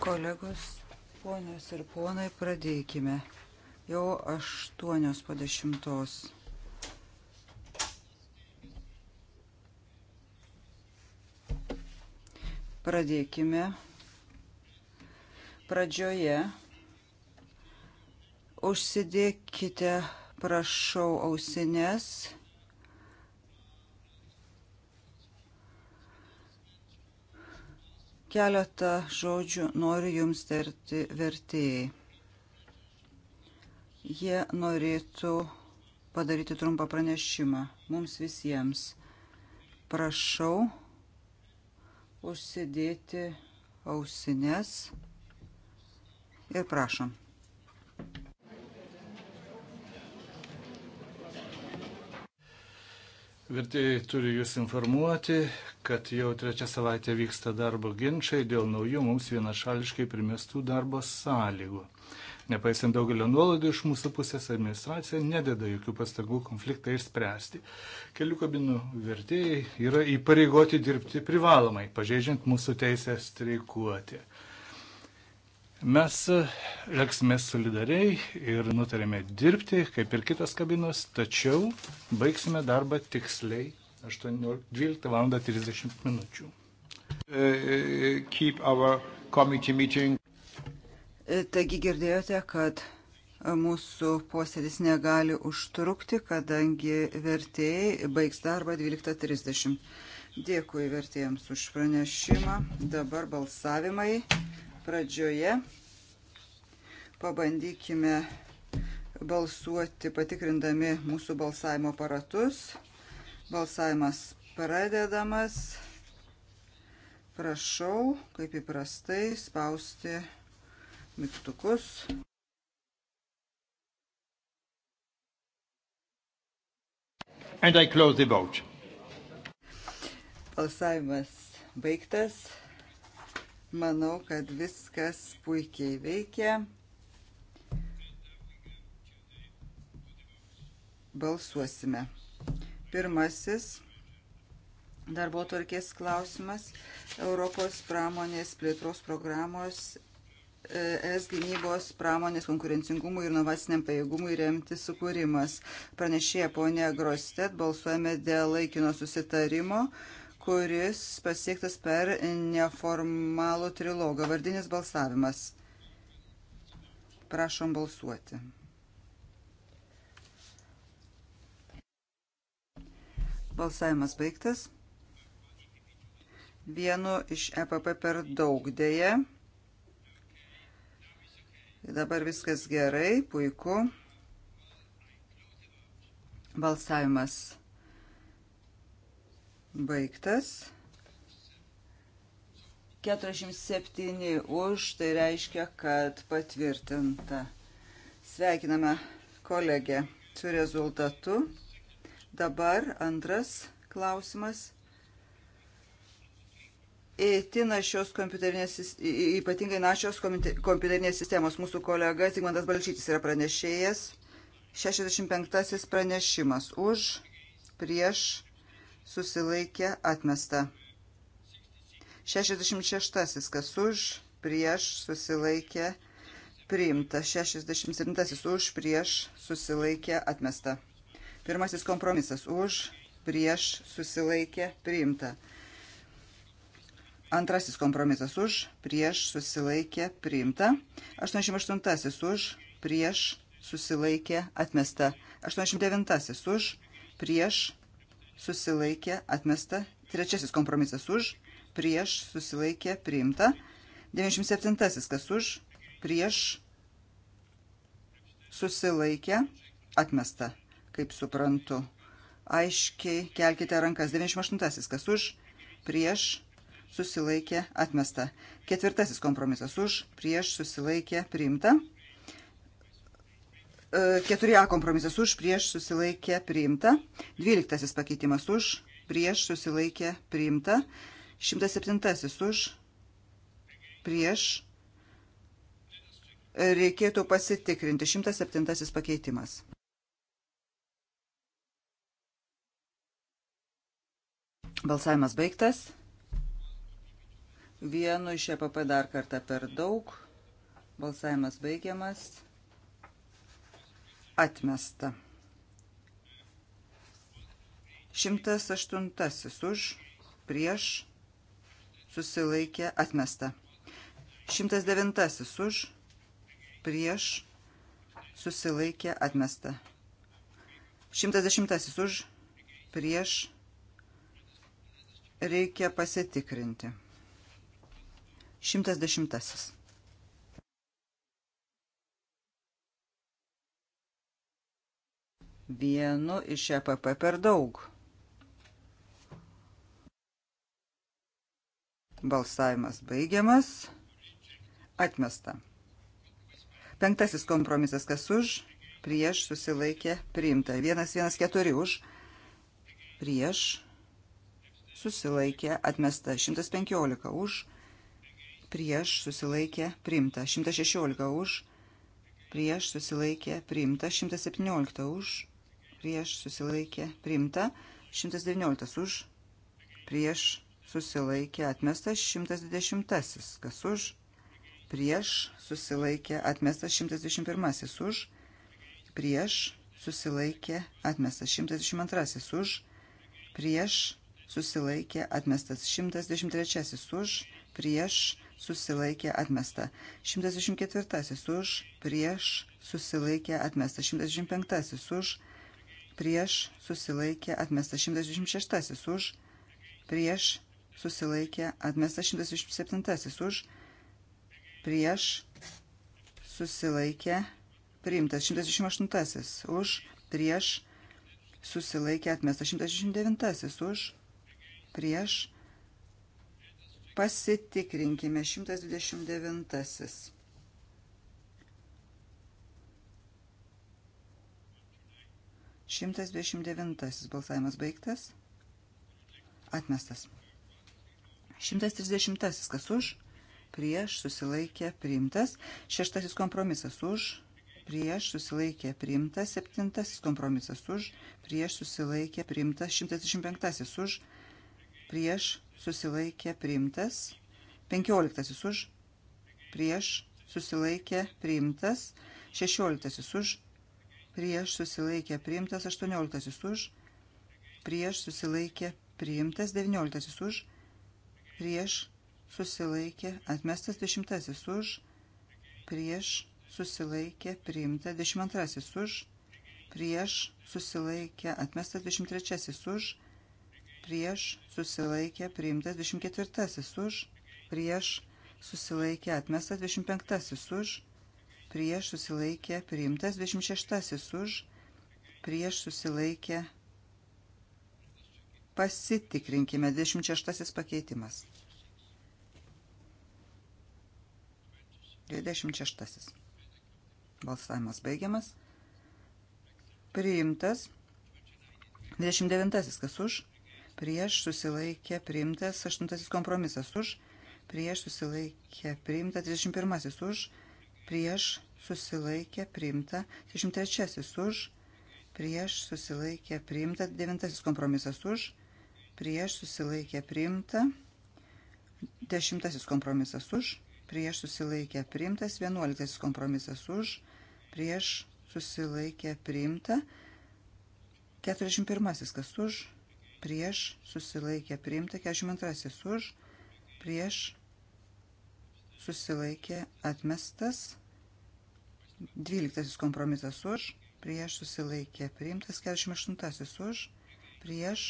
Kolegos, ponios ir ponai, pradėkime. Jau aštuonios po dešimtos. Pradėkime. Pradžioje užsidėkite, prašau, ausinės. Keletą žodžių noriu jums tarti vertėjai. Jie norėtų padaryti trumpą pranešimą mums visiems. Prašau užsidėti ausines ir prašom. Vertėjai turi jūs informuoti, kad jau trečią savaitę vyksta darbo ginčiai dėl naujų mums vienašališkai primestų darbo sąlygų. Nepaisant daugelio nuolaidų iš mūsų pusės, administracija nededa jokių pastangų konfliktą išspręsti. Kelių kabinų vertėjai yra įpareigoti dirbti privalomai, pažeidžiant mūsų teisę streikuoti. Mes e, leksime solidariai ir nutarėme dirbti, kaip ir kitas kabinos, tačiau baigsime darbą tiksliai 12.30 minučių. E, e, taigi girdėjote, kad mūsų posėdis negali užtrukti, kadangi vertėjai baigs darbą 12.30. Dėkui vertėjams už pranešimą. Dabar balsavimai pradžioje. Pabandykime balsuoti patikrindami mūsų balsavimo aparatus. Balsavimas pradedamas. Prašau, kaip įprastai, spausti mygtukus. And I close the vote. Balsavimas baigtas. Manau, kad viskas puikiai veikia. Balsuosime. Pirmasis darbo tvarkės klausimas Europos pramonės plėtros programos e, ES gynybos pramonės konkurencingumui ir inovaciniam pajėgumui remti sukūrimas. Pranešėja ponė Grostet, balsuojame dėl laikino susitarimo kuris pasiektas per neformalų trilogą. Vardinis balsavimas. Prašom balsuoti. Balsavimas baigtas. Vienu iš EPP per daug dėje. Dabar viskas gerai, puiku. Balsavimas baigtas baigtas. 47 už, tai reiškia, kad patvirtinta. Sveikiname kolegę su rezultatu. Dabar antras klausimas. Įtina šios kompiuterinės, ypatingai našios kompiuterinės sistemos. Mūsų kolega Zigmantas Balčytis yra pranešėjas. 65 pranešimas už, prieš, susilaikė atmesta. 66. Kas už, prieš, susilaikė priimta. 67. Už, prieš, susilaikė atmesta. Pirmasis kompromisas. Už, prieš, susilaikė priimta. Antrasis kompromisas už, prieš, susilaikė, priimta. 88-asis už, prieš, susilaikė, atmesta. 89-asis už, prieš, susilaikė atmesta. Trečiasis kompromisas už, prieš susilaikė priimta. 97 kas už, prieš susilaikė atmesta, kaip suprantu. Aiškiai kelkite rankas. 98 kas už, prieš susilaikė atmesta. Ketvirtasis kompromisas už, prieš susilaikė priimta. 4A kompromisas už, prieš susilaikė priimta. 12 pakeitimas už, prieš susilaikė priimta. 107 už, prieš reikėtų pasitikrinti. 107 pakeitimas. Balsavimas baigtas. Vienu iš EPP dar kartą per daug. Balsavimas baigiamas. Atmesta. 108 už, prieš, susilaikė, atmesta. 109 už, prieš, susilaikė, atmesta. 110 už, prieš, reikia pasitikrinti. 110. vienu iš EPP per daug. Balsavimas baigiamas. Atmesta. Penktasis kompromisas, kas už, prieš susilaikė priimta. Vienas, vienas, keturi už, prieš susilaikė atmesta. 115 už, prieš susilaikė priimta. 116 už, prieš susilaikė priimta. 117 už, prieš susilaikė priimta, 119 už, prieš susilaikė atmestas, 120 kas už, prieš susilaikė atmestas, 121 už, prieš susilaikė atmestas, 122 už, prieš susilaikė atmestas, 123 už, prieš susilaikė atmesta. 124 už, prieš susilaikė atmesta. 125 už, prieš susilaikė atmesta 126 už, prieš susilaikė atmesta 127 už, prieš susilaikė priimtas 128 už, prieš susilaikė atmesta 129 už, prieš pasitikrinkime 129. 129 balsavimas baigtas. Atmestas. 130 kas už, prieš susilaikė priimtas. Šeštasis kompromisas už, prieš susilaikė priimtas. Septintasis kompromisas už, prieš susilaikė priimtas. 135 už, prieš susilaikė priimtas. Penkioliktasis už, prieš susilaikė priimtas. Šešioliktasis už, prieš susilaikė priimtas 18 už, prieš susilaikė priimtas 19 už, prieš susilaikė atmestas 10 už, prieš susilaikė priimta 22 už, prieš susilaikė atmestas 23 už, prieš susilaikė priimtas 24 už, prieš susilaikė atmestas 25 už, prieš susilaikė priimtas, 26 už, prieš susilaikė pasitikrinkime, 26 pakeitimas. 26. Balsavimas baigiamas. Priimtas. 29. Kas už? Prieš susilaikė priimtas. 8. Kompromisas už. Prieš susilaikė priimtas. 21. Už. Prieš susilaikė priimta. 63 už, prieš susilaikė priimta. 9 kompromisas už, prieš susilaikė priimta. 10 kompromisas už, prieš susilaikė priimtas. 11 kompromisas už, prieš susilaikė priimta. 41 kas už, prieš susilaikė priimta. 42 už, prieš susilaikė atmestas. 12 kompromisas už, prieš susilaikė priimtas, 48 už, prieš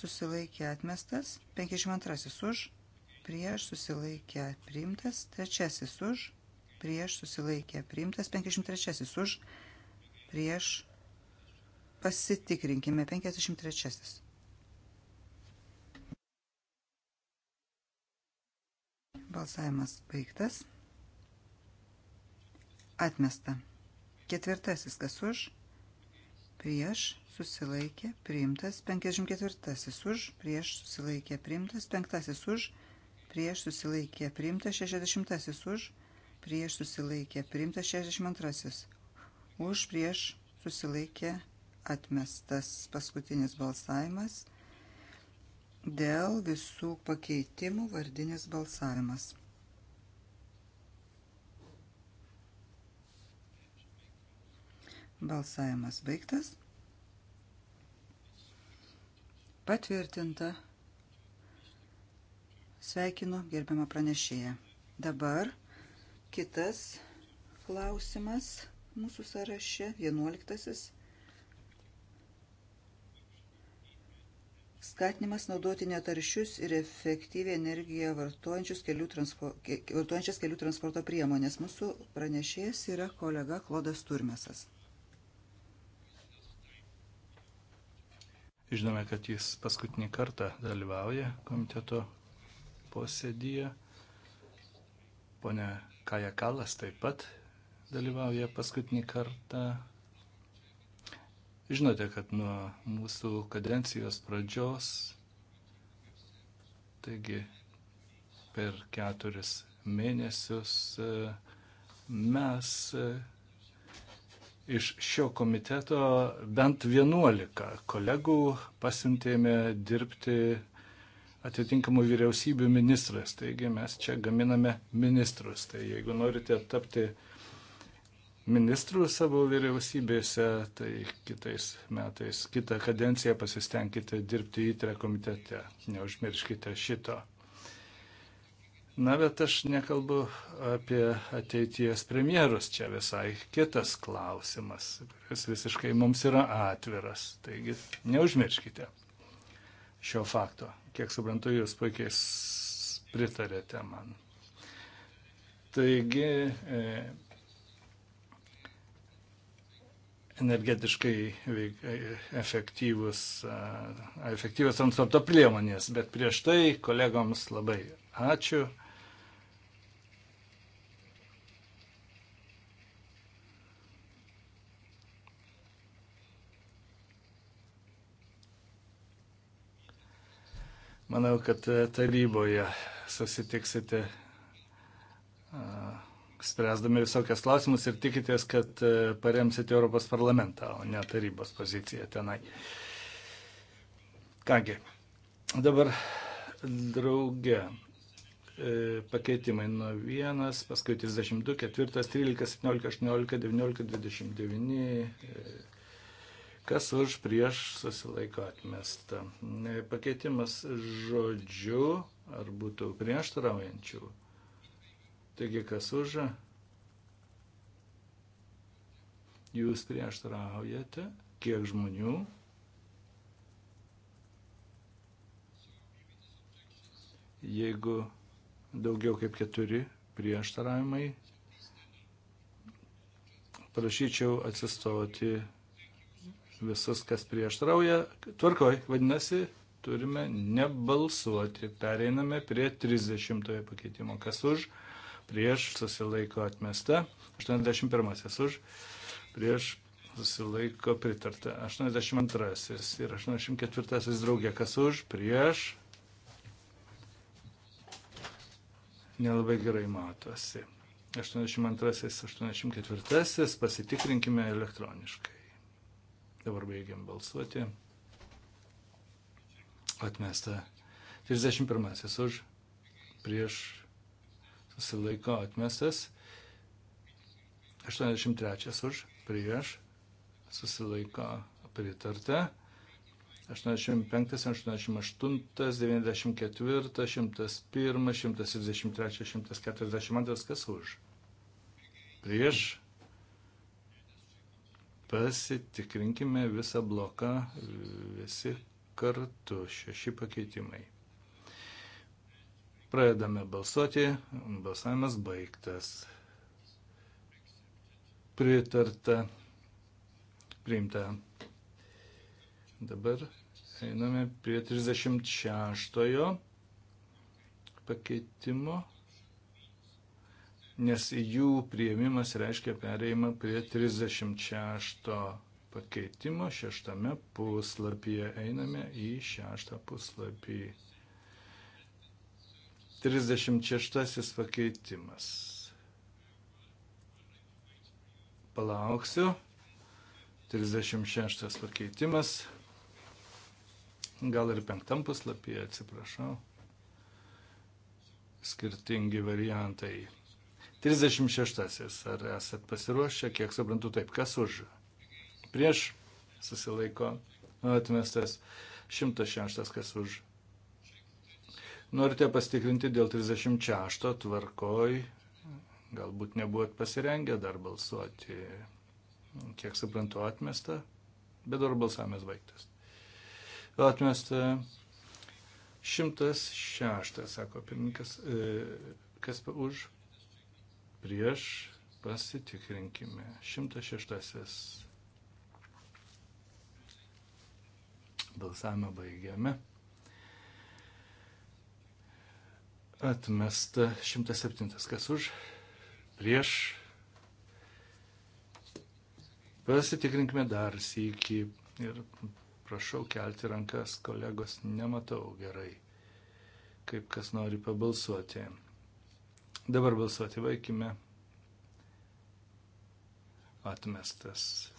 susilaikė atmestas, 52 už, prieš susilaikė priimtas, 3 už, prieš susilaikė priimtas, 53 už, prieš pasitikrinkime 53. Balsavimas baigtas. Atmesta. Ketvirtasis kas už? Prieš susilaikė priimtas. 54 už? Prieš susilaikė priimtas. 5 už? Prieš susilaikė priimtas. 60 už? Prieš susilaikė priimtas. 62 už? Prieš susilaikė atmestas. Paskutinis balsavimas. Dėl visų pakeitimų vardinis balsavimas. Balsavimas baigtas. Patvirtinta. Sveikinu gerbiamą pranešėją. Dabar kitas klausimas mūsų sąraše, vienuoliktasis. skatinimas naudoti netaršius ir efektyviai energiją kelių transpo, vartojančias kelių transporto priemonės. Mūsų pranešėjas yra kolega Klodas Turmesas. Žinome, kad jis paskutinį kartą dalyvauja komiteto posėdyje. Pone Kaja Kalas taip pat dalyvauja paskutinį kartą. Žinote, kad nuo mūsų kadencijos pradžios, taigi per keturis mėnesius e, mes e, iš šio komiteto bent 11 kolegų pasiuntėme dirbti atitinkamų vyriausybių ministras. Taigi mes čia gaminame ministrus. Tai jeigu norite tapti ministrų savo vyriausybėse, tai kitais metais, kitą kadenciją pasistengkite dirbti įtre komitete. Neužmirškite šito. Na, bet aš nekalbu apie ateities premjerus, čia visai kitas klausimas, kuris visiškai mums yra atviras. Taigi, neužmirškite šio fakto. Kiek suprantu, jūs puikiai pritarėte man. Taigi, e, energetiškai veik, e, efektyvus, e, efektyvus transporto priemonės, bet prieš tai kolegoms labai ačiū Manau, kad e, taryboje susitiksite e, spręsdami visokias klausimus ir tikitės, kad e, paremsite Europos parlamentą, o ne tarybos poziciją tenai. Kągi, dabar drauge pakeitimai nuo 1, paskui 32, 4, 13, 17, 18, 19, 29 kas už prieš susilaiko atmesta. Pakeitimas žodžiu, ar būtų prieštaraujančių. Taigi, kas už? Jūs prieštaraujate, kiek žmonių? Jeigu daugiau kaip keturi prieštaravimai, prašyčiau atsistoti visus, kas prieštrauja. Tvarkoj, vadinasi, turime nebalsuoti. Pereiname prie 30 pakeitimo. Kas už, prieš, susilaiko atmesta. 81 už, prieš, susilaiko pritarta. 82 ir 84 draugė. Kas už, prieš. Nelabai gerai matosi. 82, 84 pasitikrinkime elektroniškai. Dabar baigiam balsuoti. Atmesta. 31 už prieš susilaiko atmestas. 83 už prieš susilaiko pritarta. 85, 88, 94, 101, 133, 142, kas už? Prieš pasitikrinkime visą bloką visi kartu šeši pakeitimai. Pradedame balsuoti, balsavimas baigtas. Pritarta, priimta. Dabar einame prie 36 pakeitimo nes jų prieimimas reiškia pereimą prie 36 pakeitimo šeštame puslapyje. Einame į šeštą puslapį. 36 pakeitimas. Palauksiu. 36 pakeitimas. Gal ir penktam puslapyje, atsiprašau. Skirtingi variantai. 36. Ar esat pasiruošę, kiek suprantu, taip, kas už? Prieš susilaiko atmestas 106, kas už. Norite pastikrinti dėl 36 tvarkoj, galbūt nebuvot pasirengę dar balsuoti, kiek suprantu, atmesta, bet dar balsavimas baigtas. Atmesta 106, sako pirmininkas, e, kas už prieš pasitikrinkime. 106. Balsavimą baigiame. Atmesta 107. Kas už? Prieš. Pasitikrinkime dar sįkį ir prašau kelti rankas, kolegos, nematau gerai, kaip kas nori pabalsuoti. Dabar balsuoti vaikime. Atmestas.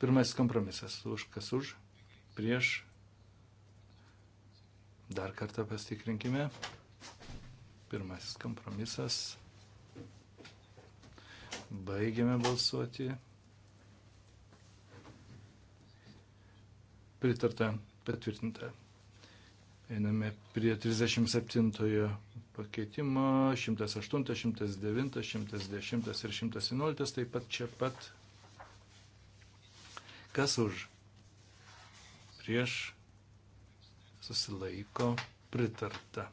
Pirmasis kompromisas. Už kas už? Prieš. Dar kartą pastikrinkime. Pirmasis kompromisas. Baigiame balsuoti. Pritarta, patvirtinta. Einame prie 37 pakeitimo, 108, 109, 110 ir 111, taip pat čia pat. Kas už? Prieš susilaiko pritarta.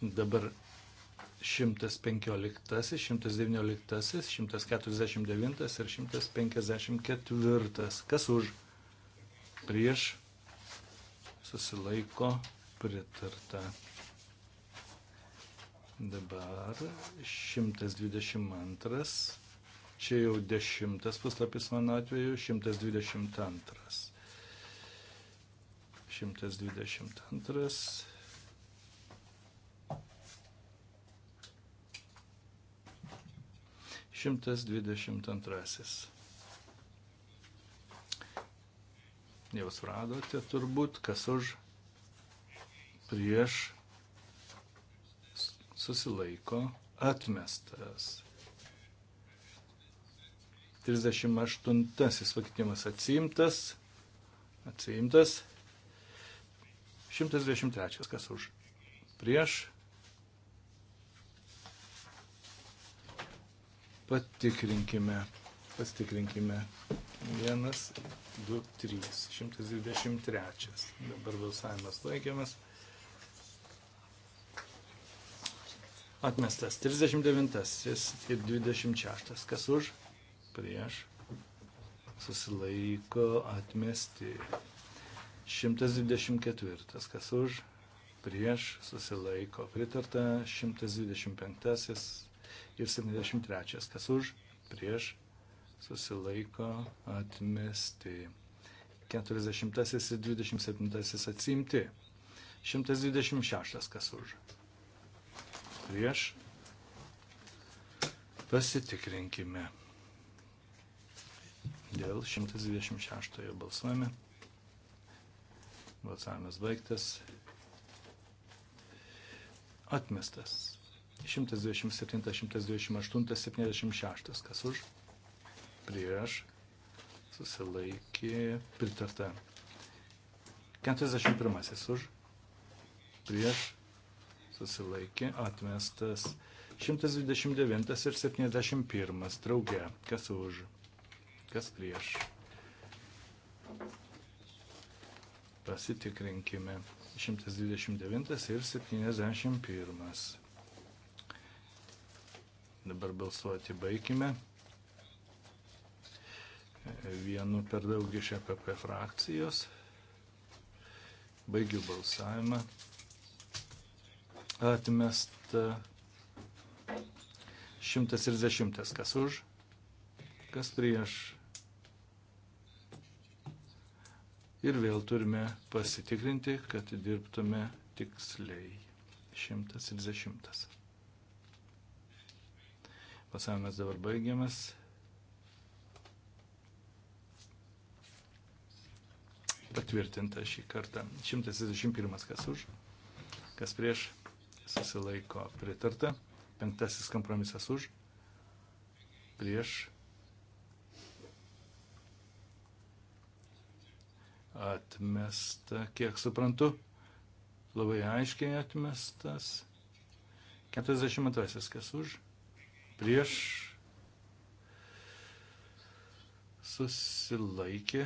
Dabar 115, 119, 149 ir 154. Kas už? Prieš susilaiko pritarta. Dabar 122. Čia jau dešimtas puslapis mano atveju, 122. 122. 122. Jau suradote turbūt, kas už prieš susilaiko atmestas. 38 pakeitimas atsiimtas. Atsiimtas. 123 kas už prieš Patikrinkime. Pasitikrinkime. 1, 2, 3. 123. Dabar balsavimas baigiamas. Atmestas 39 ir 26. Kas už? Prieš. Susilaiko atmesti. 124. Kas už? Prieš. Susilaiko. Pritarta 125 ir 73. Kas už, prieš, susilaiko, atmesti. 40 ir 27 atsimti. 126 kas už. Prieš. Pasitikrinkime. Dėl 126 balsuojame. Balsavimas baigtas. Atmestas. 127, 128, 76. Kas už? Prieš. Susilaikė. Pritarta. 41. Už. Prieš. Susilaikė. Atmestas. 129 ir 71. Drauge. Kas už? Kas prieš? Pasitikrinkime. 129 ir 71. Dabar balsuoti baigime. Vienu per daug iš EPP frakcijos. Baigiu balsavimą. Atmesta 130. Kas už? Kas prieš? Ir vėl turime pasitikrinti, kad dirbtume tiksliai. 110. Pasavimas dabar baigiamas. Patvirtinta šį kartą. 161 kas už, kas prieš susilaiko pritarta. Penktasis kompromisas už, prieš atmesta, kiek suprantu, labai aiškiai atmestas. 42 kas už prieš susilaikė,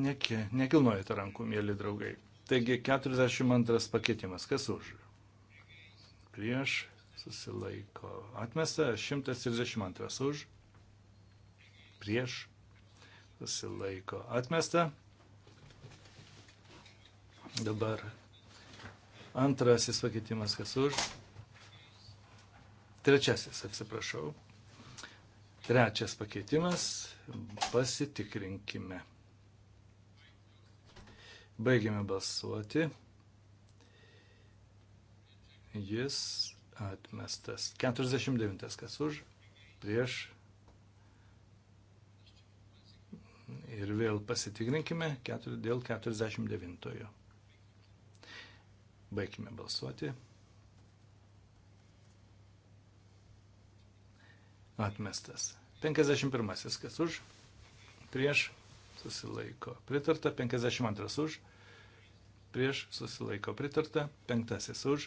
neke, nekilnojate rankų, mėly draugai. Taigi 42 pakeitimas, kas už? Prieš susilaiko. Atmesta 132 už, prieš susilaiko. Atmesta. Dabar antrasis pakeitimas, kas už, Trečiasis, atsiprašau. Trečias pakeitimas. Pasitikrinkime. Baigėme balsuoti. Jis atmestas. 49. Kas už? Prieš. Ir vėl pasitikrinkime dėl 49. Baigime balsuoti. atmestas. 51. Kas už? Prieš susilaiko. Pritarta. 52. Už. Prieš susilaiko. Pritarta. 5. Už.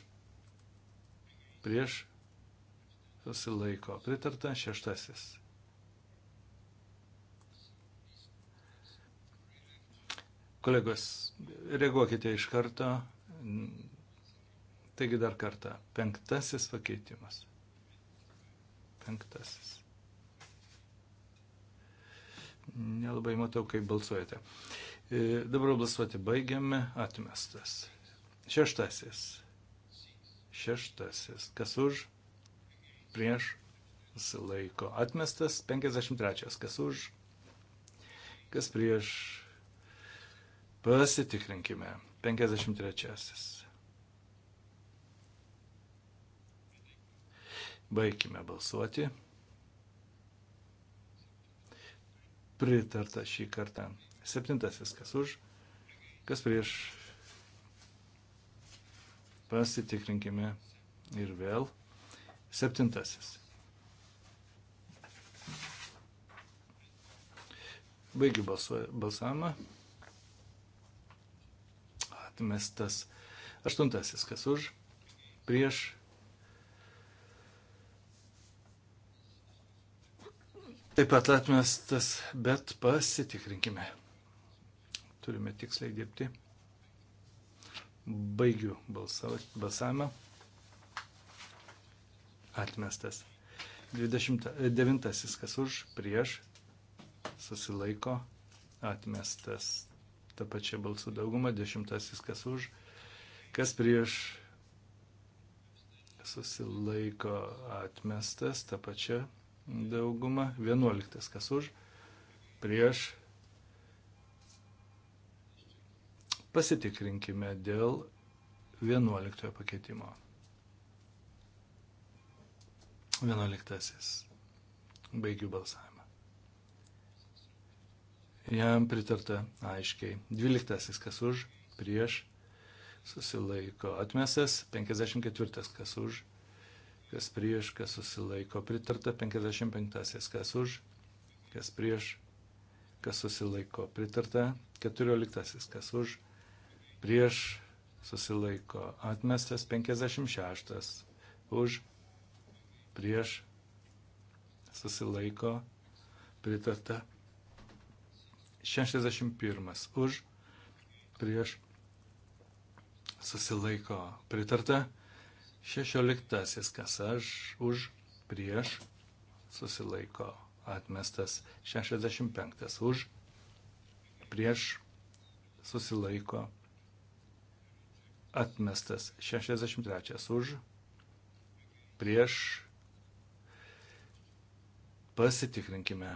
Prieš susilaiko. Pritarta. 6. Kolegos, reaguokite iš karto. Taigi dar kartą. Penktasis pakeitimas penktasis. Nelabai matau, kaip balsuojate. E, dabar balsuoti baigiame. Atmestas. Šeštasis. Šeštasis. Kas už? Prieš. Sulaiko. Atmestas. 53. Kas už? Kas prieš? Pasitikrinkime. 53. Baigime balsuoti. Pritarta šį kartą. Septintasis, kas už, kas prieš. Pasitikrinkime ir vėl. Septintasis. Baigiu balsavimą. Atmestas. Aštuntasis, kas už, prieš taip pat atmestas, bet pasitikrinkime. Turime tiksliai dirbti. Baigiu balsavimą. Atmestas. 29. E, kas už, prieš, susilaiko, atmestas. Ta pačia balsų dauguma. 10. Kas už, kas prieš, susilaiko, atmestas. Ta pačia dauguma, 11 kas už, prieš. Pasitikrinkime dėl 11 pakeitimo. 11. Baigiu balsavimą. Jam pritarta aiškiai. 12. kas už, prieš, susilaiko atmestas, 54. kas už, kas prieš, kas susilaiko. Pritarta 55, kas už, kas prieš, kas susilaiko. Pritarta 14, kas už, prieš, susilaiko. Atmestas 56, už, prieš, susilaiko. Pritarta 61, už, prieš, susilaiko. Pritarta 61. Šešioliktasis, kas aš už prieš susilaiko atmestas. Šešiasdešimt penktas už prieš susilaiko atmestas. Šešiasdešimt trečias už prieš pasitikrinkime.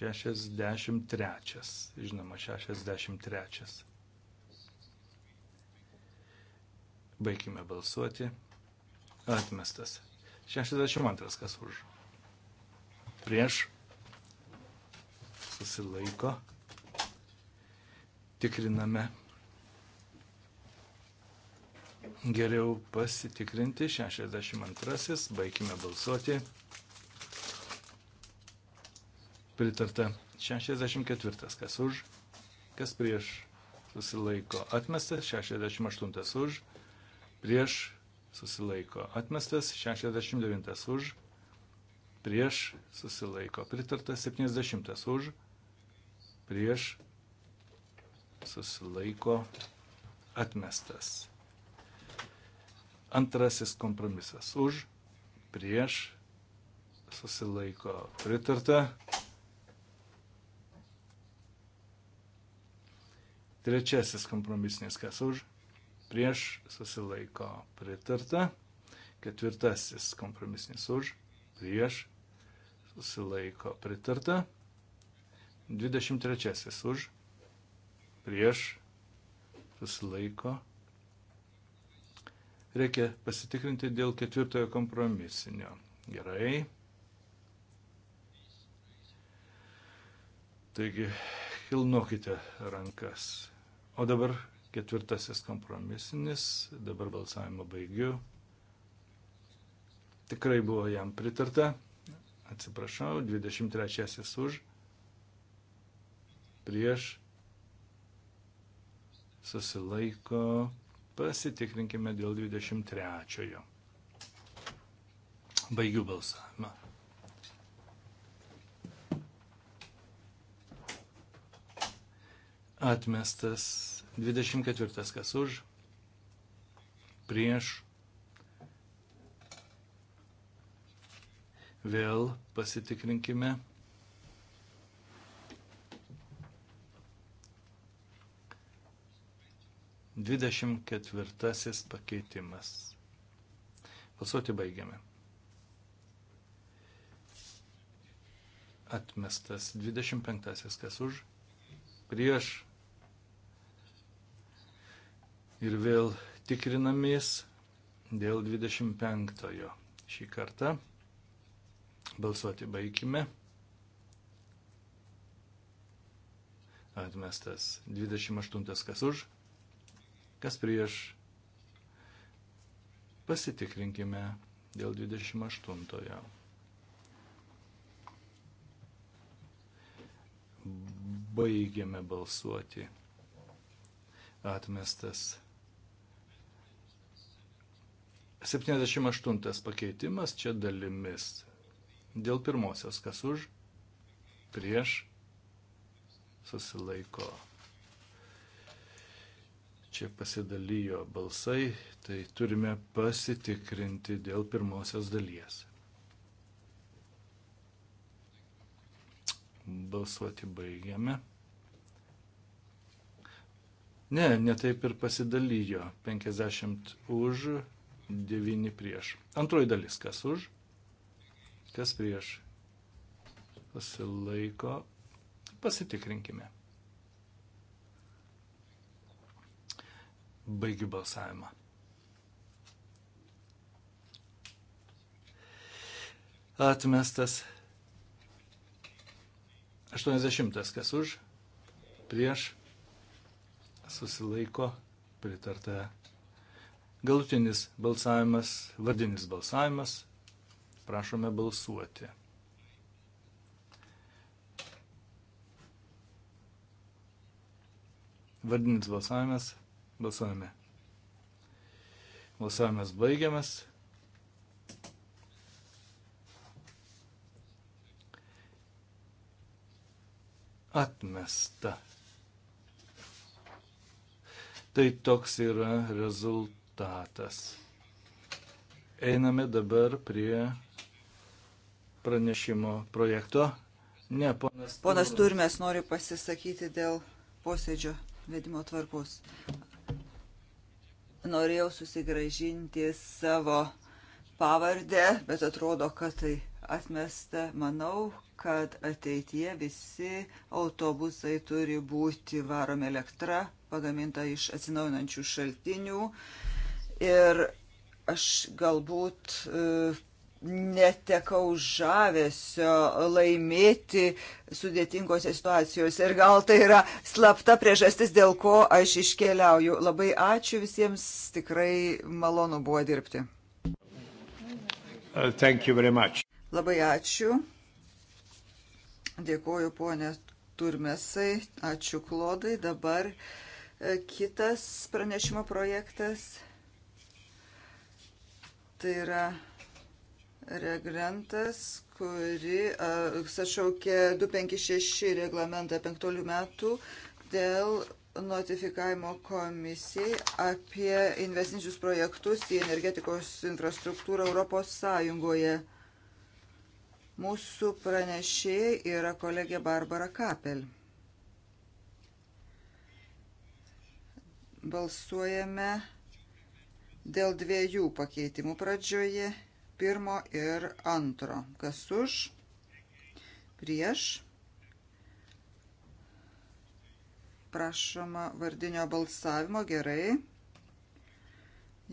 Šešiasdešimt trečias, žinoma, šešiasdešimt trečias. Baigime balsuoti. Atmestas. 62 kas už. Prieš. Susilaiko. Tikriname. Geriau pasitikrinti. 62. Baigime balsuoti. Pritarta. 64 kas už. Kas prieš. Susilaiko. Atmestas. 68 už prieš susilaiko atmestas, 69 už, prieš susilaiko pritartas, 70 už, prieš susilaiko atmestas. Antrasis kompromisas už, prieš susilaiko pritarta. Trečiasis kompromisinis kas už, prieš susilaiko pritarta. Ketvirtasis kompromisinis už, prieš susilaiko pritarta. 23 už, prieš susilaiko. Reikia pasitikrinti dėl ketvirtojo kompromisinio. Gerai. Taigi, kilnokite rankas. O dabar Ketvirtasis kompromisinis, dabar balsavimą baigiu. Tikrai buvo jam pritarta. Atsiprašau, 23-asis už, prieš, susilaiko, pasitikrinkime dėl 23-ojo. Baigiu balsavimą. Atmestas 24 kas už, prieš. Vėl pasitikrinkime. Dvidešimt ketvirtasis pakeitimas. Balsuoti baigiame. Atmestas dvidešimt penktasis kas už, prieš ir vėl tikrinamės dėl 25-ojo. Šį kartą balsuoti baigime. Atmestas 28 kas už, kas prieš. Pasitikrinkime dėl 28-ojo. Baigėme balsuoti. Atmestas 28. 78 pakeitimas čia dalimis. Dėl pirmosios, kas už, prieš, susilaiko. Čia pasidalijo balsai, tai turime pasitikrinti dėl pirmosios dalies. Balsuoti baigiame. Ne, netaip ir pasidalijo. 50 už, 9 prieš. Antroji dalis, kas už, kas prieš. Pasilaiko, pasitikrinkime. Baigiu balsavimą. Atmestas 80. Kas už, prieš, susilaiko, pritarta Galutinis balsavimas, vardinis balsavimas. Prašome balsuoti. Vardinis balsavimas. Balsuojame. Balsavimas baigiamas. Atmesta. Tai toks yra rezultatas rezultatas. Einame dabar prie pranešimo projekto. Ne, ponas. Ponas Turmes nori pasisakyti dėl posėdžio vedimo tvarkos. Norėjau susigražinti savo pavardę, bet atrodo, kad tai atmesta. Manau, kad ateityje visi autobusai turi būti varomi elektra, pagaminta iš atsinaujinančių šaltinių. Uh, Ir aš galbūt e, netekau žavesio laimėti sudėtingose situacijose. Ir gal tai yra slapta priežastis, dėl ko aš iškeliauju. Labai ačiū visiems, tikrai malonu buvo dirbti. Uh, Labai ačiū. Dėkuoju, ponė Turmesai. Ačiū, Klodai. Dabar e, kitas pranešimo projektas. Tai yra regrentas, kuri atšaukė 256 reglamentą 15 metų dėl notifikavimo komisijai apie investinius projektus į energetikos infrastruktūrą Europos Sąjungoje. Mūsų pranešėjai yra kolegė Barbara Kapel. Balsuojame dėl dviejų pakeitimų pradžioje, pirmo ir antro. Kas už, prieš, prašoma vardinio balsavimo, gerai,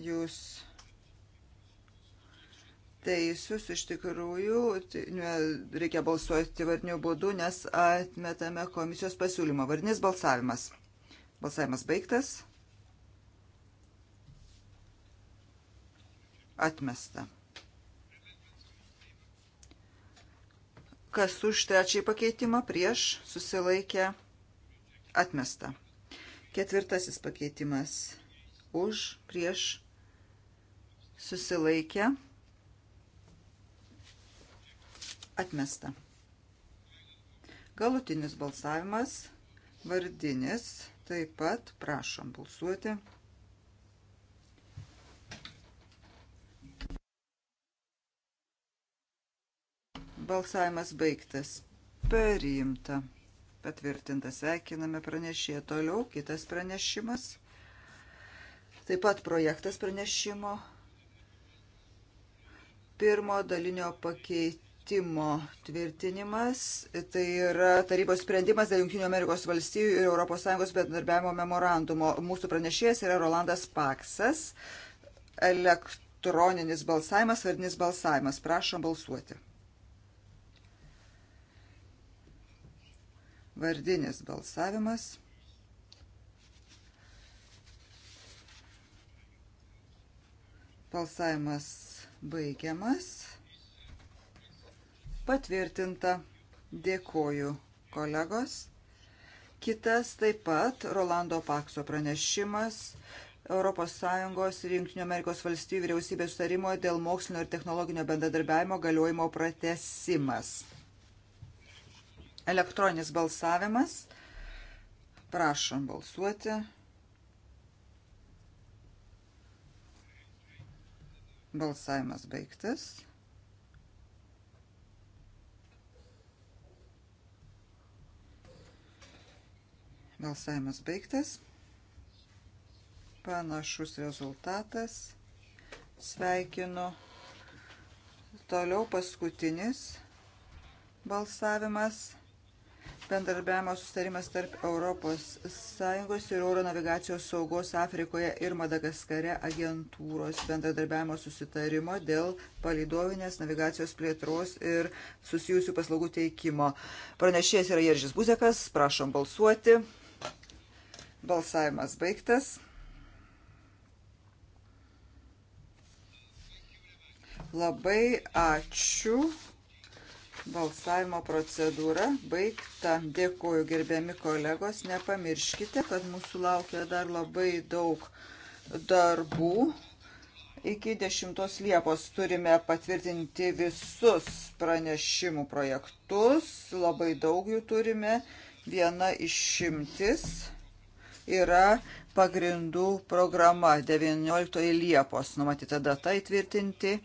jūs teisūs, iš tikrųjų, tai reikia balsuoti vardiniu būdu, nes atmetame komisijos pasiūlymą. Vardinis balsavimas. Balsavimas baigtas. Atmesta. Kas už trečiąjį pakeitimą prieš susilaikę atmesta. Ketvirtasis pakeitimas už prieš susilaikę atmesta. Galutinis balsavimas, vardinis, taip pat prašom balsuoti. Balsavimas baigtas. Priimta. Patvirtinta. Sveikiname pranešėją. Toliau kitas pranešimas. Taip pat projektas pranešimo. Pirmo dalinio pakeitimo tvirtinimas. Tai yra tarybos sprendimas dėl Junktinių Amerikos valstybių ir ES bendarbiavimo memorandumo. Mūsų pranešėjas yra Rolandas Paksas. Elektroninis balsavimas, vardinis balsavimas. Prašom balsuoti. vardinis balsavimas. Balsavimas baigiamas. Patvirtinta. Dėkoju, kolegos. Kitas taip pat Rolando Pakso pranešimas ES ir JAV vyriausybės sutarimo dėl mokslinio ir technologinio bendradarbiavimo galiojimo pratesimas. Elektroninis balsavimas. Prašom balsuoti. Balsavimas baigtas. Balsavimas baigtas. Panašus rezultatas. Sveikinu. Toliau paskutinis balsavimas bendarbiavimo sustarimas tarp ES ir Euro navigacijos saugos Afrikoje ir Madagaskare agentūros bendradarbiavimo susitarimo dėl palidovinės navigacijos plėtros ir susijusių paslaugų teikimo. Pranešėjas yra Jeržis Buzekas, prašom balsuoti. Balsavimas baigtas. Labai ačiū. Balsavimo procedūra baigta. Dėkuoju, gerbiami kolegos. Nepamirškite, kad mūsų laukia dar labai daug darbų. Iki 10 Liepos turime patvirtinti visus pranešimų projektus. Labai daug jų turime. Viena išimtis yra pagrindų programa 19 Liepos numatyta data įtvirtinti.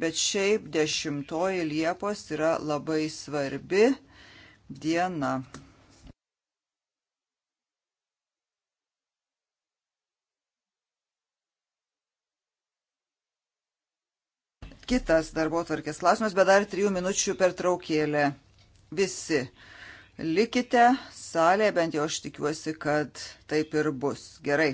Bet šiaip 10 Liepos yra labai svarbi diena. Kitas darbo tvarkės klausimas, bet dar trijų minučių per traukėlę. Visi likite salėje, bent jau aš tikiuosi, kad taip ir bus. Gerai.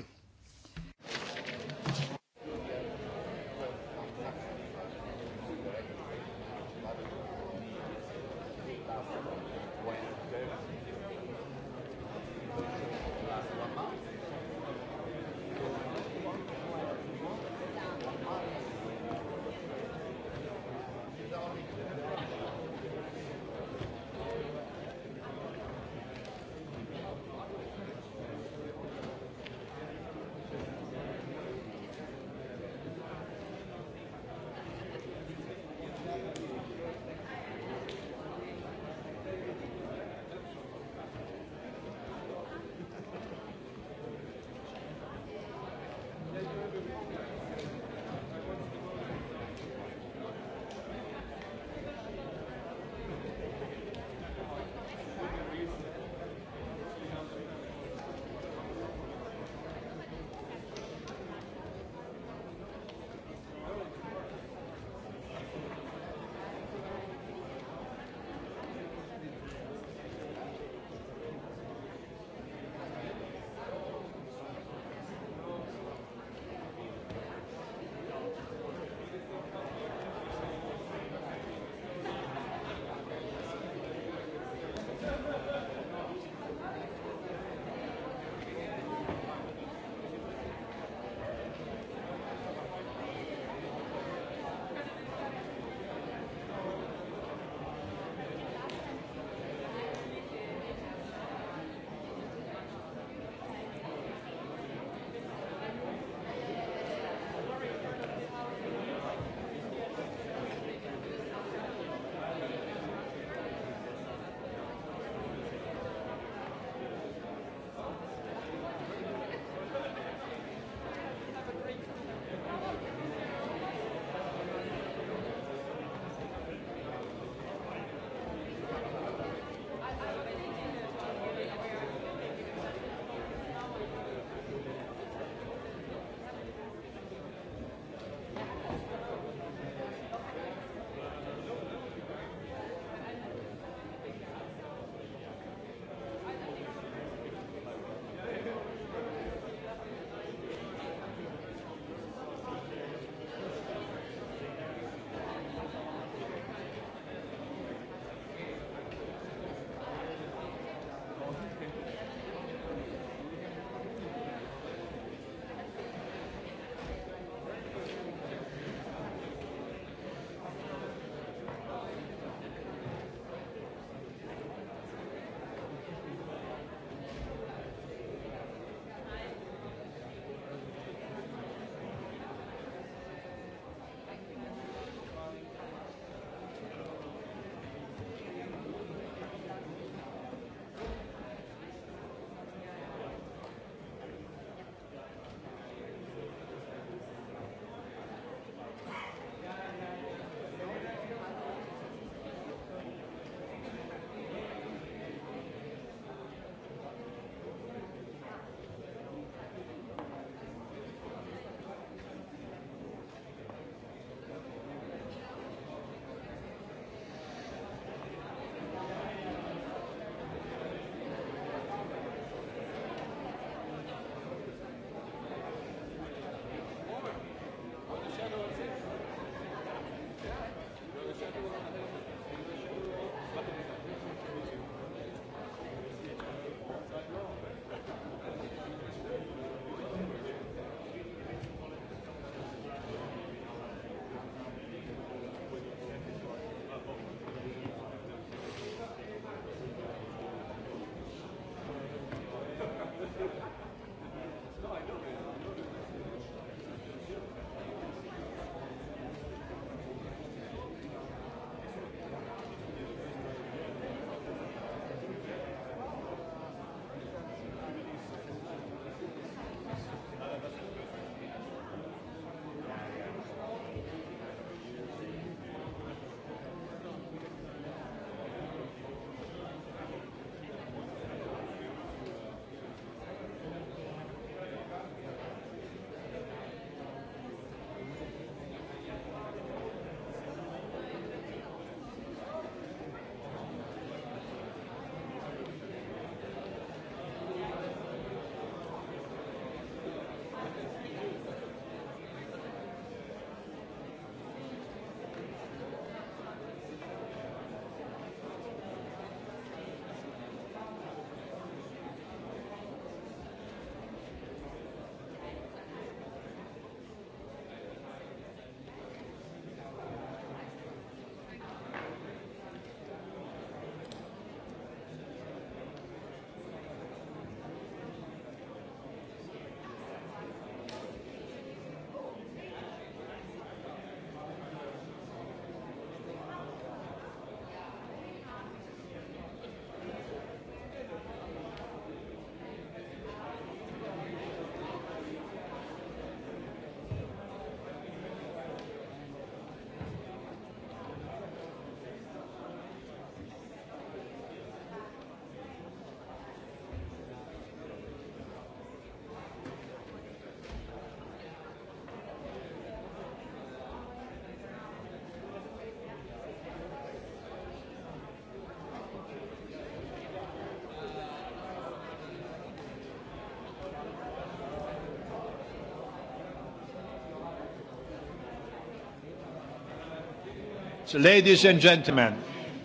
So, ladies and gentlemen,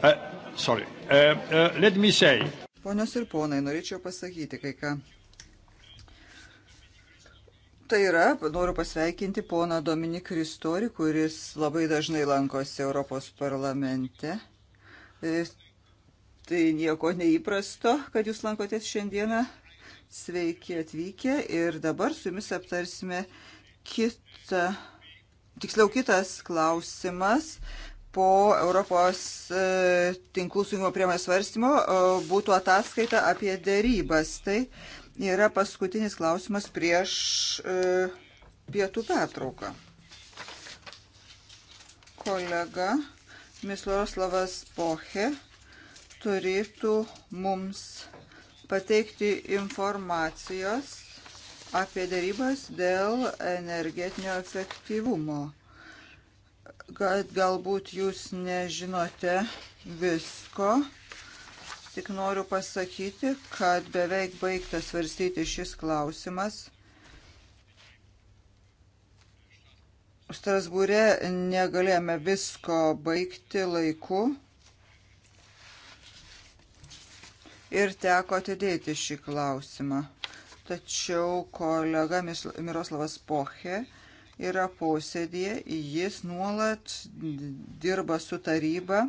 uh, sorry, uh, uh, let me say. Ponios ir ponai, norėčiau pasakyti kai ką. Tai yra, noriu pasveikinti poną Dominik Ristori, kuris labai dažnai lankosi Europos parlamente. E, tai nieko neįprasto, kad jūs lankotės šiandieną. Sveiki atvykę ir dabar su jumis aptarsime kitą, tiksliau kitas klausimas po Europos e, tinklų sujungimo priemonės svarstymo e, būtų ataskaita apie dėrybas. Tai yra paskutinis klausimas prieš e, pietų pertrauką. Kolega Misloroslavas Poche turėtų mums pateikti informacijos apie dėrybas dėl energetinio efektyvumo kad galbūt jūs nežinote visko. Tik noriu pasakyti, kad beveik baigtas svarstyti šis klausimas. Strasbūre negalėjome visko baigti laiku ir teko atidėti šį klausimą. Tačiau kolega Miroslavas Poche yra posėdėje, jis nuolat dirba su taryba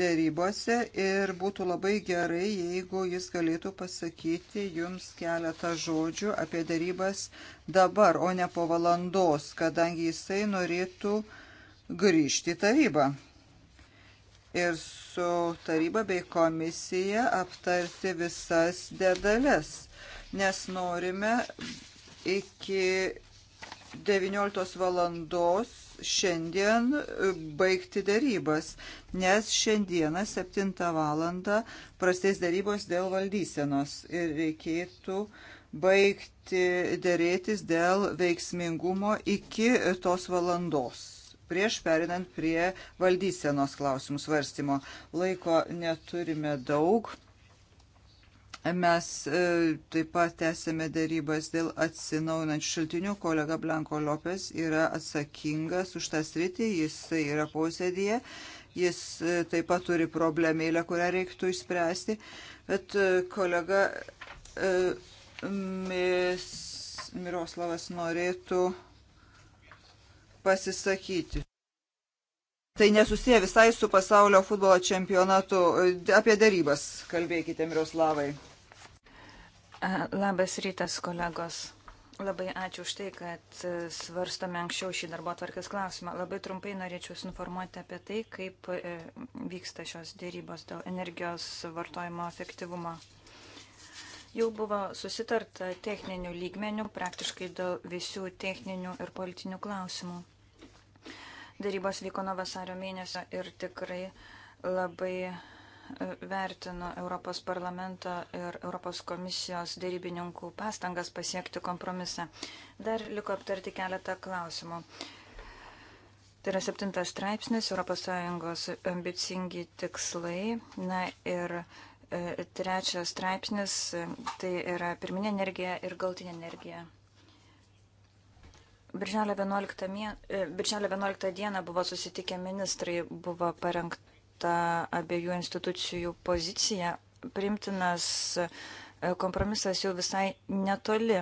dėrybose ir būtų labai gerai, jeigu jis galėtų pasakyti jums keletą žodžių apie dėrybas dabar, o ne po valandos, kadangi jisai norėtų grįžti į tarybą ir su taryba bei komisija aptarti visas dedales, nes norime iki 19 valandos šiandien e, baigti darybas, nes šiandieną 7 valandą prastės darybos dėl valdysenos ir reikėtų baigti dėrėtis dėl veiksmingumo iki tos valandos prieš perinant prie valdysenos klausimų svarstymo. Laiko neturime daug. Mes e, taip pat tęsėme darybas dėl atsinaujinančių šaltinių. Kolega Blanko Lopes yra atsakingas už tą sritį, jis yra posėdėje, jis taip pat turi problemėlę, kurią reiktų išspręsti. Bet e, kolega e, Miroslavas norėtų pasisakyti. Tai nesusiję visai su pasaulio futbolo čempionatu. Apie darybas kalbėkite, Miroslavai. Labas rytas, kolegos. Labai ačiū už tai, kad e, svarstome anksčiau šį darbo atvarkės klausimą. Labai trumpai norėčiau jūs informuoti apie tai, kaip e, vyksta šios dėrybos dėl energijos vartojimo efektyvumo. Jau buvo susitarta techninių lygmenių, praktiškai dėl visių techninių ir politinių klausimų. Darybos vyko nuo vasario mėnesio ir tikrai labai e, vertinu Europos parlamento ir Europos komisijos darybininkų pastangas pasiekti kompromisą. Dar liko aptarti keletą klausimų. Tai yra septintas straipsnis, ES ambicingi tikslai. Na ir e, trečias straipsnis, e, tai yra pirminė energija ir galtinė energija. Birželio 11, e, Birželio 11 dieną buvo susitikę ministrai, buvo parengta abiejų institucijų pozicija, primtinas e, kompromisas jau visai netoli,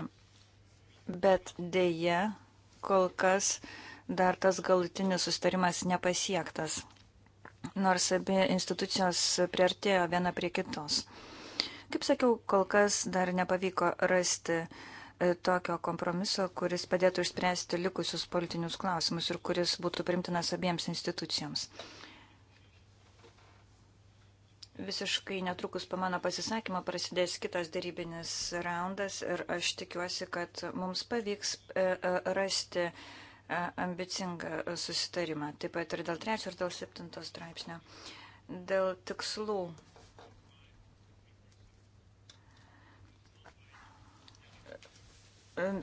bet dėje kol kas dar tas galutinis sustarimas nepasiektas, nors abi institucijos priartėjo viena prie kitos. Kaip sakiau, kol kas dar nepavyko rasti uh, E, tokio kompromiso, kuris padėtų išspręsti likusius politinius klausimus ir kuris būtų primtinas abiems institucijoms. Visiškai netrukus po mano pasisakymo prasidės kitas darybinis raundas ir aš tikiuosi, kad mums pavyks e, e, rasti ambicingą susitarimą, taip pat ir dėl trečio ir dėl septinto straipsnio. Dėl tikslų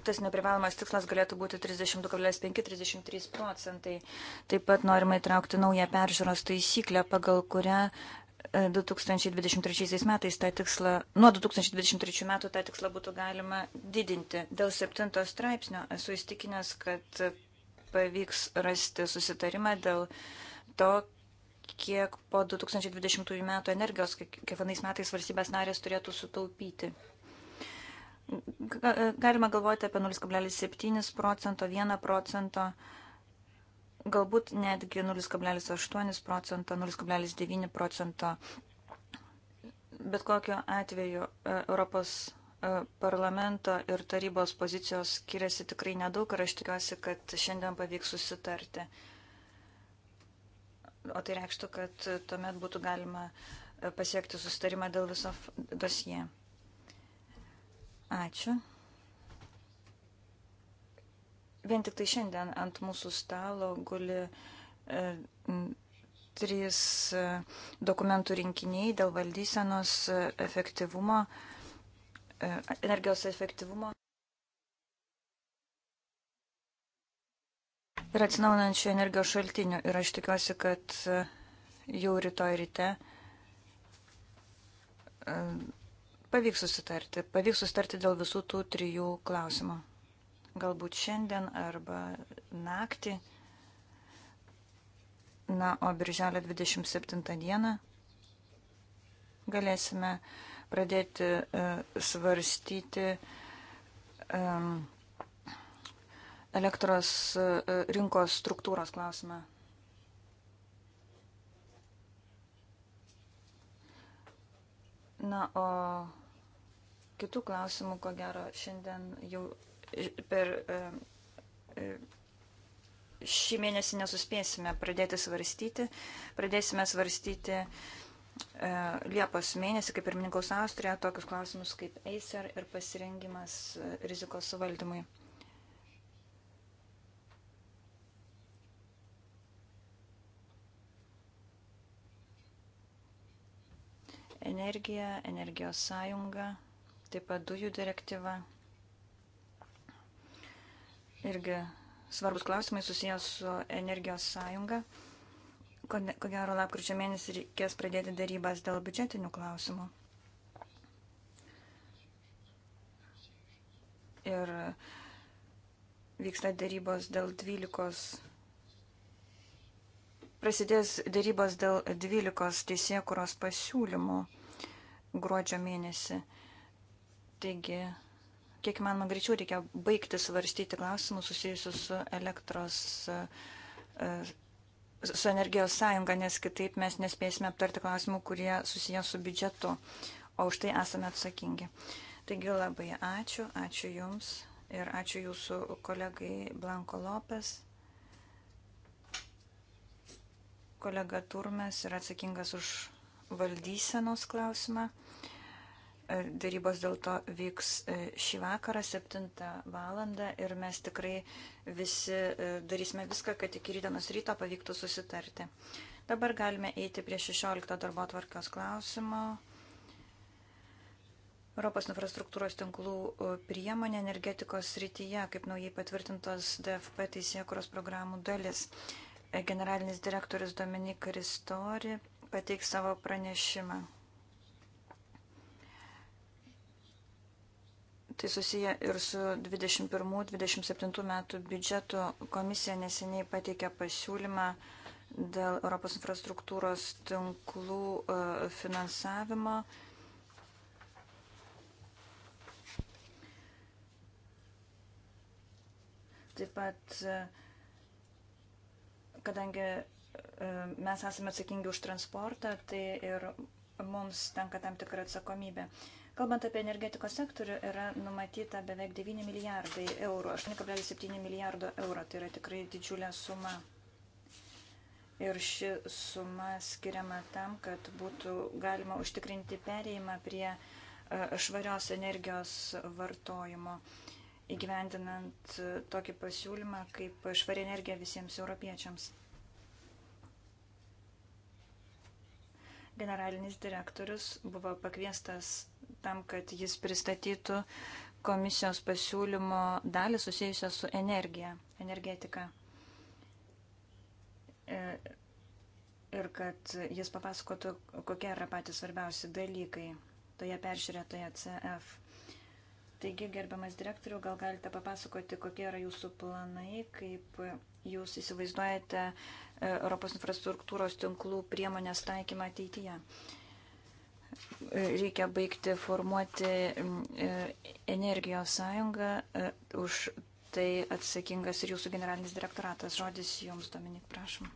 tas neprivalomas tikslas galėtų būti 32,5-33 procentai. Taip pat norima įtraukti naują peržiūros taisyklę, pagal kurią 2023 e, metais tą tikslą, nuo 2023 metų tą tikslą būtų galima didinti. Dėl septinto straipsnio esu įstikinęs, kad pavyks rasti susitarimą dėl to, kiek po 2020 metų energijos kiekvienais metais valstybės narės turėtų sutaupyti galima galvoti apie 0,7 procento, 1 procento, galbūt netgi 0,8 procento, 0,9 procento. Bet kokiu atveju e, Europos e, parlamento ir tarybos pozicijos skiriasi tikrai nedaug ir aš tikiuosi, kad šiandien pavyks susitarti. O tai reikštų, kad tuomet būtų galima e, pasiekti susitarimą dėl viso dosie. Ačiū. Vien tik tai šiandien ant mūsų stalo guli e, trys e, dokumentų rinkiniai dėl valdysenos e, efektyvumo, e, energijos efektyvumo ir atsinaunančių energijos šaltinių. Ir aš tikiuosi, kad e, jau rytoj ryte. E, pavyks susitarti. Pavyks susitarti dėl visų tų trijų klausimų. Galbūt šiandien arba naktį. Na, o birželio 27 dieną galėsime pradėti uh, svarstyti um, elektros uh, rinkos struktūros klausimą. Na, o Kitų klausimų, ko gero, šiandien jau e, per e, e, šį mėnesį nesuspėsime pradėti svarstyti. Pradėsime svarstyti Liepos mėnesį, kaip ir minkaus Austrija, tokius klausimus kaip Acer ir pasirengimas rizikos suvaldymui. Energija, energijos sąjunga taip pat dujų direktyva. Irgi svarbus klausimai susijęs su energijos sąjunga. Ko, ko gero, lapkričio mėnesį reikės pradėti darybas dėl biudžetinių klausimų. Ir vyksta darybos dėl 12 prasidės dėrybos dėl 12 teisėkuros pasiūlymų gruodžio mėnesį. Taigi, kiek įmanoma greičiau reikia baigti svarstyti klausimus susijusius su elektros, e, su energijos sąjunga, nes kitaip mes nespėsime aptarti klausimų, kurie susiję su biudžetu, o už tai esame atsakingi. Taigi labai ačiū, ačiū Jums ir ačiū Jūsų kolegai Blanko Lopes. Kolega Turmes yra atsakingas už valdysenos klausimą. E, darybos dėl to vyks e, šį vakarą 7 valandą ir mes tikrai visi e, darysime viską, kad iki rytdienos ryto pavyktų susitarti. Dabar galime eiti prie 16 darbo tvarkios klausimo. Europos infrastruktūros tinklų priemonė energetikos srityje, kaip naujai patvirtintos DFP teisėkuros programų dalis. Generalinis direktorius Dominik Ristori pateiks savo pranešimą. Tai susiję ir su 21-27 metų biudžetu. Komisija neseniai pateikė pasiūlymą dėl Europos infrastruktūros tinklų e, finansavimo. Taip pat, e, kadangi e, mes esame atsakingi už transportą, tai ir mums tenka tam tikra atsakomybė. Kalbant apie energetikos sektorių, yra numatyta beveik 9 milijardai eurų, 8,7 milijardo eurų, tai yra tikrai didžiulė suma. Ir ši suma skiriama tam, kad būtų galima užtikrinti perėjimą prie e, švarios energijos vartojimo, įgyvendinant e, tokį pasiūlymą kaip švari energija visiems europiečiams. generalinis direktorius buvo pakviestas tam, kad jis pristatytų komisijos pasiūlymo dalį susijusią su energija, energetika. E, ir kad jis papasakotų, kokie yra patys svarbiausi dalykai toje peržiūrėtoje CF. Taigi, gerbiamas direktoriu, gal galite papasakoti, kokie yra jūsų planai, kaip jūs įsivaizduojate e, Europos infrastruktūros tinklų priemonės taikymą ateityje. Uh, reikia baigti formuoti mm, e, energijos sąjungą. E, už tai atsakingas ir jūsų generalinis direktoratas. Žodis jums, Dominik, prašom.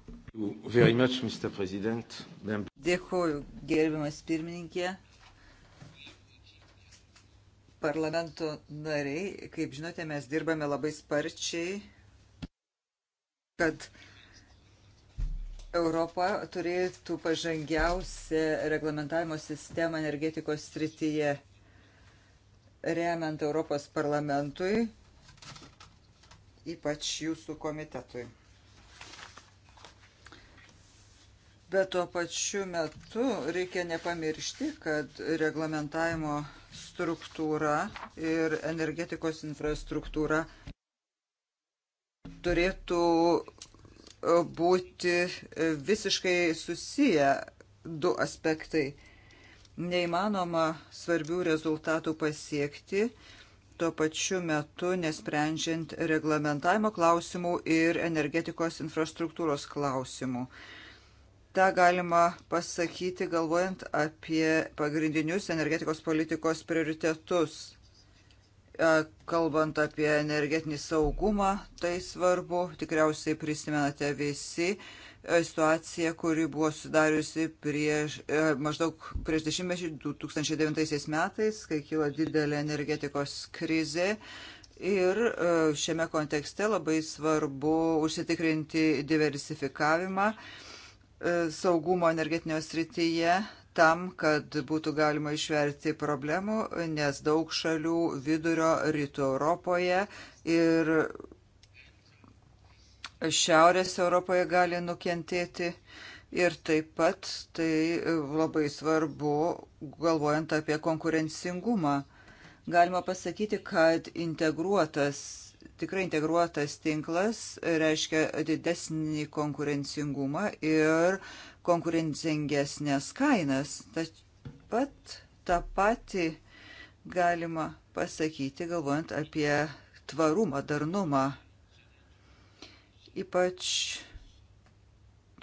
Dėkuoju, gerbiamas pirmininkė. Parlamento nariai, kaip žinote, mes dirbame labai sparčiai, kad uh, Europa turėtų pažangiausią reglamentavimo sistemą energetikos srityje, remiant Europos parlamentui, ypač jūsų komitetui. Bet tuo pačiu metu reikia nepamiršti, kad reglamentavimo struktūra ir energetikos infrastruktūra turėtų būti visiškai susiję du aspektai. Neįmanoma svarbių rezultatų pasiekti tuo pačiu metu nesprendžiant reglamentavimo klausimų ir energetikos infrastruktūros klausimų. Ta galima pasakyti galvojant apie pagrindinius energetikos politikos prioritetus E, kalbant apie energetinį saugumą, tai svarbu, tikriausiai prisimenate visi e, situaciją, kuri buvo sudariusi prieš, e, maždaug prieš dešimtmečių 2009 metais, kai kilo didelė energetikos krizė. Ir šiame kontekste labai svarbu užsitikrinti diversifikavimą saugumo energetinio srityje, tam, kad būtų galima išverti problemų, nes daug šalių vidurio rytų Europoje ir šiaurės Europoje gali nukentėti. Ir taip pat tai labai svarbu, galvojant apie konkurencingumą. Galima pasakyti, kad integruotas, tikrai integruotas tinklas reiškia didesnį konkurencingumą ir konkurencingesnės kainas. Taip pat tą patį galima pasakyti, galvojant apie tvarumą, darnumą. Ypač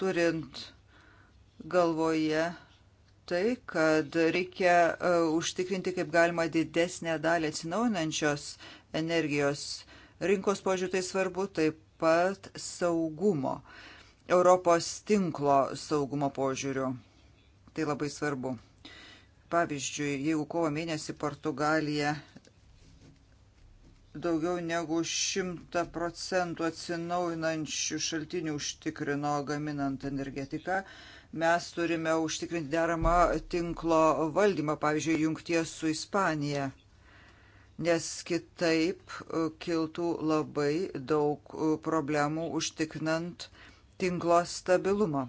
turint galvoje tai, kad reikia uh, užtikrinti kaip galima didesnę dalį atsinaujinančios energijos rinkos požiūrį tai svarbu, taip pat saugumo. Uh, Europos tinklo saugumo požiūriu. Tai labai svarbu. Pavyzdžiui, jeigu kovo mėnesį Portugalija daugiau negu 100 procentų atsinaujinančių šaltinių užtikrino gaminant energetiką, mes turime užtikrinti deramą tinklo valdymą, pavyzdžiui, jungties su Ispanija nes kitaip e, kiltų labai daug e, problemų užtikrinant tinklo stabilumo.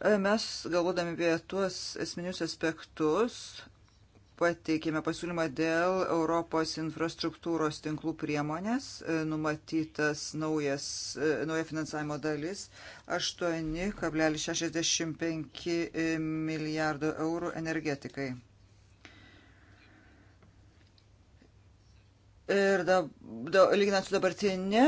E, mes, galvodami apie tuos esminius aspektus, pateikėme pasiūlymą dėl Europos infrastruktūros tinklų priemonės, e, numatytas naujas, e, nauja finansavimo dalis 8,65 milijardo eurų energetikai. Ir da, da, lyginant su dabartinė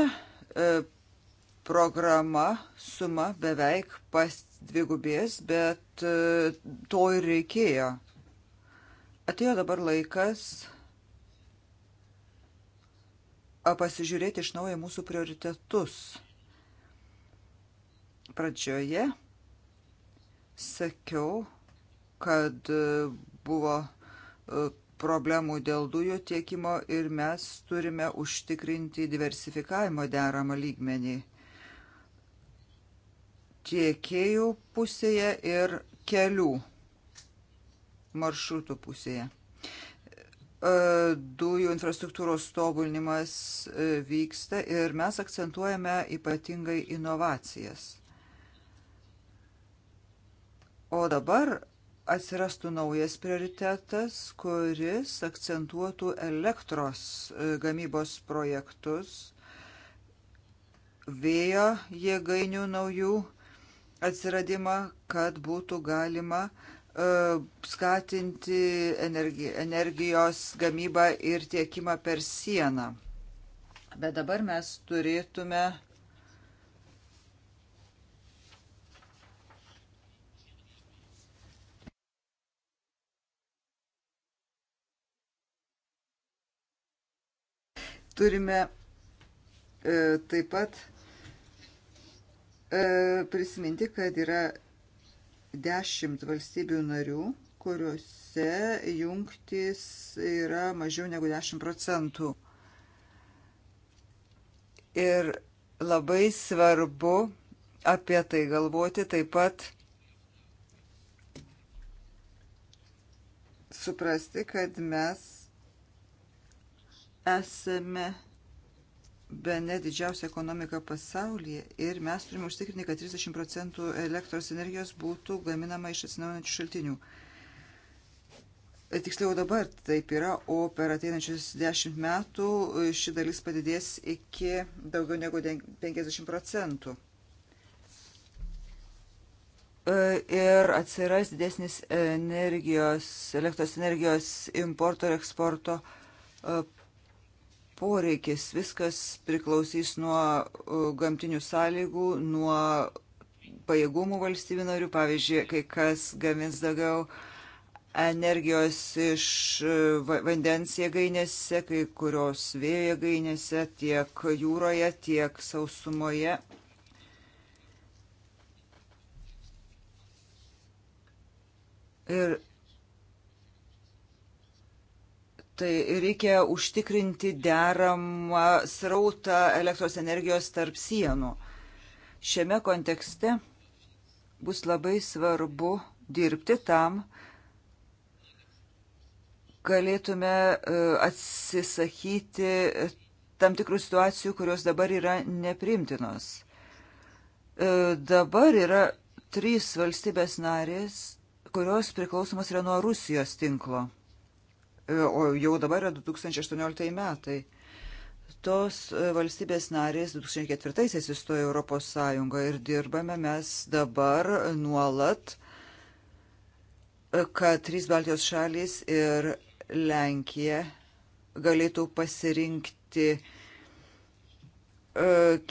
programa suma beveik pas dvigubės, bet e, to ir reikėjo. Atėjo dabar laikas pasižiūrėti iš naujo mūsų prioritetus. Pradžioje sakiau, kad e, buvo e, problemų dėl dujų tiekimo ir mes turime užtikrinti diversifikavimo deramą lygmenį tiekėjų pusėje ir kelių maršrutų pusėje. E, dujų infrastruktūros tobulinimas e, vyksta ir mes akcentuojame ypatingai inovacijas. O dabar atsirastų naujas prioritetas, kuris akcentuotų elektros e, gamybos projektus, vėjo jėgainių naujų atsiradimą, kad būtų galima e, skatinti energijos gamybą ir tiekimą per sieną. Bet dabar mes turėtume turime e, taip pat E, prisiminti, kad yra dešimt valstybių narių, kuriuose jungtis yra mažiau negu 10 procentų. Ir labai svarbu apie tai galvoti taip pat suprasti, kad mes esame be ne didžiausia ekonomika pasaulyje ir mes turime užtikrinti, kad 30 procentų elektros energijos būtų gaminama iš atsinaujančių šaltinių. E, tiksliau dabar taip yra, o per ateinančius 10 metų e, ši dalis padidės iki daugiau negu 50 procentų. E, ir atsiras didesnis energijos, elektros energijos importo ir eksporto poreikis. Viskas priklausys nuo e, gamtinių sąlygų, nuo pajėgumų valstybių narių. Pavyzdžiui, kai kas gamins daugiau energijos iš e, vandens jėgainėse, kai kurios vėjo jėgainėse, tiek jūroje, tiek sausumoje. Ir Tai reikia užtikrinti deramą srautą elektros energijos tarp sienų. Šiame kontekste bus labai svarbu dirbti tam, galėtume e, atsisakyti tam tikrų situacijų, kurios dabar yra neprimtinos. E, dabar yra trys valstybės narės, kurios priklausomos yra nuo Rusijos tinklo. E, o jau dabar yra 2018 metai. Tos e, valstybės narės 2004-aisiais įstojo Europos Sąjungą ir dirbame mes dabar nuolat, e, kad trys Baltijos šalys ir Lenkija galėtų pasirinkti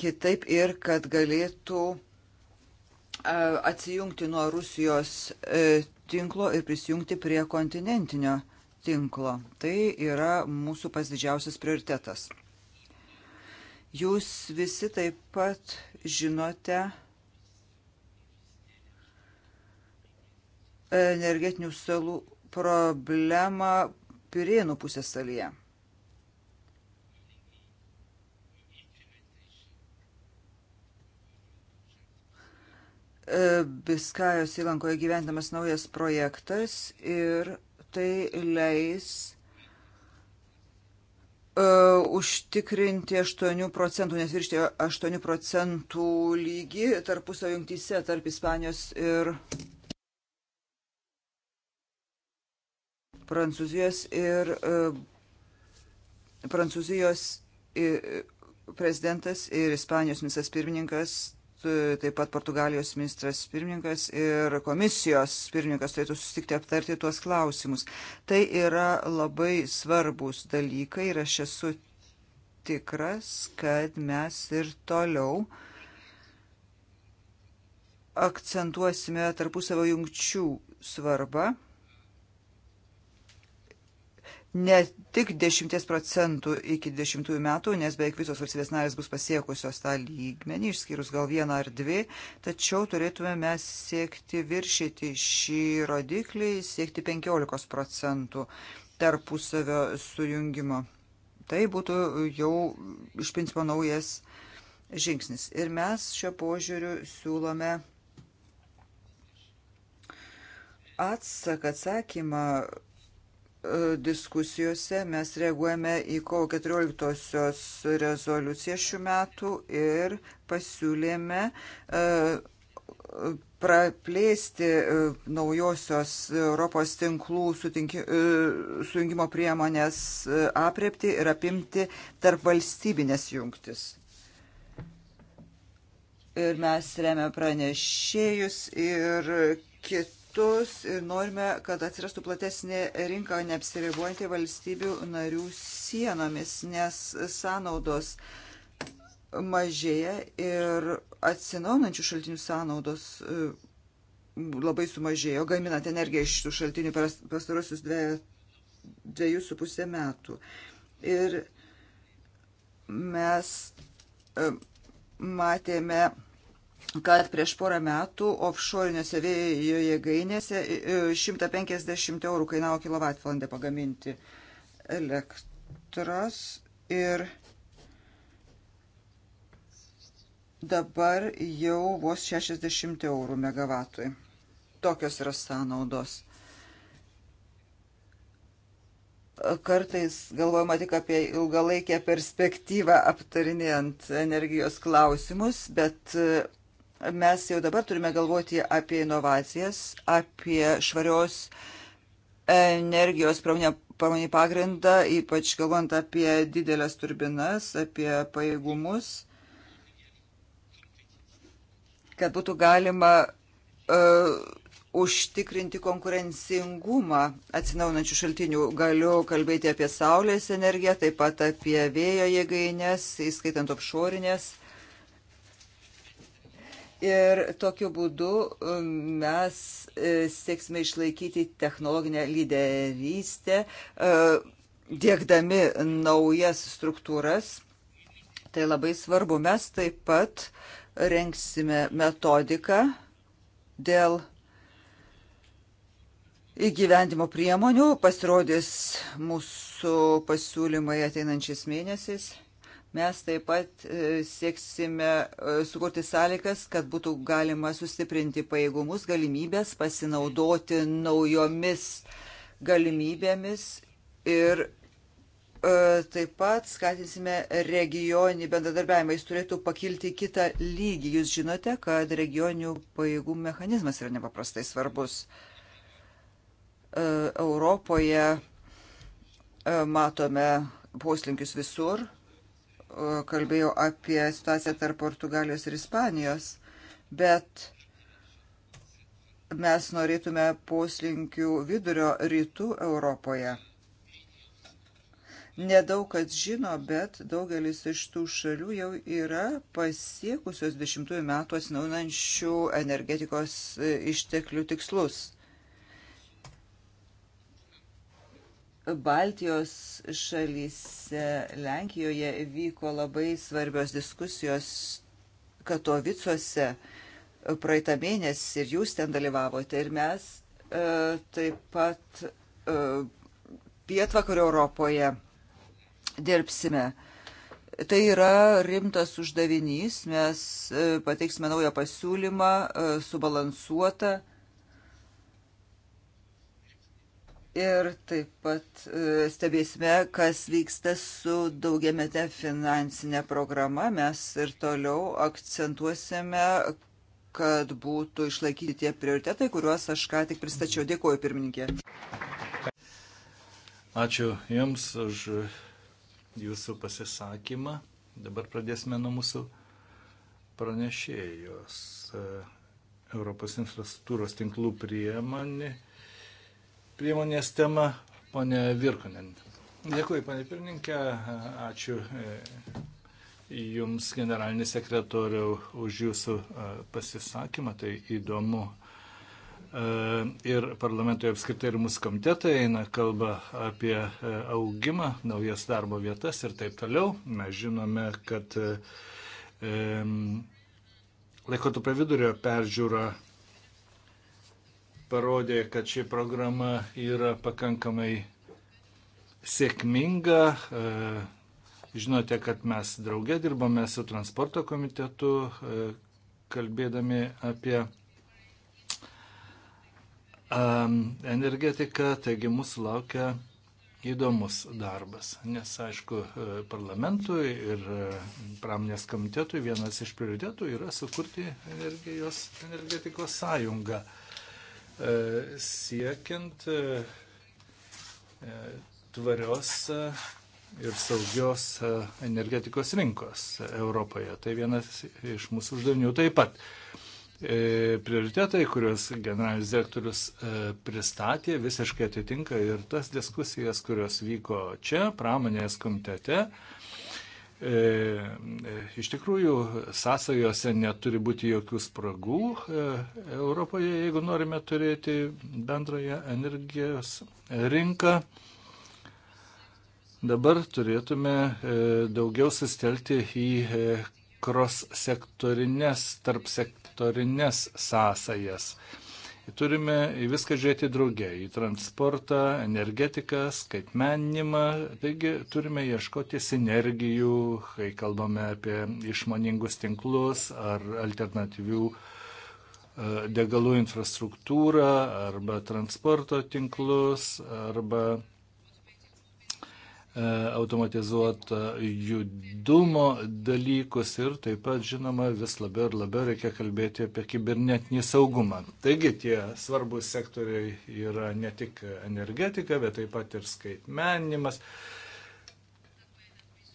kitaip ir kad galėtų atsijungti nuo Rusijos tinklo ir prisijungti prie kontinentinio tinklo tinklo. Tai yra mūsų pas didžiausias prioritetas. Jūs visi taip pat žinote energetinių salų problemą Pirėnų pusės salyje. Biskajos įlankoje gyventamas naujas projektas ir tai leis uh, užtikrinti 8 procentų, nes viršti 8 procentų lygį tarpusio jungtyse tarp Ispanijos ir Prancūzijos ir uh, Prancūzijos ir, prezidentas ir Ispanijos misas pirmininkas E, taip pat Portugalijos ministras pirmininkas ir komisijos pirmininkas turėtų susitikti aptarti tuos klausimus. Tai yra labai svarbus dalykai ir aš esu tikras, kad mes ir toliau akcentuosime tarpusavio jungčių svarbą ne tik 10 procentų iki 10 metų, nes beveik visos valstybės narės bus pasiekusios tą lygmenį, išskyrus gal vieną ar dvi, tačiau turėtume mes siekti viršyti šį rodiklį, siekti 15 procentų tarpusavio sujungimo. Tai būtų jau iš principo naujas žingsnis. Ir mes šio požiūriu siūlome atsaką, atsakymą diskusijose mes reaguojame į kovo 14-osios rezoliuciją šių metų ir pasiūlėme e, praplėsti e, naujosios Europos tinklų e, sujungimo priemonės aprepti ir apimti tarp valstybinės jungtis. Ir mes remia pranešėjus ir kitus produktus ir norime, kad atsirastų platesnė rinka, neapsiribuojantį valstybių narių sienomis, nes sąnaudos mažėja ir atsinaunančių šaltinių sąnaudos e, labai sumažėjo, gaminant energiją iš tų šaltinių per pastarosius dviejus su pusė metų. Ir mes e, matėme kad prieš porą metų offshore'inėse vėjo jėgainėse 150 eurų kainavo kilovatvalandę pagaminti elektros ir dabar jau vos 60 eurų megavatui. Tokios yra sąnaudos. kartais galvojama tik apie ilgalaikę perspektyvą aptarinėjant energijos klausimus, bet mes jau dabar turime galvoti apie inovacijas, apie švarios energijos pramonį pagrindą, ypač galvant apie didelės turbinas, apie pajėgumus, kad būtų galima uh, užtikrinti konkurencingumą atsinaunančių šaltinių. Galiu kalbėti apie saulės energiją, taip pat apie vėjo jėgainės, įskaitant opšorinės. Uh, Ir tokiu būdu e, mes e, sieksime išlaikyti technologinę lyderystę, e, dėkdami naujas struktūras. Tai labai svarbu. Mes taip pat renksime metodiką dėl įgyvendimo priemonių. Pasirodys mūsų pasiūlymai ateinančiais mėnesiais. Mes taip pat e, sieksime e, sukurti sąlygas, kad būtų galima sustiprinti pajėgumus, galimybės pasinaudoti naujomis galimybėmis ir e, taip pat skatinsime regioninį bendradarbiavimą. Jis turėtų pakilti kitą lygį. Jūs žinote, kad regioninių pajėgų mechanizmas yra nepaprastai svarbus. Europoje matome poslinkius visur. E, kalbėjau apie situaciją tarp Portugalijos ir Ispanijos, bet mes norėtume poslinkių vidurio rytų Europoje. Nedaug kas žino, bet daugelis iš tų šalių jau yra pasiekusios dešimtųjų metų atsinaunančių energetikos e, išteklių tikslus. Baltijos šalyse, Lenkijoje vyko labai svarbios diskusijos Katovicuose praeitą mėnesį ir jūs ten dalyvavote. Ir mes e, taip pat e, pietvakarių Europoje dirbsime. Tai yra rimtas uždavinys, mes e, pateiksime naują pasiūlymą, e, subalansuotą ir taip pat e, stebėsime, kas vyksta su daugiamete finansinė programa. Mes ir toliau akcentuosime, kad būtų išlaikyti tie prioritetai, kuriuos aš ką tik pristačiau. Dėkuoju, pirmininkė. Ačiū Jums už Jūsų pasisakymą. Dabar pradėsime nuo mūsų pranešėjos. E, Europos infrastruktūros tinklų priemonė priemonės tema, ponė Virkonen. Dėkui, ponė pirmininkė, ačiū e, Jums, generalinis sekretoriau, už Jūsų e, pasisakymą, tai įdomu. E, ir parlamentoje apskritai ir mūsų komitetai eina kalba apie augimą, naujas darbo vietas ir taip toliau. Mes žinome, kad laikotų prie vidurio peržiūra parodė, kad ši programa yra pakankamai sėkminga. E, žinote, kad mes draugė dirbame su transporto komitetu, e, kalbėdami apie energetiką, taigi mūsų laukia įdomus darbas, nes aišku, e, parlamentui ir pramonės komitetui vienas iš prioritetų yra sukurti energijos, energetikos sąjungą. E, siekiant e, e, tvarios ir saugios energetikos rinkos Europoje. Tai vienas iš mūsų uždavinių taip pat. Prioritetai, kuriuos generalinis direktorius pristatė, visiškai atitinka ir tas diskusijas, kurios vyko čia, pramonės komitete, E, e, iš tikrųjų, sąsajose neturi būti jokių spragų e, Europoje, jeigu norime turėti bendrąją energijos rinką. Dabar turėtume daugiau sustelti į cross sektorinės, tarp sektorinės sąsajas. Turime į viską žiūrėti draugė, į transportą, energetiką, skaitmeninimą, taigi turime ieškoti sinergijų, kai kalbame apie išmaningus tinklus ar alternatyvių e, degalų infrastruktūrą arba transporto tinklus arba E, automatizuotą judumo dalykus ir taip pat, žinoma, vis labiau ir labiau reikia kalbėti apie kibernetinį saugumą. Taigi tie svarbus sektoriai yra ne tik energetika, bet taip pat ir skaitmeninimas.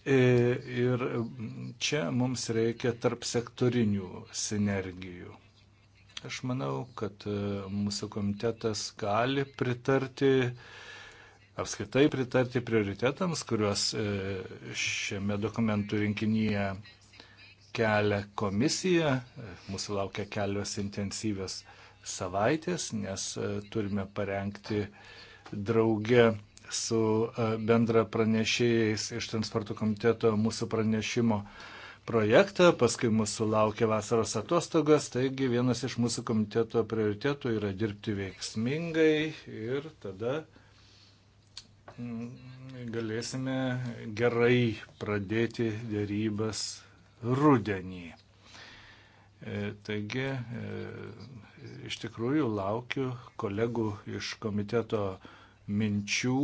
E, ir čia mums reikia tarp sektorinių sinergijų. Aš manau, kad e, mūsų komitetas gali pritarti uh, apskritai pritarti prioritetams, kuriuos e, šiame dokumentų rinkinyje kelia komisija. E, mūsų laukia kelios intensyvios savaitės, nes e, turime parengti drauge su bendra pranešėjais iš transporto komiteto mūsų pranešimo projektą, paskui mūsų laukia vasaros atostogas, taigi vienas iš mūsų komiteto prioritetų yra dirbti veiksmingai ir tada galėsime gerai pradėti dėrybas rudenį. E, taigi, e, iš tikrųjų laukiu kolegų iš komiteto minčių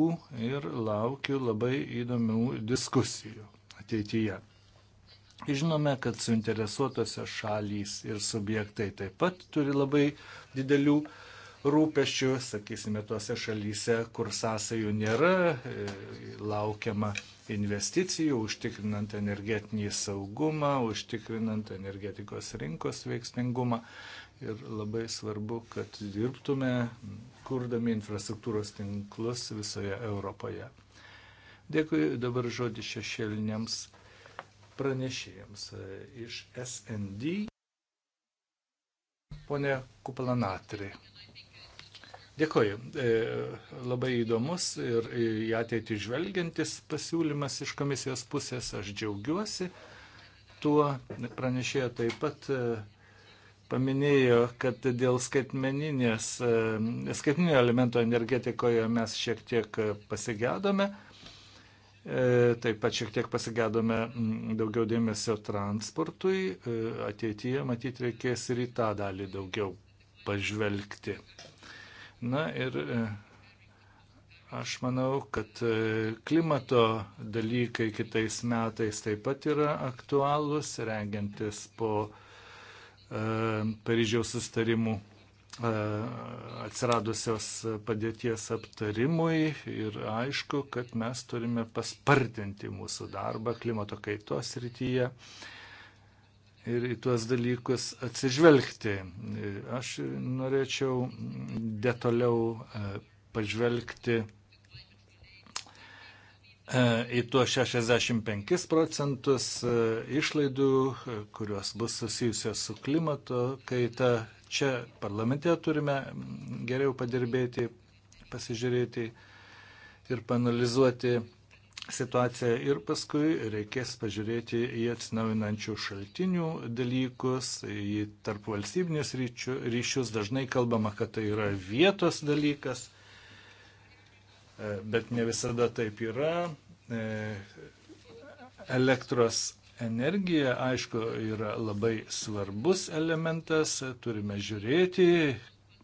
ir laukiu labai įdomių diskusijų ateityje. Žinome, kad suinteresuotose šalys ir subjektai taip pat turi labai didelių uh, rūpešių, sakysime, tuose šalyse, kur sąsajų nėra, e, laukiama investicijų, užtikrinant energetinį saugumą, užtikrinant energetikos rinkos veiksmingumą. Ir labai svarbu, kad dirbtume, kurdami infrastruktūros tinklus visoje Europoje. Dėkui dabar žodį šešėliniams pranešėjams e, iš SND. Pone Kupalanatri. Dėkoju. E, labai įdomus ir į ateitį žvelgiantis pasiūlymas iš komisijos pusės. Aš džiaugiuosi. Tuo pranešėjo taip pat e, paminėjo, kad dėl skaitmeninės, e, skaitmeninio elemento energetikoje mes šiek tiek pasigėdome. Taip pat šiek tiek pasigėdome mm, daugiau dėmesio transportui. Ateityje, matyt, reikės ir į tą dalį daugiau pažvelgti. Na ir e, aš manau, kad e, klimato dalykai kitais metais taip pat yra aktualūs, rengiantis po e, Paryžiaus sustarimų atsiradusios padėties aptarimui ir aišku, kad mes turime paspartinti mūsų darbą klimato kaitos rytyje ir į tuos dalykus atsižvelgti. Aš norėčiau detaliau e, pažvelgti e, į tuos 65 procentus e, išlaidų, kurios bus susijusios su klimato kaita. Čia parlamente turime geriau padirbėti, pasižiūrėti ir panalizuoti situaciją ir paskui reikės pažiūrėti į atsinaujinančių šaltinių dalykus, į tarp valstybinius ryšius. Dažnai kalbama, kad tai yra vietos dalykas, bet ne visada taip yra. Elektros energija, aišku, yra labai svarbus elementas, turime žiūrėti,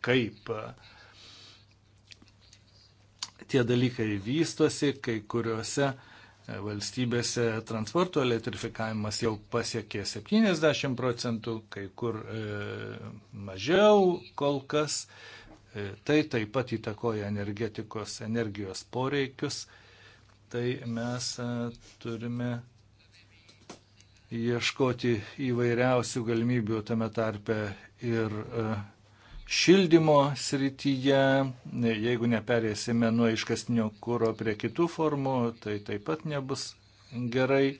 kaip uh, tie dalykai vystosi, kai kuriuose e, valstybėse transporto elektrifikavimas jau pasiekė 70 procentų, kai kur e, mažiau kol kas. E, tai taip pat įtakoja energetikos energijos poreikius. Tai mes e, turime ieškoti įvairiausių galimybių tame tarpe ir e, šildymo srityje. Jeigu neperėsime nuo iškastinio kūro prie kitų formų, tai taip pat nebus gerai.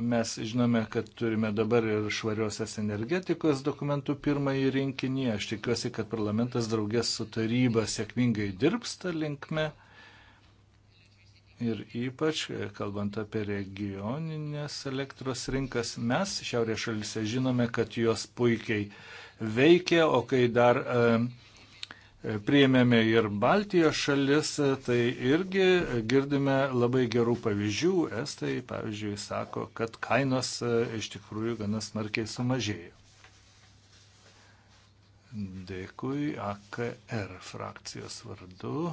Mes žinome, kad turime dabar ir švariosios energetikos dokumentų pirmąjį rinkinį. Aš tikiuosi, kad parlamentas draugės su taryba sėkmingai dirbs tą linkmę. Ir ypač, kalbant apie regioninės elektros rinkas, mes šiaurės šalise žinome, kad jos puikiai uh, veikia, o kai dar e, priėmėme ir Baltijos šalis, e, tai irgi girdime labai gerų pavyzdžių. Estai, pavyzdžiui, sako, kad kainos e, iš tikrųjų gana smarkiai sumažėjo. Dėkui AKR frakcijos vardu.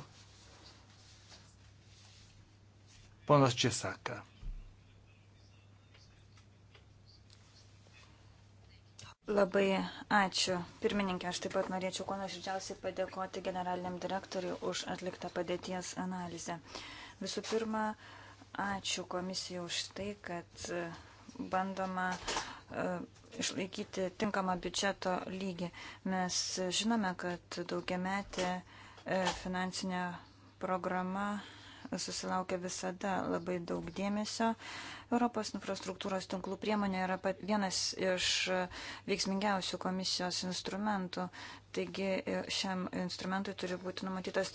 Ponas Česaka. Labai ačiū. Pirmininkė, aš taip pat norėčiau kuo nuoširdžiausiai padėkoti generaliniam direktoriui už atliktą padėties analizę. Visų pirma, ačiū komisijai už tai, kad e, bandoma e, išlaikyti tinkamą biudžeto lygį. Mes žinome, kad daugiametė e, finansinė programa susilaukia visada labai daug dėmesio. Europos infrastruktūros tinklų priemonė yra vienas iš veiksmingiausių komisijos instrumentų. Taigi e, šiam instrumentui turi būti numatytas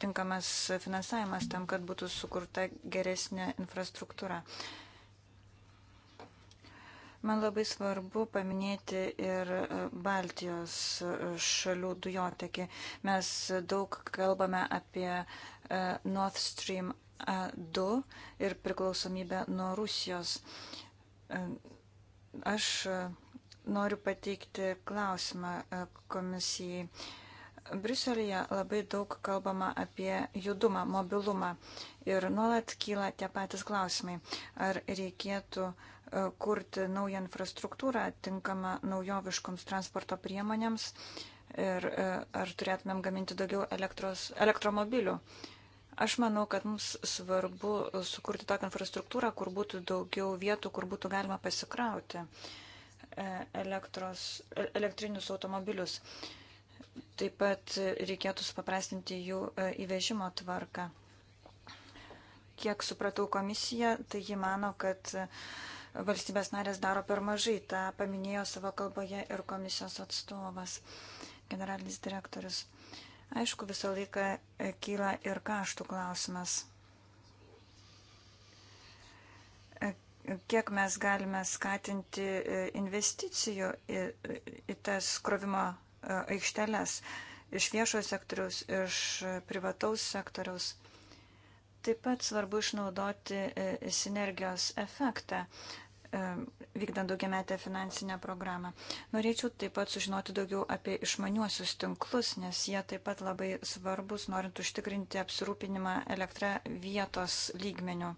tinkamas finansavimas tam, kad būtų sukurta geresnė infrastruktūra. Man labai svarbu paminėti ir e, Baltijos e, šalių dujotekį. Mes daug kalbame apie E, Nord Stream 2 e ir priklausomybę nuo Rusijos. E, aš noriu pateikti klausimą komisijai. Briuselėje labai daug kalbama apie judumą, mobilumą ir nuolat kyla tie patys klausimai. Ar reikėtų kurti naują infrastruktūrą tinkamą naujoviškoms transporto priemonėms ir ar turėtumėm gaminti daugiau elektros, elektromobilių? Uh, Aš manau, kad mums svarbu sukurti tokią infrastruktūrą, kur būtų daugiau vietų, kur būtų galima pasikrauti e, elektros, e, elektrinius automobilius. Taip pat reikėtų supaprastinti jų e, įvežimo tvarką. Kiek supratau komisiją, tai ji mano, kad valstybės narės daro per mažai. Ta paminėjo savo kalboje ir komisijos atstovas, generalinis direktorius. Uh, Aišku, visą laiką e, kyla ir kaštų klausimas. E, kiek mes galime skatinti e, investicijų į, į tas krovimo aikšteles iš viešojo sektoriaus, iš privataus sektoriaus. Taip pat svarbu išnaudoti sinergijos efektą vykdant daugiametę finansinę programą. Norėčiau taip pat sužinoti daugiau apie išmaniuosius tinklus, nes jie taip pat labai svarbus, norint užtikrinti apsirūpinimą elektrą vietos lygmenių.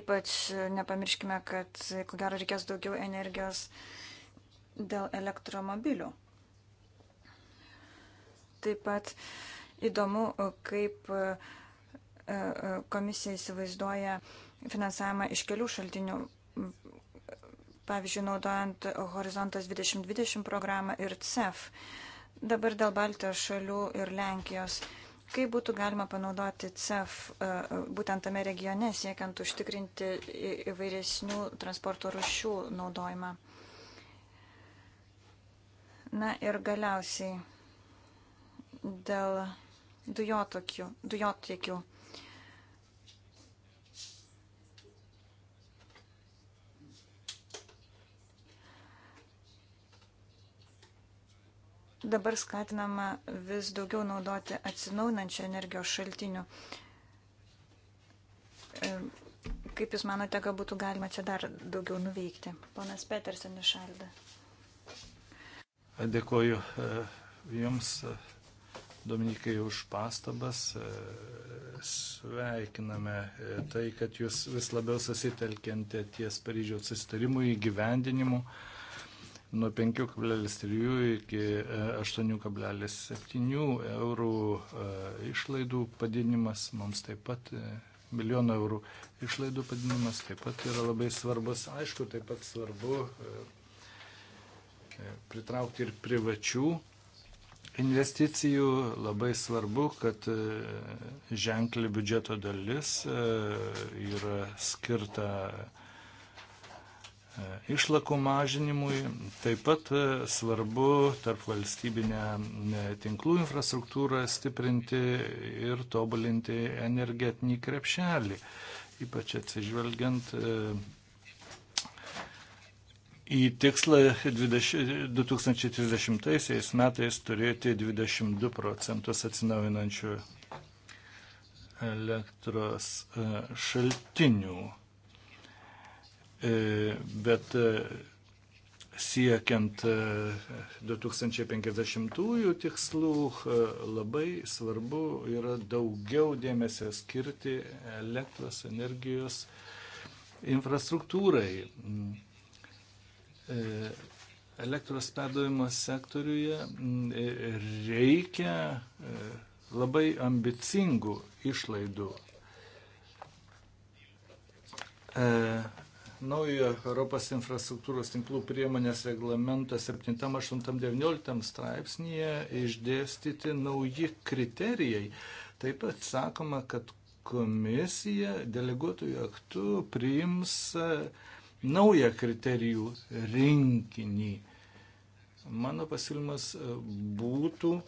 Ypač nepamirškime, kad ko gero reikės daugiau energijos dėl elektromobilių. Taip pat įdomu, kaip e, e, komisija įsivaizduoja finansavimą iš kelių šaltinių pavyzdžiui, naudojant Horizontas 2020 programą ir CEF. Dabar dėl Baltijos šalių ir Lenkijos. Kaip būtų galima panaudoti CEF e, būtent tame regione, siekiant užtikrinti įvairesnių transporto rušių naudojimą? Na ir galiausiai dėl dujotiekių. Dabar skatinama vis daugiau naudoti atsinaunančių energijos šaltinių. Kaip Jūs manote, kad būtų galima čia dar daugiau nuveikti? Ponas Petersen išaldė. Dėkoju e, Jums, e, Dominikai, už pastabas. E, sveikiname tai, kad Jūs vis labiau susitelkėte ties Paryžiaus susitarimų įgyvendinimu. gyvendinimu nuo 5,3 iki 8,7 e, eurų e, išlaidų padidinimas mums taip pat. E, Milijono eurų išlaidų padinimas taip pat yra labai svarbus. Aišku, taip pat svarbu pritraukti ir privačių investicijų. Labai svarbu, kad ženkli biudžeto dalis yra skirta E, išlakų mažinimui. Taip pat e, svarbu tarp valstybinę tinklų infrastruktūrą stiprinti ir tobulinti energetinį krepšelį, ypač atsižvelgiant e, į tikslą 2030 metais turėti 22 procentus atsinaujinančių elektros šaltinių. E, bet e, siekiant 2050-ųjų e, tikslų labai svarbu yra daugiau dėmesio skirti elektros energijos infrastruktūrai. Elektros perdavimo sektoriuje reikia labai ambicingų išlaidų naujo Europos infrastruktūros tinklų priemonės reglamento 7, 8, 19 straipsnėje išdėstyti nauji kriterijai. Taip pat sakoma, kad komisija deleguotojų aktų priims e, naują kriterijų rinkinį. Mano pasiūlymas e, būtų, e,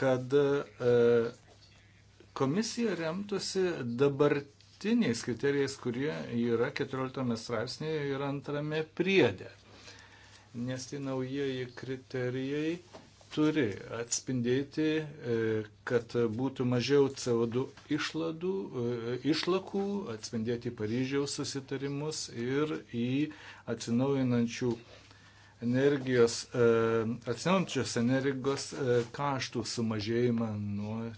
kad komisija remtųsi dabartiniu išplėstiniais kriterijais, kurie yra 14 straipsnėje ir antrame priedė. Nes tie naujieji kriterijai turi atspindėti, e, kad būtų mažiau CO2 išladų, e, išlakų, atspindėti Paryžiaus susitarimus ir į atsinaujinančių energijos, e, atsinaujančios energijos kaštų sumažėjimą nuo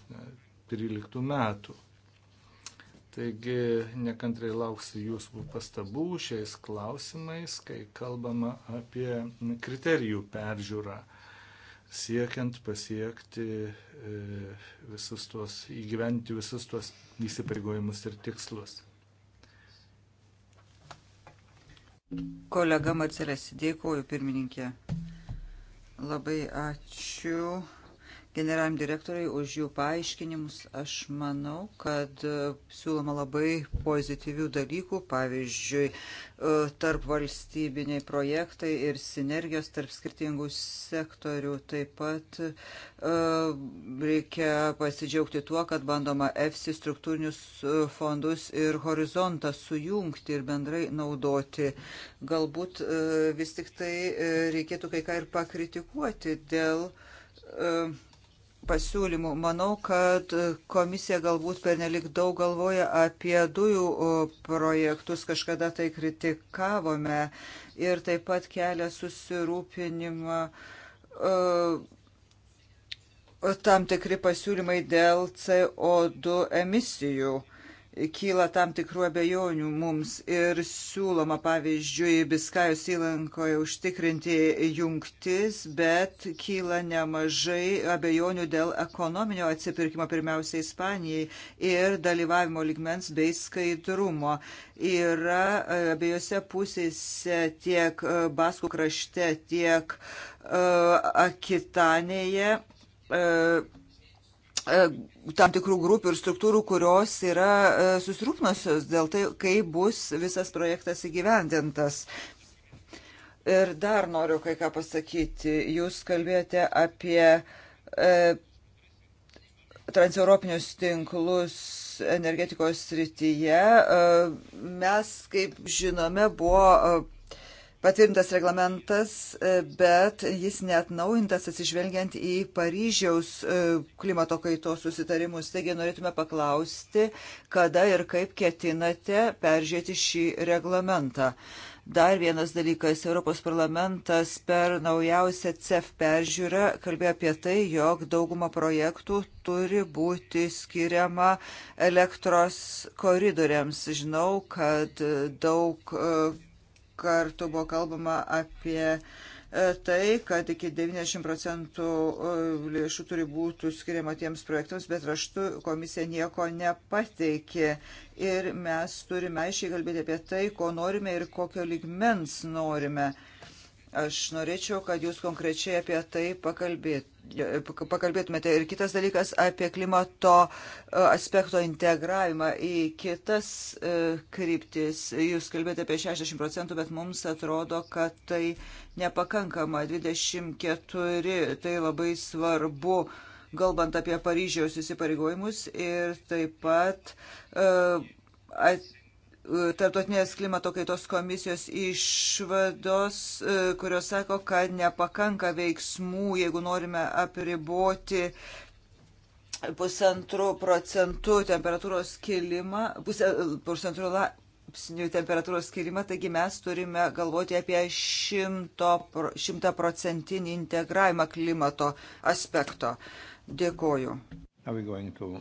13 metų. Taigi nekantrai lauksiu jūsų pastabų šiais klausimais, kai kalbama apie kriterijų peržiūrą, siekiant pasiekti e, visus tuos, įgyventi visus tuos įsipareigojimus ir tikslus. Kolega Marcelės, dėkoju pirmininkė. Labai ačiū generaliniam direktoriai už jų paaiškinimus. Aš manau, kad e, siūloma labai pozityvių dalykų, pavyzdžiui, e, tarp valstybiniai projektai ir sinergijos tarp skirtingų sektorių. Taip pat e, reikia pasidžiaugti tuo, kad bandoma EFSI struktūrinius fondus ir horizontą sujungti ir bendrai naudoti. Galbūt vis tik tai reikėtų kai ką ir pakritikuoti dėl pasiūlymų. Manau, kad komisija galbūt pernelik daug galvoja apie dujų projektus, kažkada tai kritikavome ir taip pat kelia susirūpinimą tam tikri pasiūlymai dėl CO2 emisijų kyla tam tikrų abejonių mums ir siūloma, pavyzdžiui, Biskajos įlankoje užtikrinti jungtis, bet kyla nemažai abejonių dėl ekonominio atsipirkimo pirmiausia Ispanijai ir dalyvavimo ligmens bei skaidrumo. Yra e, abiejose pusėse tiek e, Baskų krašte, tiek uh, e, Akitanėje. Uh, E, tam tikrų grupių ir struktūrų, kurios yra e, susirūpnusios dėl tai, kaip bus visas projektas įgyvendintas. Ir dar noriu kai ką pasakyti. Jūs kalbėjote apie e, transeuropinius tinklus energetikos srityje. E, mes, kaip žinome, buvo. E, patvirtintas reglamentas, e, bet jis net naujintas atsižvelgiant į Paryžiaus e, klimato kaitos susitarimus. Taigi norėtume paklausti, kada ir kaip ketinate peržiūrėti šį reglamentą. Dar vienas dalykas, Europos parlamentas per naujausią CEF peržiūrą kalbėjo apie tai, jog dauguma projektų turi būti skiriama elektros koridoriams. Žinau, kad daug e, kartų buvo kalbama apie e, tai, kad iki 90 procentų e, lėšų turi būti skiriama tiems projektams, bet raštu komisija nieko nepateikė. Ir mes turime aiškiai kalbėti apie tai, ko norime ir kokio ligmens norime. Aš norėčiau, kad jūs konkrečiai apie tai pakalbėt, pakalbėtumėte. Ir kitas dalykas apie klimato e, aspekto integravimą į kitas e, kryptis. Jūs kalbėjote apie 60 procentų, bet mums atrodo, kad tai nepakankama. 24 tai labai svarbu galbant apie Paryžiaus įsipareigojimus ir taip pat uh, at, Tartotinės klimato kaitos komisijos išvados, e, kurios sako, kad nepakanka veiksmų, jeigu norime apriboti pusantrų procentų temperatūros kilimą, pusantrų laipsnių temperatūros kilimą, taigi mes turime galvoti apie šimtą procentinį integravimą klimato aspekto. Dėkoju. To...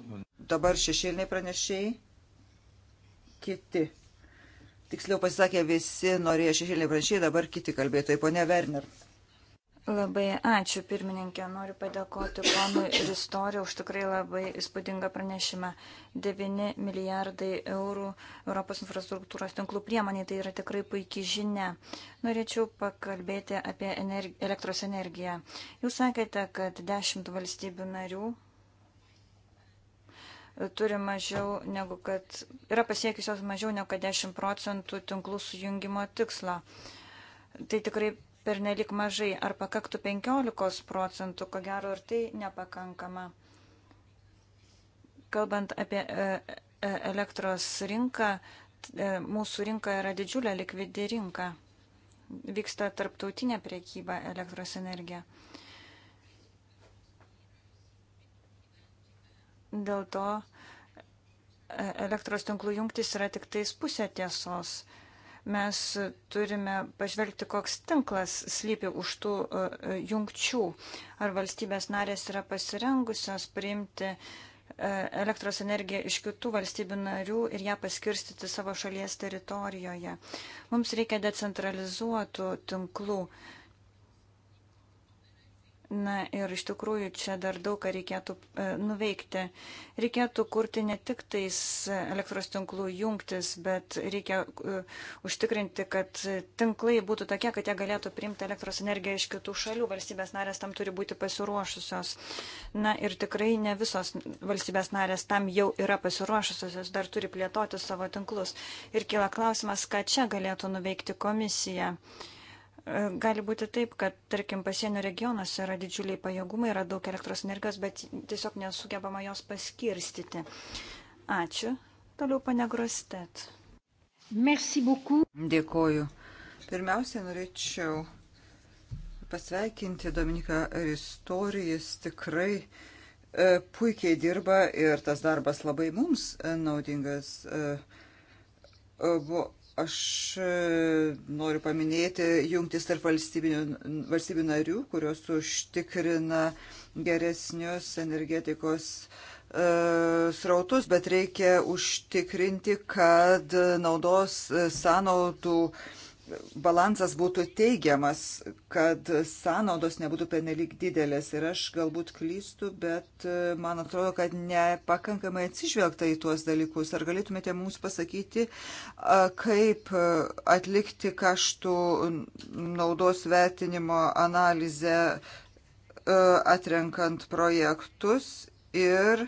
Dabar šešėliniai pranešėjai kiti. Tiksliau pasisakė visi, norėjo šešėlį prašyti, dabar kiti kalbėtojai, ponia Werner. Labai ačiū, pirmininkė. Noriu padėkoti ponui Ristoriu už tikrai labai įspūdingą pranešimą. 9 milijardai eurų Europos infrastruktūros tinklų priemoniai tai yra tikrai puikiai žinia. Norėčiau pakalbėti apie energi elektros energiją. Jūs sakėte, kad 10 valstybių narių turi mažiau negu kad, yra pasiekiusios mažiau negu 10 procentų tinklų sujungimo tikslo. Tai tikrai per nelik mažai, ar pakaktų 15 procentų, ko gero ir tai nepakankama. Kalbant apie e, e, elektros rinką, e, mūsų rinka yra didžiulė likvidi rinka. Vyksta tarptautinė priekyba elektros energija. Dėl to e, elektros tinklų jungtis yra tik tais pusė tiesos. Mes turime pažvelgti, koks tinklas slypi už tų e, e, jungčių. Ar valstybės narės yra pasirengusios priimti elektros energiją iš kitų valstybių narių ir ją paskirstyti savo šalies teritorijoje. Mums reikia decentralizuotų tinklų. Na ir iš tikrųjų čia dar daug ką reikėtų e, nuveikti. Reikėtų kurti ne tik tais elektros tinklų jungtis, bet reikia e, užtikrinti, kad tinklai būtų tokie, kad jie galėtų priimti elektros energiją iš kitų šalių. Valstybės narės tam turi būti pasiruošusios. Na ir tikrai ne visos valstybės narės tam jau yra pasiruošusios, jos dar turi plėtoti savo tinklus. Ir kyla klausimas, ką čia galėtų nuveikti komisija. Uh, Gali būti taip, kad, tarkim, pasienio regionuose yra didžiuliai pajėgumai, yra daug elektros energijos, bet tiesiog nesugebama jos paskirstyti. Ačiū. Toliau panegrostet. Merci beaucoup. Dėkoju. Pirmiausia, norėčiau pasveikinti Dominiką Ristorijus tikrai e, puikiai dirba ir tas darbas labai mums e, naudingas. E, e buvo Aš e, noriu paminėti jungtis tarp valstybių narių, kurios užtikrina geresnius energetikos e, srautus, bet reikia užtikrinti, kad naudos e, sąnaudų e, balansas būtų teigiamas, kad sąnaudos nebūtų penelik didelės. Ir aš galbūt klystu, bet e, man atrodo, kad nepakankamai atsižvelgta į tuos dalykus. Ar galėtumėte mums pasakyti, kaip e, atlikti kaštų naudos vertinimo analizę e, atrenkant projektus ir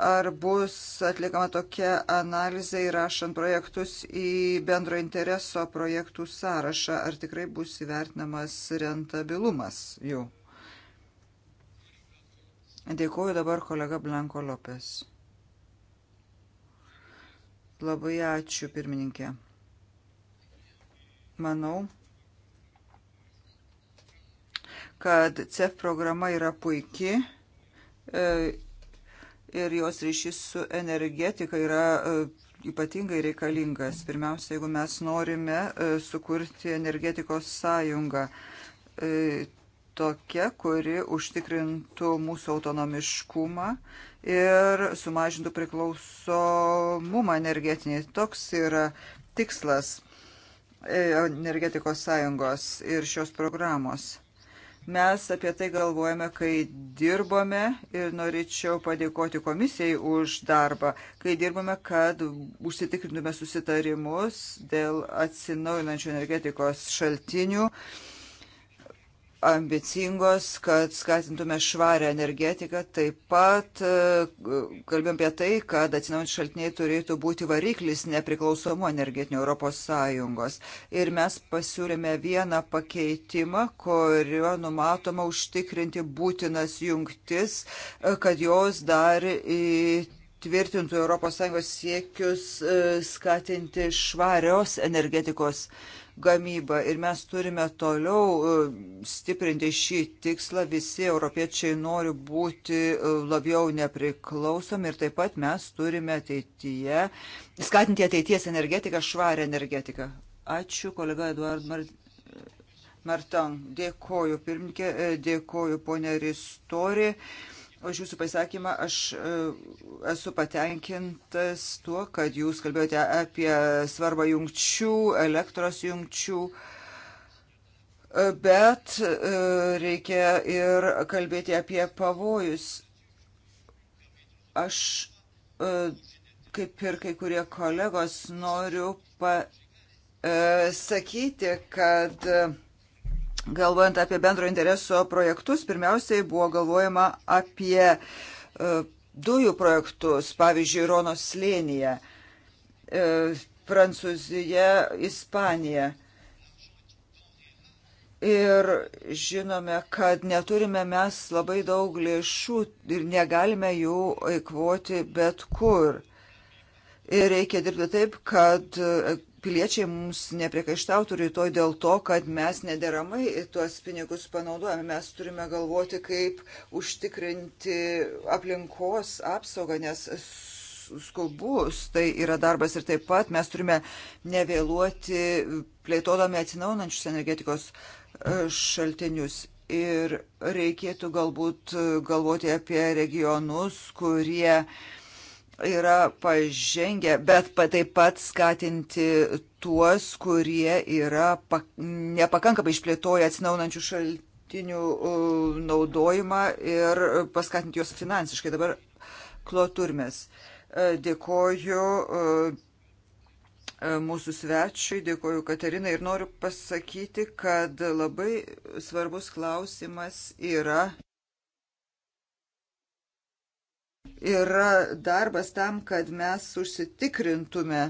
ar bus atliekama tokia analizė įrašant projektus į bendro intereso projektų sąrašą, ar tikrai bus įvertinamas rentabilumas jų. Dėkuoju dabar kolega Blanko Lopes. Labai ačiū, pirmininkė. Manau, kad CEF programa yra puiki e, ir jos ryšys su energetika yra e, ypatingai reikalingas. Pirmiausia, jeigu mes norime e, sukurti energetikos sąjungą e, tokia, kuri užtikrintų mūsų autonomiškumą ir sumažintų priklausomumą energetinį. Toks yra tikslas energetikos sąjungos ir šios programos. Mes apie tai galvojame, kai dirbome ir norėčiau padėkoti komisijai už darbą, kai dirbome, kad užsitikrintume susitarimus dėl atsinaujinančių energetikos šaltinių. Uh, ambicingos, kad skatintume švarę energetiką. Taip pat e, kalbėjom apie tai, kad atsinaujančių šaltiniai turėtų būti variklis nepriklausomų energetinių Europos Sąjungos. Ir mes pasiūlėme vieną pakeitimą, kurio numatoma užtikrinti būtinas jungtis, e, kad jos dar į tvirtintų ES siekius e, skatinti švarios energetikos uh, gamybą ir mes turime toliau e, stiprinti šį tikslą. Visi europiečiai nori būti e, labiau nepriklausomi ir taip pat mes turime ateityje, skatinti ateities energetiką, švarę energetiką. Ačiū, kolega Eduard Martin. Martan, dėkoju pirmininkė, e, dėkoju ponė Ristori už jūsų pasakymą. Aš e, esu patenkintas tuo, kad jūs kalbėjote apie svarbą jungčių, elektros jungčių. E, bet e, reikia ir kalbėti apie pavojus. Aš, kaip ir kai kurie kolegos, noriu pasakyti, kad galvojant apie bendro intereso projektus, pirmiausiai buvo galvojama apie e, dujų projektus, pavyzdžiui, Ronos slėnyje, e, Prancūzija, Ispanija. Ir žinome, kad neturime mes labai daug lėšų ir negalime jų eikvoti bet kur. Ir reikia dirbti taip, kad piliečiai mums nepriekaištautų rytoj dėl to, kad mes nederamai tuos pinigus panaudojame. Mes turime galvoti, kaip užtikrinti aplinkos apsaugą, nes skubus tai yra darbas ir taip pat mes turime nevėluoti plėtodami atsinaunančius energetikos e, šaltinius. Ir reikėtų galbūt e, galvoti apie regionus, kurie uh, yra pažengę, bet taip pat skatinti tuos, kurie yra nepakankamai išplėtoję atsinaunančių šaltinių naudojimą ir paskatinti juos finansiškai. Dabar kloturmės. E, dėkoju e, e, mūsų svečiui, dėkoju Katerinai ir noriu pasakyti, kad labai svarbus klausimas yra yra darbas tam, kad mes užsitikrintume.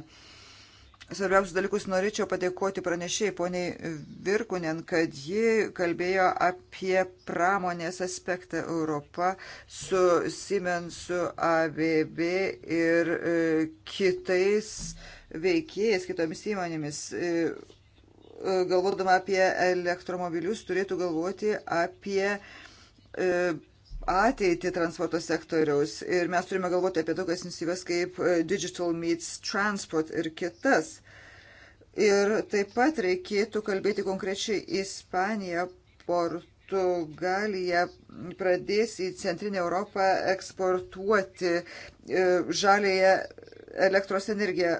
Svarbiausius dalykus norėčiau padėkoti pranešėjai poniai Virkunen, kad ji kalbėjo apie pramonės aspektą Europą su Siemensu, ABB ir e, kitais veikėjais, kitomis įmonėmis. E, e, galvodama apie elektromobilius, turėtų galvoti apie e, ateitį transporto sektoriaus ir mes turime galvoti apie tokias iniciatyvas kaip e, Digital Meets Transport ir kitas. Ir taip pat reikėtų kalbėti konkrečiai Ispaniją, Portugaliją pradės į Centrinę Europą eksportuoti e, žalėje elektros energiją.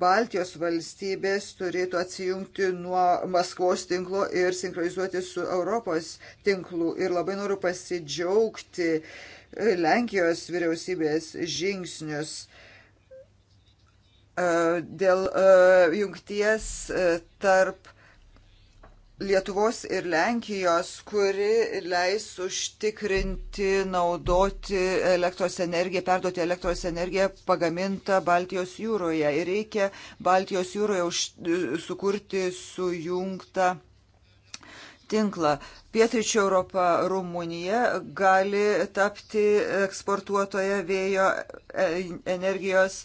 Baltijos valstybės turėtų atsijungti nuo Maskvos tinklo ir sinchronizuoti su Europos tinklu. Ir labai noriu pasidžiaugti Lenkijos vyriausybės žingsnius e, dėl e, jungties e, tarp Lietuvos ir Lenkijos, kuri leis užtikrinti, naudoti elektros energiją, perduoti elektros energiją pagamintą Baltijos jūroje. Ir reikia Baltijos jūroje už, sukurti sujungtą tinklą. Pietričio Europa Rumunija gali tapti eksportuotoje vėjo e, energijos.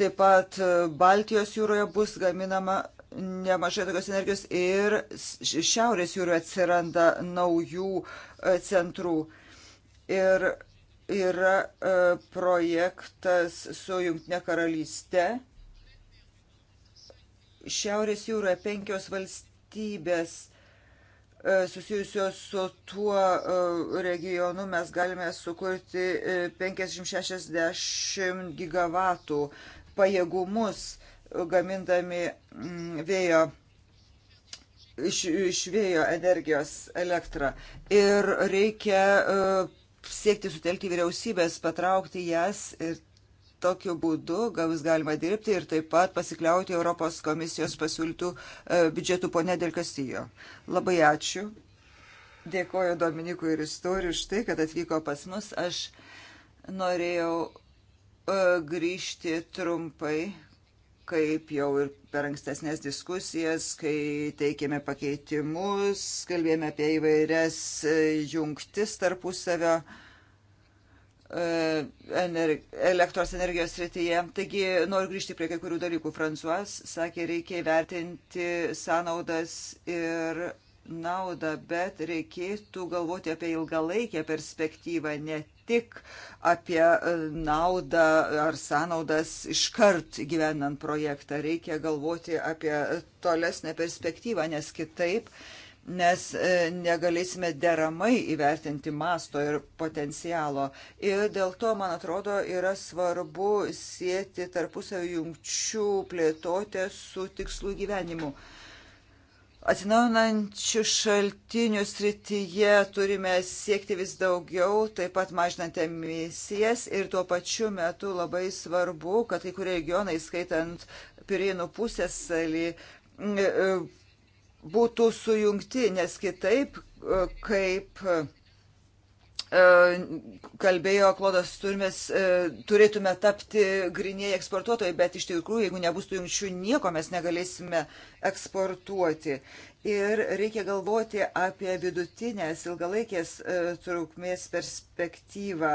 Taip pat Baltijos jūroje bus gaminama nemažai tokios energijos ir Šiaurės jūroje atsiranda naujų e, centrų. Ir yra e, projektas su Junktinė karalystė. Šiaurės jūroje penkios valstybės e, susijusios su tuo regionu mes galime sukurti 50-60 gigavatų pajėgumus gamindami mm, vėjo iš, iš vėjo energijos elektrą. Ir reikia uh, siekti sutelkti vyriausybės, patraukti jas ir tokiu būdu gaus galima dirbti ir taip pat pasikliauti Europos komisijos pasiūlytų uh, biudžetų ponė Del Castillo. Labai ačiū. Dėkoju Dominikui ir istorijų už tai, kad atvyko pas mus. Aš norėjau uh, grįžti trumpai kaip jau ir per ankstesnės diskusijas, kai teikėme pakeitimus, kalbėjome apie įvairias e, jungtis tarpusavio e, elektros energijos srityje. Taigi noriu grįžti prie kai kurių dalykų. Fransuas sakė, reikia įvertinti sąnaudas ir naudą, bet reikėtų galvoti apie ilgalaikę perspektyvą, ne tik apie e, naudą ar sąnaudas iškart gyvenant projektą. Reikia galvoti apie tolesnę perspektyvą, nes kitaip nes e, negalėsime deramai įvertinti masto ir potencialo. Ir dėl to, man atrodo, yra svarbu sėti tarpusavio jungčių plėtotę su tikslų gyvenimu. Atsinaujinančių šaltinių srityje turime siekti vis daugiau, taip pat mažinant emisijas ir tuo pačiu metu labai svarbu, kad kai kurie regionai, skaitant Pirėnų pusėsalį, e, e, būtų sujungti, nes kitaip e, kaip E, kalbėjo Klodas Turmes, e, turėtume tapti grinėjai eksportuotojai, bet iš tikrųjų, jeigu nebus tų jungčių, nieko mes negalėsime eksportuoti. Ir reikia galvoti apie vidutinės ilgalaikės e, trukmės perspektyvą.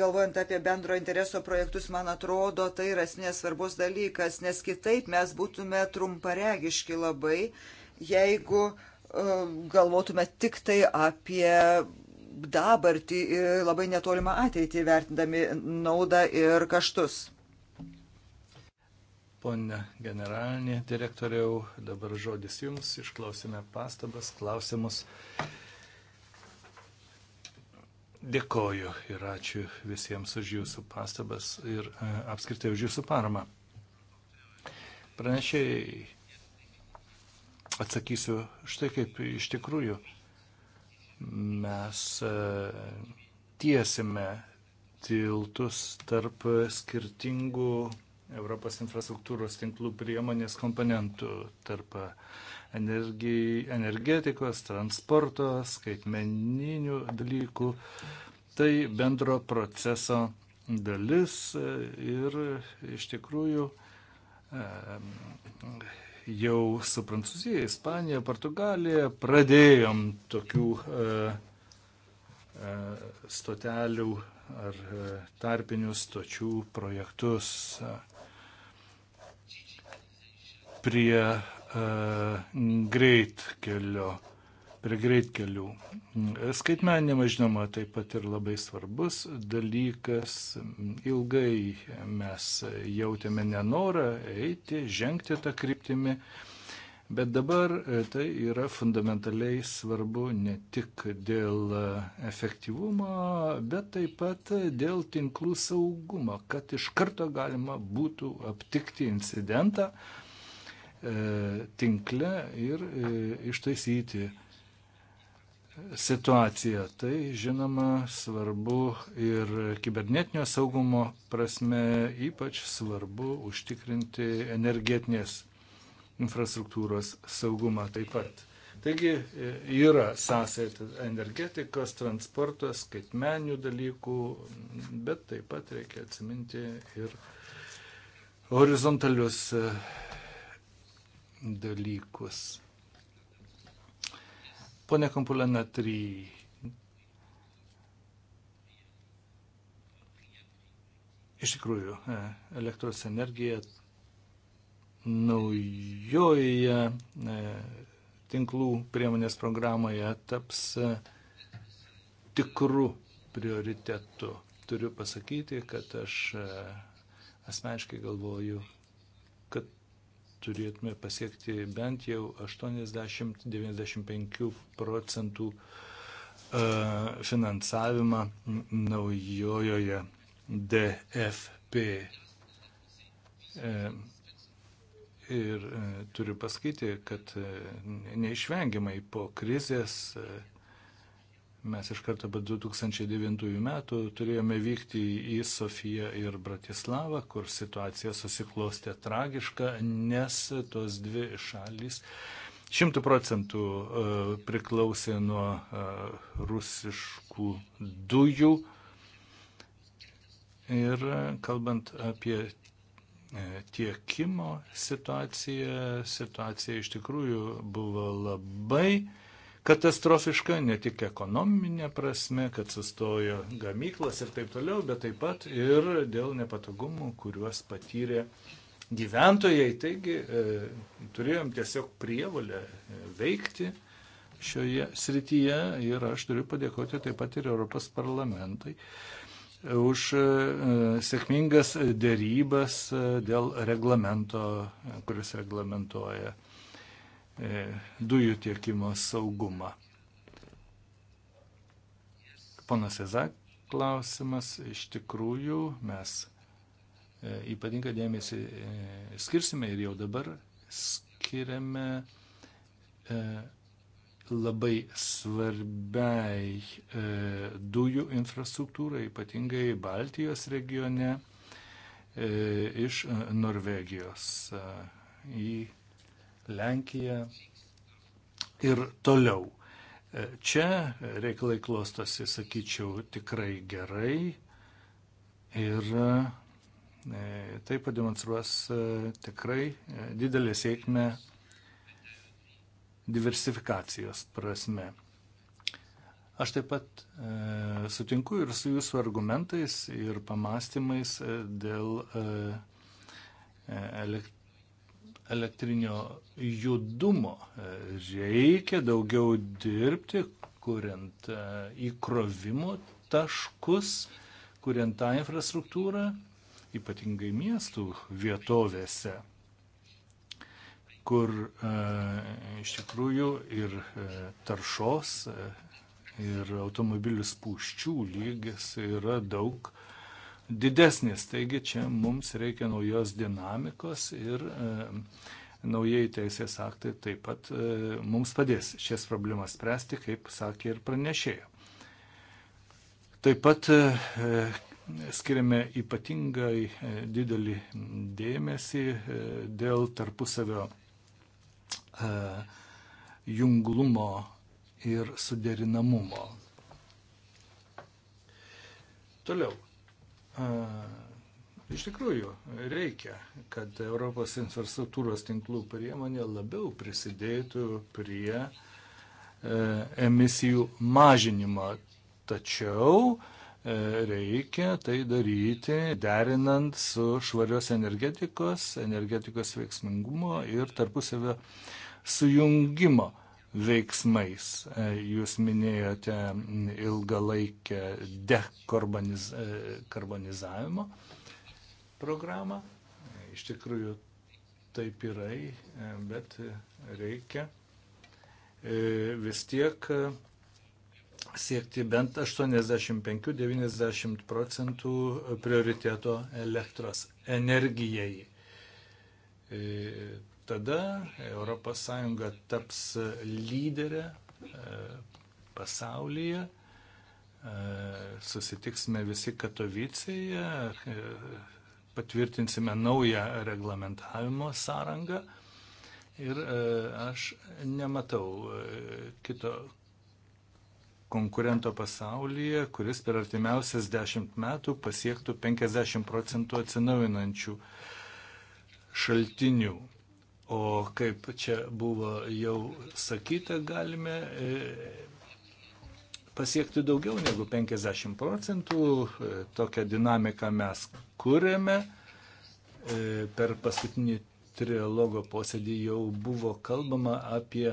Galvojant apie bendro intereso projektus, man atrodo, tai yra esmės svarbus dalykas, nes kitaip mes būtume trumparegiški labai, jeigu galvotume tik tai apie dabartį ir labai netolimą ateitį vertindami naudą ir kaštus. Pone generalinė direktoriau, dabar žodis jums, išklausime pastabas, klausimus. Dėkoju ir ačiū visiems už jūsų pastabas ir e, apskritai už jūsų paramą. Pranešėjai atsakysiu štai kaip iš tikrųjų mes e, tiesime tiltus tarp skirtingų Europos infrastruktūros tinklų priemonės komponentų, tarp energetikos, transporto, skaitmeninių dalykų. Tai bendro proceso dalis e, ir iš tikrųjų e, jau su Prancūzija, Ispanija, Portugalija pradėjom tokių e, e, stotelių ar e, tarpinių stočių projektus prie e, greitkelio. E, prie greitkelių. Skaitmeninimas, žinoma, taip pat ir labai svarbus dalykas. Ilgai mes jautėme nenorą eiti, žengti tą kryptimį, bet dabar tai yra fundamentaliai svarbu ne tik dėl efektyvumo, bet taip pat dėl tinklų saugumo, kad iš karto galima būtų aptikti incidentą e, tinkle ir e, ištaisyti situaciją. Tai, žinoma, svarbu ir kibernetinio saugumo prasme, ypač svarbu užtikrinti energetinės infrastruktūros saugumą taip pat. Taigi e, yra sąsaja energetikos, transportas, skaitmeninių dalykų, bet taip pat reikia atsiminti ir horizontalius e, dalykus. Pone Kampulė Natry. Iš tikrųjų, e, elektros energija naujoje e, tinklų priemonės programoje taps e, tikrų prioritetų. Turiu pasakyti, kad aš asmeniškai galvoju turėtume pasiekti bent jau 80-95 procentų e, finansavimą naujojoje DFP. E, ir e, turiu pasakyti, kad neišvengiamai po krizės Mes iš karto po 2009 metų turėjome vykti į Sofiją ir Bratislavą, kur situacija susiklostė tragiška, nes tos dvi šalys šimtų procentų e, priklausė nuo e, rusiškų dujų. Ir e, kalbant apie tiekimo situaciją, situacija iš tikrųjų buvo labai katastrofiška, ne tik ekonominė prasme, kad sustojo gamyklas ir taip toliau, bet taip pat ir dėl nepatogumų, kuriuos patyrė gyventojai. Taigi e, turėjom tiesiog prievalę e, veikti šioje srityje ir aš turiu padėkoti taip pat ir Europos parlamentui už e, sėkmingas dėrybas e, dėl reglamento, kuris reglamentoja E, dujų tiekimo saugumą. Ponas Ezak klausimas, iš tikrųjų mes e, ypatingą dėmesį e, skirsime ir jau dabar skiriame labai svarbiai dujų infrastruktūrai, ypatingai Baltijos regione iš Norvegijos į Lenkija ir toliau. Čia reikalai klostosi, sakyčiau, tikrai gerai ir e, tai pademonstruos e, tikrai e, didelę sėkmę diversifikacijos prasme. Aš taip pat e, sutinku ir su jūsų argumentais ir pamastymais dėl e, elek, elektrinio judumo. E, reikia daugiau dirbti, kuriant e, įkrovimo taškus, kuriant tą infrastruktūrą, ypatingai miestų vietovėse kur e, iš tikrųjų ir e, taršos, e, ir automobilių spūščių lygis yra daug didesnis. Taigi čia mums reikia naujos dinamikos ir e, naujieji teisės aktai taip pat e, mums padės šias problemas spręsti, kaip sakė ir pranešėjo. Taip pat e, e, skiriame ypatingai e, didelį dėmesį e, dėl tarpusavio e, junglumo ir suderinamumo. Toliau Iš tikrųjų, reikia, kad Europos infrastruktūros tinklų priemonė labiau prisidėtų prie e, emisijų mažinimo. Tačiau e, reikia tai daryti derinant su švarios energetikos, energetikos veiksmingumo ir tarpusavio sujungimo veiksmais. E, jūs minėjote ilgalaikę dekarbonizavimo e, programą. Iš tikrųjų taip yra, e, bet reikia vis tiek siekti bent 85-90 procentų prioriteto elektros energijai. Tada ES taps lyderė e, pasaulyje. E, susitiksime visi Katovicėje, e, patvirtinsime naują reglamentavimo sąrangą. Ir aš nematau kito konkurento pasaulyje, kuris per artimiausias dešimt metų pasiektų 50 procentų atsinaujinančių šaltinių. O kaip čia buvo jau sakyta, galime e, pasiekti daugiau negu 50 procentų. E, tokią dinamiką mes kūrėme. E, per paskutinį trilogo posėdį jau buvo kalbama apie,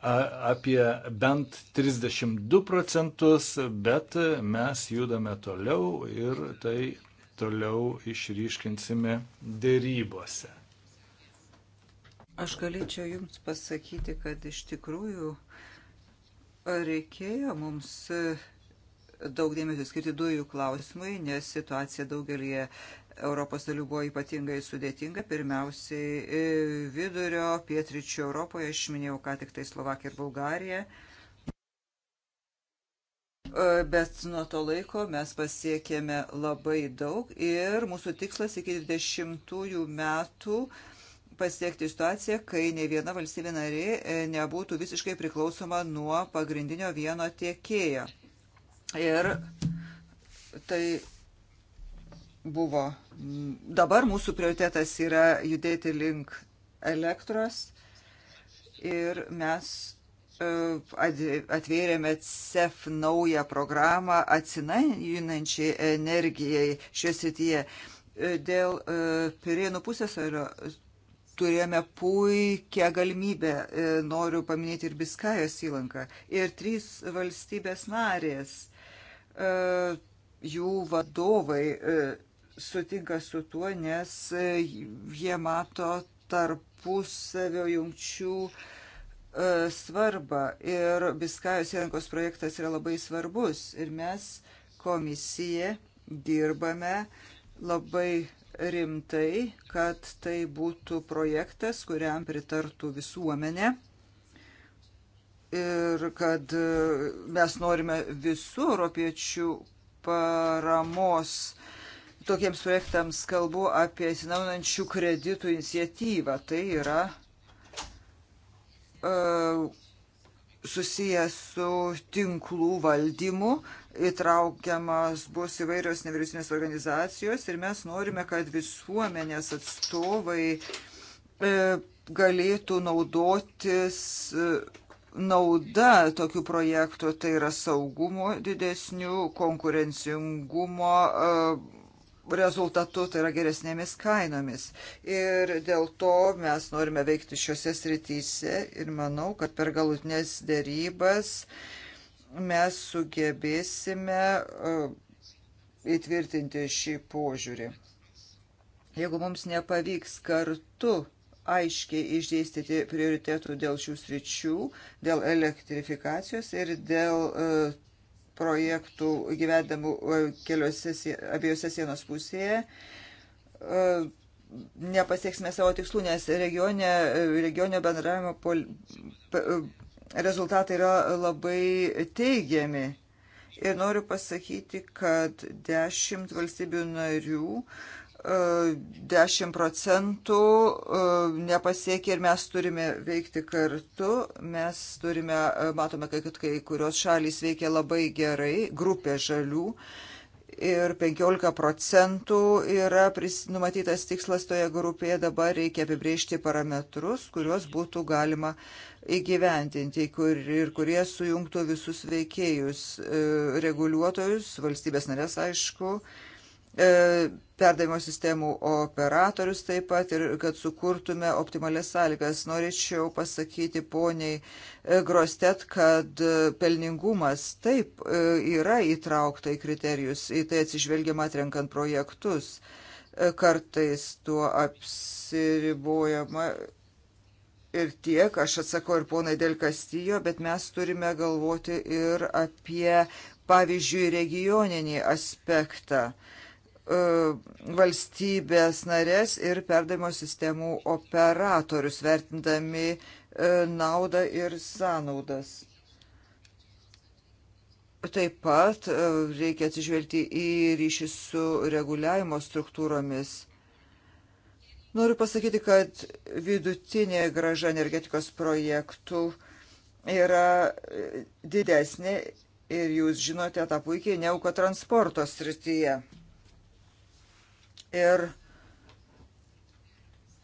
apie bent 32 procentus, bet mes judame toliau ir tai toliau išryškinsime dėrybose. Aš galėčiau Jums pasakyti, kad iš tikrųjų reikėjo mums e, daug dėmesio skirti dujų klausimui, nes situacija daugelie Europos dalių buvo ypatingai sudėtinga. Pirmiausiai e, vidurio, pietričių Europoje, aš minėjau ką tik tai Slovakiją ir Bulgariją bet nuo to laiko mes pasiekėme labai daug ir mūsų tikslas iki 20 metų pasiekti situaciją, kai ne viena valstybė narė e, nebūtų visiškai priklausoma nuo pagrindinio vieno tiekėjo. Ir tai buvo. Dabar mūsų prioritetas yra judėti link elektros ir mes atvėrėme CEF naują programą atsinaujinančiai energijai šioje srityje. Dėl e, Pirėnų pusėsalio turėjome puikią galimybę, e, noriu paminėti ir Biskajos įlanką, ir trys valstybės narės, e, jų vadovai sutinka su tuo, nes jie mato tarpusavio jungčių uh, E, svarbą ir Biskajos įrankos projektas yra labai svarbus ir mes komisija dirbame labai rimtai, kad tai būtų projektas, kuriam pritartų visuomenė. Ir kad e, mes norime visų europiečių paramos tokiems projektams. Kalbu apie atsinaunančių kreditų iniciatyvą. Tai yra E, susijęs su tinklų valdymu, įtraukiamas bus įvairios nevyriausybinės organizacijos ir mes norime, kad visuomenės atstovai e, galėtų naudotis e, nauda tokių projektų, tai yra saugumo didesnių, konkurencingumo rezultatu, tai yra geresnėmis kainomis. Ir dėl to mes norime veikti šiuose srityse ir manau, kad per galutinės dėrybas mes sugebėsime uh, įtvirtinti šį požiūrį. Jeigu mums nepavyks kartu aiškiai išdėstyti prioritėtų dėl šių sričių, dėl elektrifikacijos ir dėl uh, projektų gyvendamų e, keliose, abiejose sienos pusėje e, nepasieksime savo tikslų, nes regionė, e, regionio bendravimo pol, p, rezultatai yra labai teigiami. Ir noriu pasakyti, kad dešimt valstybių narių uh, 10 procentų e, nepasiekia ir mes turime veikti kartu. Mes turime, e, matome, kad kai kurios šalys veikia labai gerai, grupė žalių ir 15 procentų yra numatytas tikslas toje grupėje, dabar reikia apibriežti parametrus, kuriuos būtų galima įgyventinti kur, ir kurie sujungtų visus veikėjus, e, reguliuotojus, valstybės narės aišku, E, perdavimo sistemų operatorius taip pat ir kad sukurtume optimalias sąlygas. Norėčiau pasakyti poniai e, Grostet, kad e, pelningumas taip yra įtraukta į kriterijus, į tai atsižvelgiama atrenkant projektus. Kartais tuo apsiribojama ir tiek, aš atsakau ir ponai dėl Kastijo, bet mes turime galvoti ir apie, pavyzdžiui, regioninį aspektą. E, valstybės narės ir perdavimo sistemų operatorius, vertindami e, naudą ir sąnaudas. Taip pat e, reikia atsižvelgti į ryšį su reguliavimo struktūromis. Noriu pasakyti, kad vidutinė graža energetikos projektų yra didesnė ir jūs žinote tą puikiai negu kad transporto srityje ir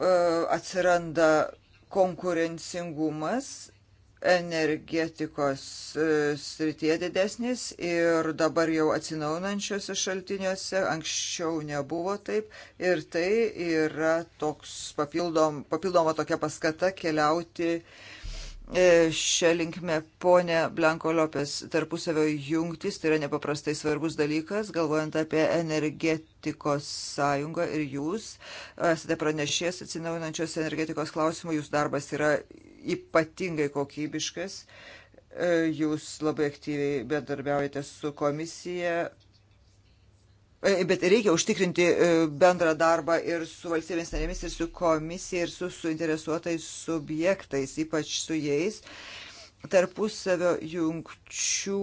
e, atsiranda konkurencingumas energetikos e, srityje didesnis ir dabar jau atsinaunančiose šaltiniuose, anksčiau nebuvo taip ir tai yra toks papildom, papildoma tokia paskata keliauti uh, E, šią linkmę ponė Blanko Lopės tarpusavio jungtis, tai yra nepaprastai svarbus dalykas, galvojant apie energetikos sąjungą ir jūs esate pranešės atsinaujinančios energetikos klausimų, jūs darbas yra ypatingai kokybiškas, e, jūs labai aktyviai bedarbiaujate su komisija, E, bet reikia užtikrinti e, bendrą darbą ir su valstybės narėmis, ir su komisija, ir su suinteresuotais subjektais, ypač su jais tarpusavio jungčių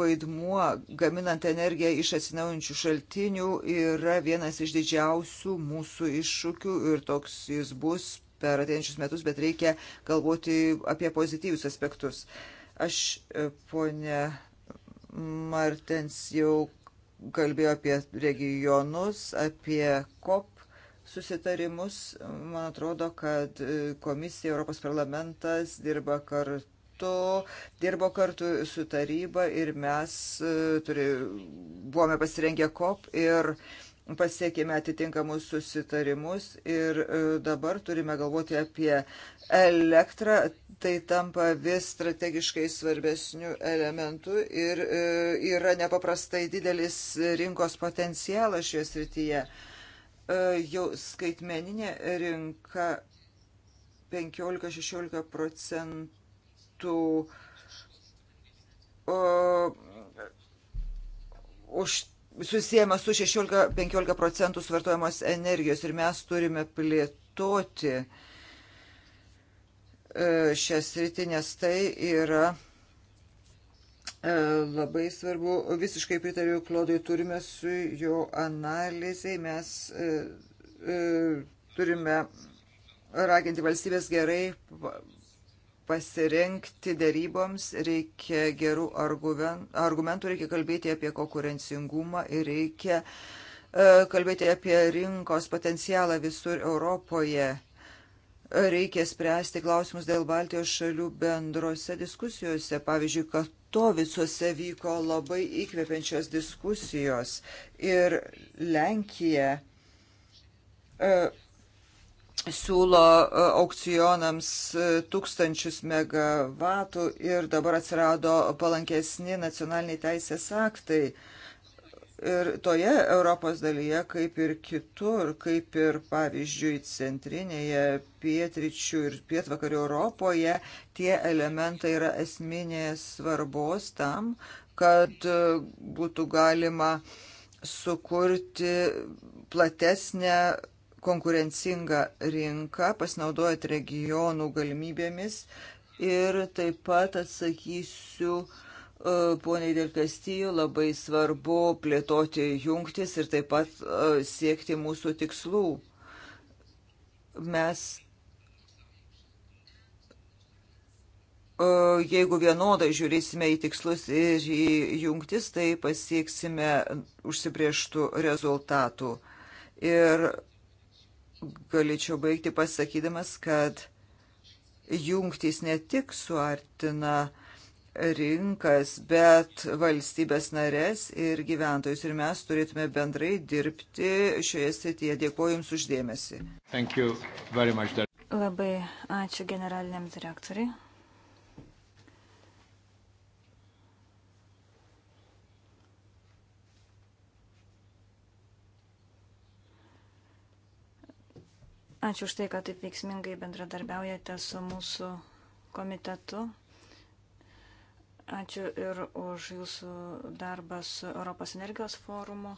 vaidmuo gaminant energiją iš atsinaujančių šaltinių yra vienas iš didžiausių mūsų iššūkių ir toks jis bus per ateinančius metus, bet reikia galvoti apie pozityvius aspektus. Aš, e, ponė Martens, jau kalbėjo apie regionus, apie COP susitarimus. Man atrodo, kad komisija, Europos parlamentas dirba kartu, dirbo kartu su taryba ir mes e, turi, buvome pasirengę COP ir uh, pasiekėme atitinkamus susitarimus ir e, dabar turime galvoti apie elektrą. Tai tampa vis strategiškai svarbesnių elementų ir e, yra nepaprastai didelis rinkos potencialas šioje srityje. E, jau skaitmeninė rinka 15-16 procentų užtikrina susijęma su 16-15 procentų suvartojamos energijos ir mes turime plėtoti e, šią sritį, nes tai yra e, labai svarbu. Visiškai pritariu Klodui, turime su jo analizai, mes e, turime raginti valstybės gerai pasirengti dėryboms reikia gerų argumentų, reikia kalbėti apie konkurencingumą ir reikia e, kalbėti apie rinkos potencialą visur Europoje. Reikia spręsti klausimus dėl Baltijos šalių bendrose diskusijose. Pavyzdžiui, Katovicuose vyko labai įkvepiančios diskusijos ir Lenkija e, siūlo e, aukcionams e, tūkstančius megavatų ir dabar atsirado palankesni nacionaliniai teisės aktai. Ir toje Europos dalyje, kaip ir kitur, kaip ir pavyzdžiui centrinėje, pietričių ir pietvakarių Europoje, tie elementai yra esminės svarbos tam, kad e, būtų galima sukurti platesnę konkurencingą rinką, pasinaudojant regionų galimybėmis ir taip pat atsakysiu e, poniai Del Castillo labai svarbu plėtoti jungtis ir taip pat e, siekti mūsų tikslų. Mes e, jeigu vienodai žiūrėsime į tikslus ir į jungtis, tai pasieksime užsibrieštų rezultatų. Ir galėčiau baigti pasakydamas, kad jungtys ne tik suartina rinkas, bet valstybės narės ir gyventojus. Ir mes turėtume bendrai dirbti šioje srityje. Dėkuoju Jums uždėmesi. Labai ačiū generaliniam direktoriui. Ačiū už tai, kad taip veiksmingai bendradarbiaujate su mūsų komitetu. Ačiū ir už jūsų darbą su Europos energijos forumu.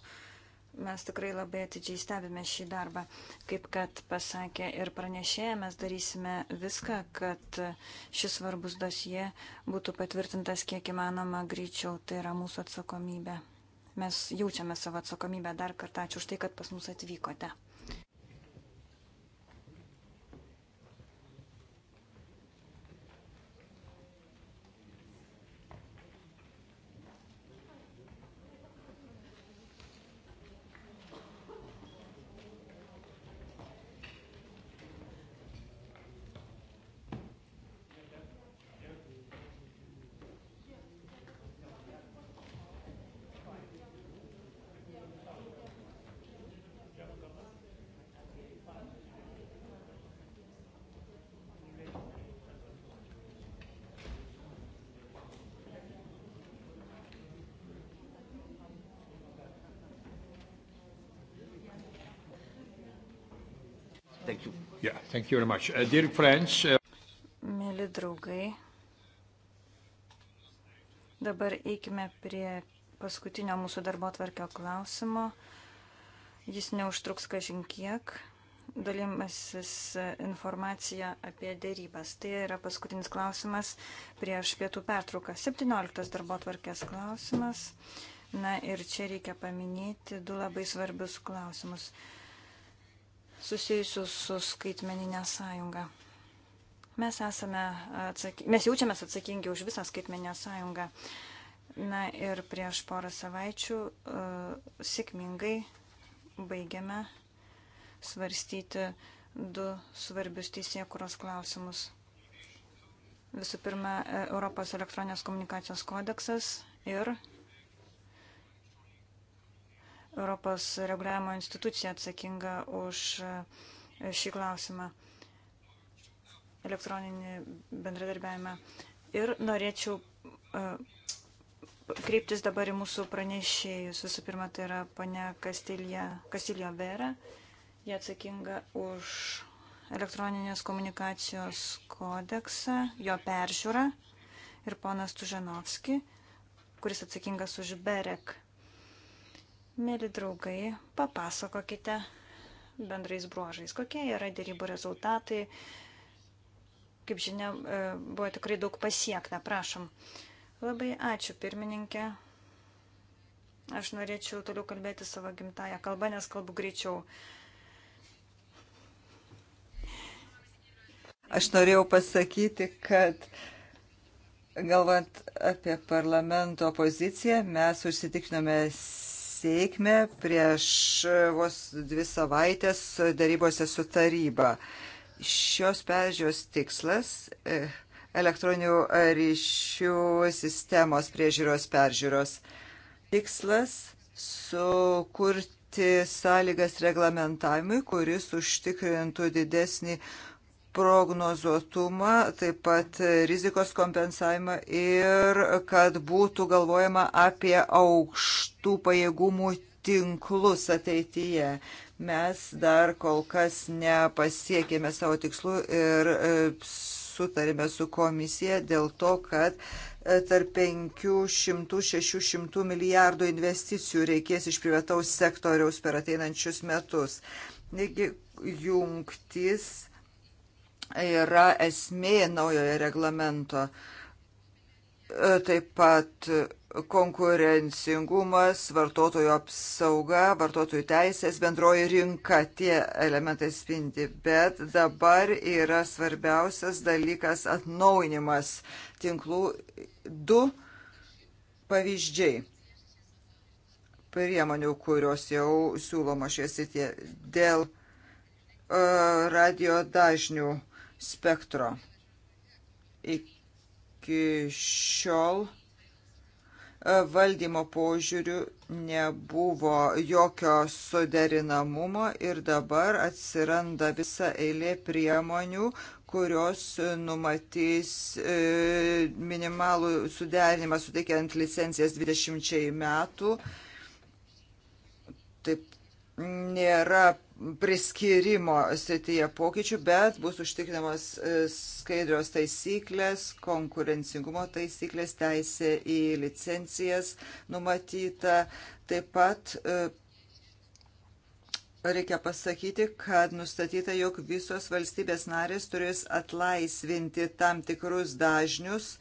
Mes tikrai labai atidžiai stebime šį darbą. Kaip kad pasakė ir pranešėja, mes darysime viską, kad šis svarbus dosie būtų patvirtintas kiek įmanoma greičiau. Tai yra mūsų atsakomybė. Mes jaučiame savo atsakomybę. Dar kartą ačiū už tai, kad pas mus atvykote. Thank you. Yeah, thank you very much. Uh, dear friends. Uh... Mėly draugai, dabar eikime prie paskutinio mūsų darbo tvarkio klausimo. Jis neužtruks kažinkiek. Dalimasis e, informacija apie dėrybas. Tai yra paskutinis klausimas prieš pietų pertrauką. 17 darbo tvarkės klausimas. Na ir čia reikia paminėti du labai svarbius klausimus. Uh, susijusių su skaitmeninė sąjunga. Mes, esame, atsaky... mes jaučiamės atsakingi už visą skaitmeninę sąjungą. Na ir prieš porą savaičių uh, sėkmingai baigiame svarstyti du svarbius teisėkuros klausimus. Visų pirma, e, Europos elektroninės komunikacijos kodeksas ir Europos reguliavimo institucija atsakinga už e, šį klausimą elektroninį bendradarbiavimą. Ir norėčiau e, kreiptis dabar į mūsų pranešėjus. Visų pirma, tai yra ponia Kastilio Vera. Jie atsakinga už elektroninės komunikacijos kodeksą, jo peržiūrą. Ir ponas Tužanovski, kuris atsakingas už BEREK Mėly draugai, papasakokite bendrais bruožais, kokie yra dėrybų rezultatai. Kaip žinia, e, buvo tikrai daug pasiekta, prašom. Labai ačiū, pirmininkė. Aš norėčiau toliau kalbėti savo gimtają kalbą, nes kalbu greičiau. Aš norėjau pasakyti, kad galvant apie parlamento poziciją, mes užsitikrinome sėkmę prieš e, vos dvi savaitės darybose su taryba. Šios peržiūros tikslas e, elektroninių ryšių sistemos priežiūros peržiūros tikslas sukurti sąlygas reglamentavimui, kuris užtikrintų didesnį prognozuotumą, taip pat rizikos kompensavimą ir kad būtų galvojama apie aukštų pajėgumų tinklus ateityje. Mes dar kol kas nepasiekėme savo tikslų ir e, sutarėme su komisija dėl to, kad e, tarp 500-600 milijardų investicijų reikės iš privataus sektoriaus per ateinančius metus. Negi jungtis yra esmė naujojo reglamento. E, taip pat konkurencingumas, vartotojų apsauga, vartotojų teisės, bendroji rinka, tie elementai spindi. Bet dabar yra svarbiausias dalykas atnaujinimas tinklų. Du pavyzdžiai priemonių, kurios jau siūloma šioje srityje dėl uh, e, radio dažnių uh, spektro. Iki šiol e, valdymo požiūrių nebuvo jokio suderinamumo ir dabar atsiranda visa eilė priemonių, kurios numatys e, minimalų suderinimą suteikiant licencijas 20 metų. Taip nėra priskirimo srityje pokyčių, bet bus užtikrinamos e, skaidrios taisyklės, konkurencingumo taisyklės, teisė į licencijas numatyta. Taip pat e, reikia pasakyti, kad nustatyta, jog visos valstybės narės turės atlaisvinti tam tikrus dažnius,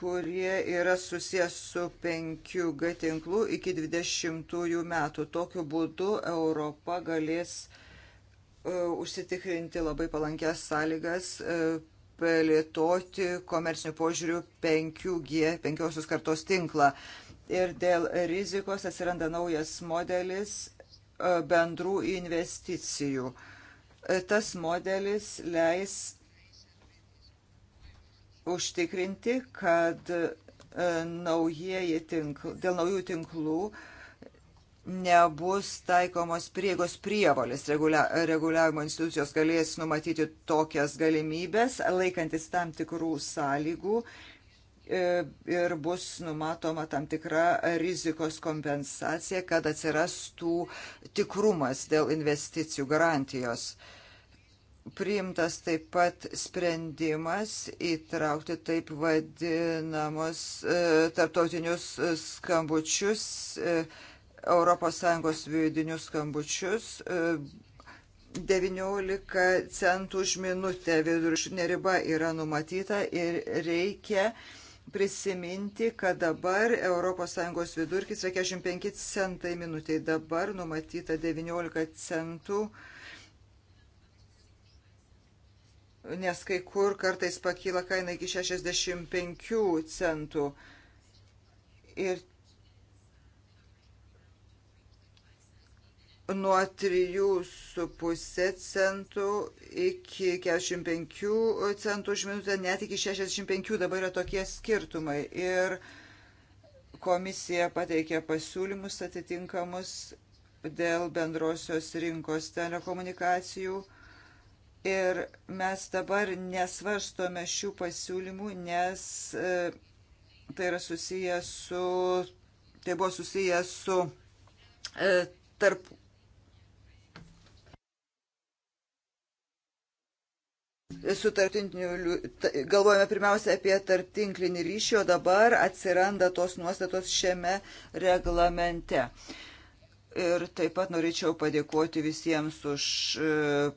kurie yra susijęs su 5G tinklu iki 20 metų. Tokiu būdu Europa galės uh, užsitikrinti labai palankęs sąlygas uh, plėtoti komercinių požiūrių 5G, penkiosios kartos tinklą. Ir dėl rizikos atsiranda naujas modelis e, bendrų investicijų. Tas modelis leis užtikrinti, kad e, naujieji tinklai, dėl naujų tinklų nebus taikomos priegos prievolės. Regulia, reguliavimo institucijos galės numatyti tokias galimybės, laikantis tam tikrų sąlygų e, ir bus numatoma tam tikra rizikos kompensacija, kad atsirastų tikrumas dėl investicijų garantijos. Uh, priimtas taip pat sprendimas įtraukti taip vadinamos e, tarptautinius skambučius, ES vidinius skambučius. 19 e, centų už minutę viduršinė riba yra numatyta ir reikia prisiminti, kad dabar ES vidurkis yra 45 centai minutiai, dabar numatyta 19 centų uh, nes kai kur kartais pakyla kaina iki 65 centų. Ir nuo 3,5 centų iki 45 centų už minutę, net iki 65 dabar yra tokie skirtumai. Ir komisija pateikė pasiūlymus atitinkamus dėl bendrosios rinkos telekomunikacijų. komunikacijų Ir mes dabar nesvarstome šių pasiūlymų, nes e, tai yra susijęs su, tai buvo susijęs su e, tarp su tarptinkliniu, galvojame pirmiausia apie tarptinklinį ryšį, o dabar atsiranda tos nuostatos šiame reglamente. Ir taip pat norėčiau padėkoti visiems už e,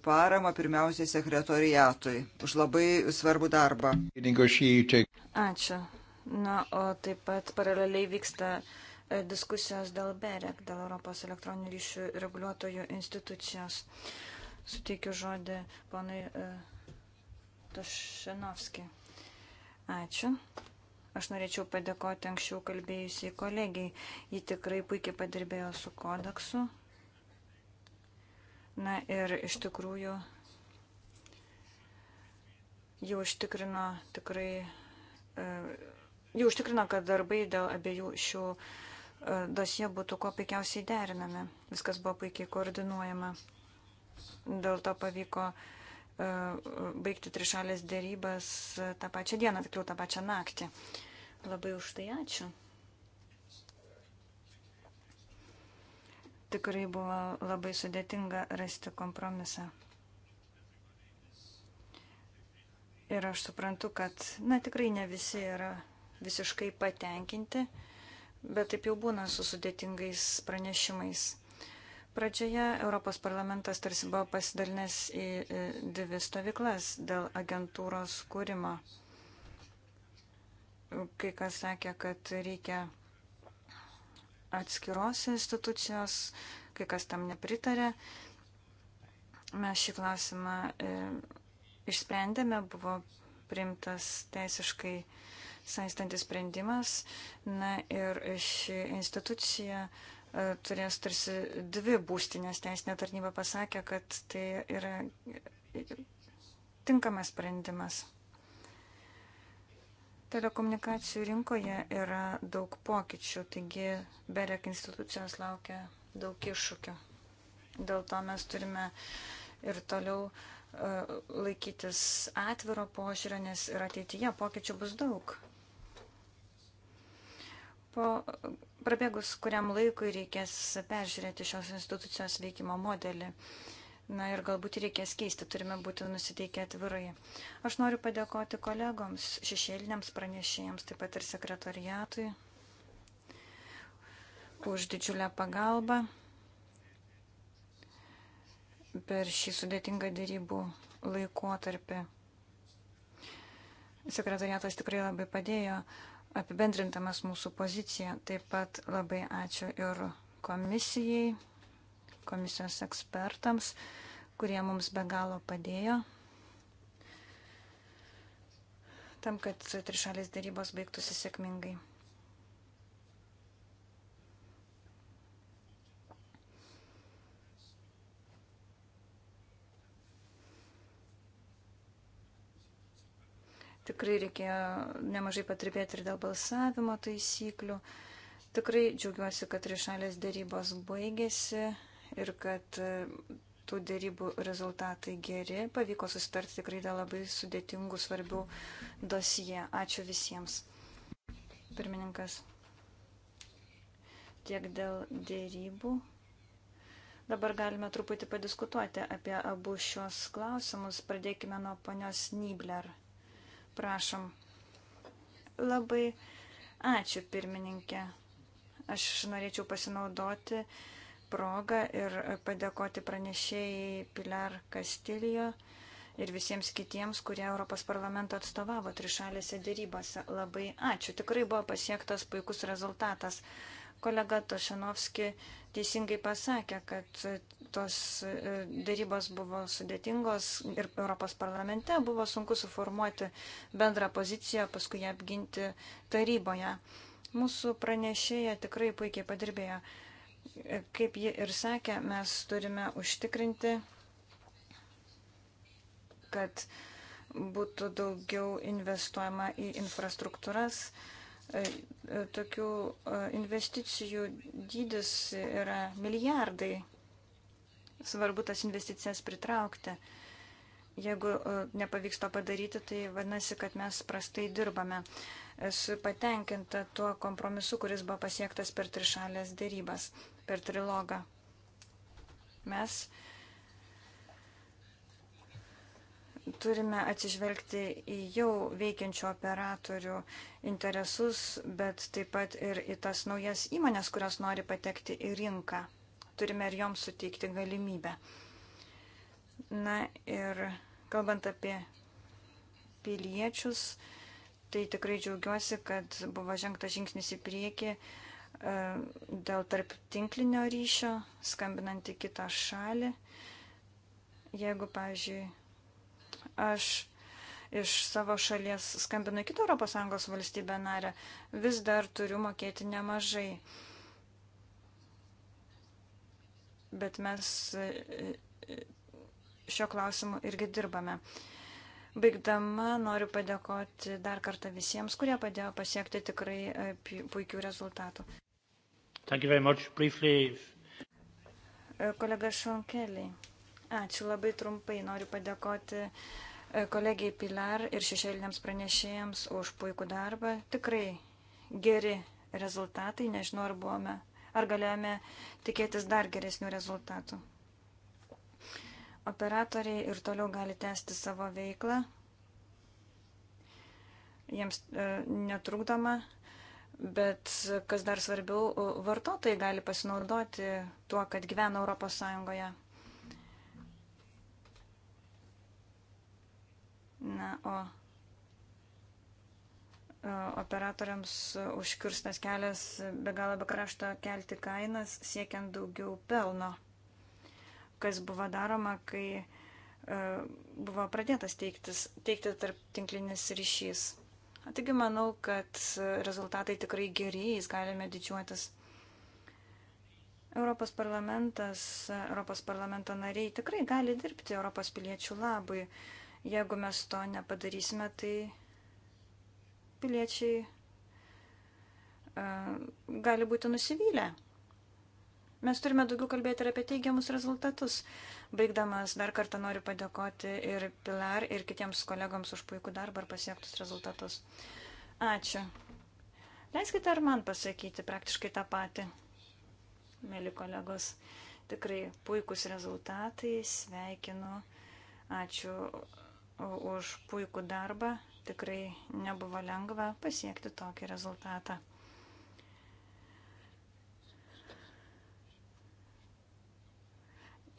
paramą, pirmiausiai sekretoriatui, už labai svarbų darbą. Ačiū. Na, o taip pat paraleliai vyksta e, diskusijos dėl BEREK, dėl Europos elektroninių ryšių reguliuotojų institucijos. Suteikiu žodį ponai e, Tošinovski. Ačiū. Aš norėčiau padėkoti anksčiau kalbėjusiai kolegijai. Ji tikrai puikiai padirbėjo su kodeksu. Na ir iš tikrųjų jau užtikrino tikrai, e, jau užtikrino, kad darbai dėl abiejų šių e, dosie būtų kuo puikiausiai derinami. Viskas buvo puikiai koordinuojama. Dėl to pavyko uh, baigti trišalės dėrybas e, tą pačią dieną, tikriau tą pačią naktį. Labai už tai ačiū. Tikrai buvo labai sudėtinga rasti kompromisą. Ir aš suprantu, kad, na, tikrai ne visi yra visiškai patenkinti, bet taip jau būna su sudėtingais pranešimais pradžioje Europos parlamentas tarsi buvo pasidalinęs į dvi stovyklas dėl agentūros kūrimo. Kai kas sakė, kad reikia atskiros institucijos, kai kas tam nepritarė. Mes šį klausimą e, išsprendėme, buvo priimtas teisiškai saistantis sprendimas. Na ir ši institucija e, E, turės tarsi dvi būstinės. Teisinė tarnyba pasakė, kad tai yra tinkamas sprendimas. Telekomunikacijų rinkoje yra daug pokyčių, taigi berek institucijos laukia daug iššūkių. Dėl to mes turime ir toliau e, laikytis atviro požiūrio, nes ir ateityje pokyčių bus daug. Po prabėgus kuriam laikui reikės peržiūrėti šios institucijos veikimo modelį. Na ir galbūt reikės keisti, turime būti nusiteikę atvirai. Aš noriu padėkoti kolegoms, šešėliniams pranešėjams, taip pat ir sekretoriatui už didžiulę pagalbą per šį sudėtingą dėrybų laikotarpį. Sekretariatas tikrai labai padėjo apibendrintamas mūsų poziciją. Taip pat labai ačiū ir komisijai, komisijos ekspertams, kurie mums be galo padėjo tam, kad trišalės darybos baigtųsi sėkmingai. Tikrai reikėjo nemažai patribėti ir dėl balsavimo taisyklių. Tikrai džiaugiuosi, kad trišalės dėrybos baigėsi ir kad e, tų dėrybų rezultatai geri. Pavyko susitarti tikrai dėl labai sudėtingų, svarbių dosije. Ačiū visiems. Pirmininkas. Tiek dėl dėrybų. Dabar galime truputį padiskutuoti apie abu šios klausimus. Pradėkime nuo ponios Nibler. Prašom. Labai ačiū, pirmininkė. Aš norėčiau pasinaudoti progą ir padėkoti pranešėjai Pilar Kastilijo ir visiems kitiems, kurie Europos parlamento atstovavo trišalėse dėrybose. Labai ačiū. Tikrai buvo pasiektas puikus rezultatas. Kolega Tošenovski teisingai pasakė, kad tos e, dėrybos buvo sudėtingos ir Europos parlamente buvo sunku suformuoti bendrą poziciją, paskui ją apginti taryboje. Mūsų pranešėja tikrai puikiai padirbėjo. E, kaip ji ir sakė, mes turime užtikrinti, kad būtų daugiau investuojama į infrastruktūras, e, tokių investicijų dydis yra milijardai svarbu tas investicijas pritraukti. Jeigu e, nepavyks to padaryti, tai vadinasi, kad mes prastai dirbame. Esu patenkinta tuo kompromisu, kuris buvo pasiektas per trišalės dėrybas, per trilogą. Mes turime atsižvelgti į jau veikiančių operatorių interesus, bet taip pat ir į tas naujas įmonės, kurios nori patekti į rinką turime ir joms suteikti galimybę. Na ir kalbant apie piliečius, tai tikrai džiaugiuosi, kad buvo žengta žingsnis į priekį e, dėl tarp tinklinio ryšio, skambinant į kitą šalį. Jeigu, pavyzdžiui, aš iš savo šalies skambinu į kitą ES valstybę narę, vis dar turiu mokėti nemažai bet mes e, e, šio klausimu irgi dirbame. Baigdama noriu padėkoti dar kartą visiems, kurie padėjo pasiekti tikrai e, puikių rezultatų. Kolega Šonkeliai, ačiū labai trumpai. Noriu padėkoti kolegijai Pilar ir šešėliniams pranešėjams už puikų darbą. Tikrai geri rezultatai, nežinau, ar buvome Ar galėjome tikėtis dar geresnių rezultatų? Operatoriai ir toliau gali tęsti savo veiklą. Jiems e, netrukdoma, bet kas dar svarbiau, vartotojai gali pasinaudoti tuo, kad gyvena Europos Sąjungoje. Na, o operatoriams užkirstas kelias be galo be krašto kelti kainas, siekiant daugiau pelno. Kas buvo daroma, kai e, buvo pradėtas teiktis, teikti tarp tinklinis ryšys. Taigi manau, kad rezultatai tikrai gerėjais galime didžiuotis. Europos parlamentas, Europos parlamento nariai tikrai gali dirbti Europos piliečių labui. Jeigu mes to nepadarysime, tai piliečiai e, gali būti nusivylę. Mes turime daugiau kalbėti ir apie teigiamus rezultatus. Baigdamas dar kartą noriu padėkoti ir Pilar, ir kitiems kolegoms už puikų darbą ir pasiektus rezultatus. Ačiū. Leiskite ar man pasakyti praktiškai tą patį. Mėly kolegos, tikrai puikus rezultatai, sveikinu, ačiū už puikų darbą tikrai nebuvo lengva pasiekti tokį rezultatą.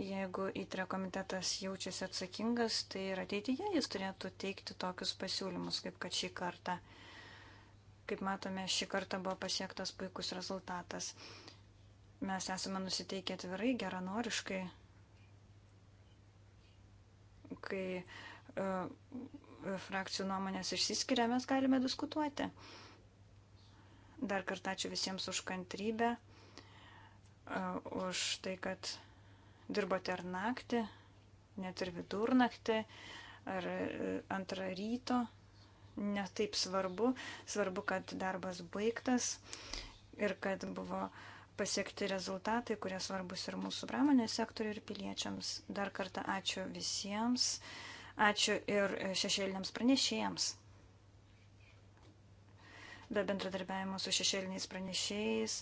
Jeigu įtrio komitetas jaučiasi atsakingas, tai ir ateityje jis turėtų teikti tokius pasiūlymus, kaip kad šį kartą. Kaip matome, šį kartą buvo pasiektas puikus rezultatas. Mes esame nusiteikę atvirai, geranoriškai, kai uh, frakcijų nuomonės išsiskiria, mes galime diskutuoti. Dar kartą ačiū visiems už kantrybę, e, už tai, kad dirbote ar naktį, net ir vidurnaktį, ar e, antrą ryto. Netaip svarbu. Svarbu, kad darbas baigtas ir kad buvo pasiekti rezultatai, kurie svarbus ir mūsų pramonės sektoriui ir piliečiams. Dar kartą ačiū visiems. Ačiū ir šešėliniams pranešėjams. Be bendradarbiavimo su šešėliniais pranešėjais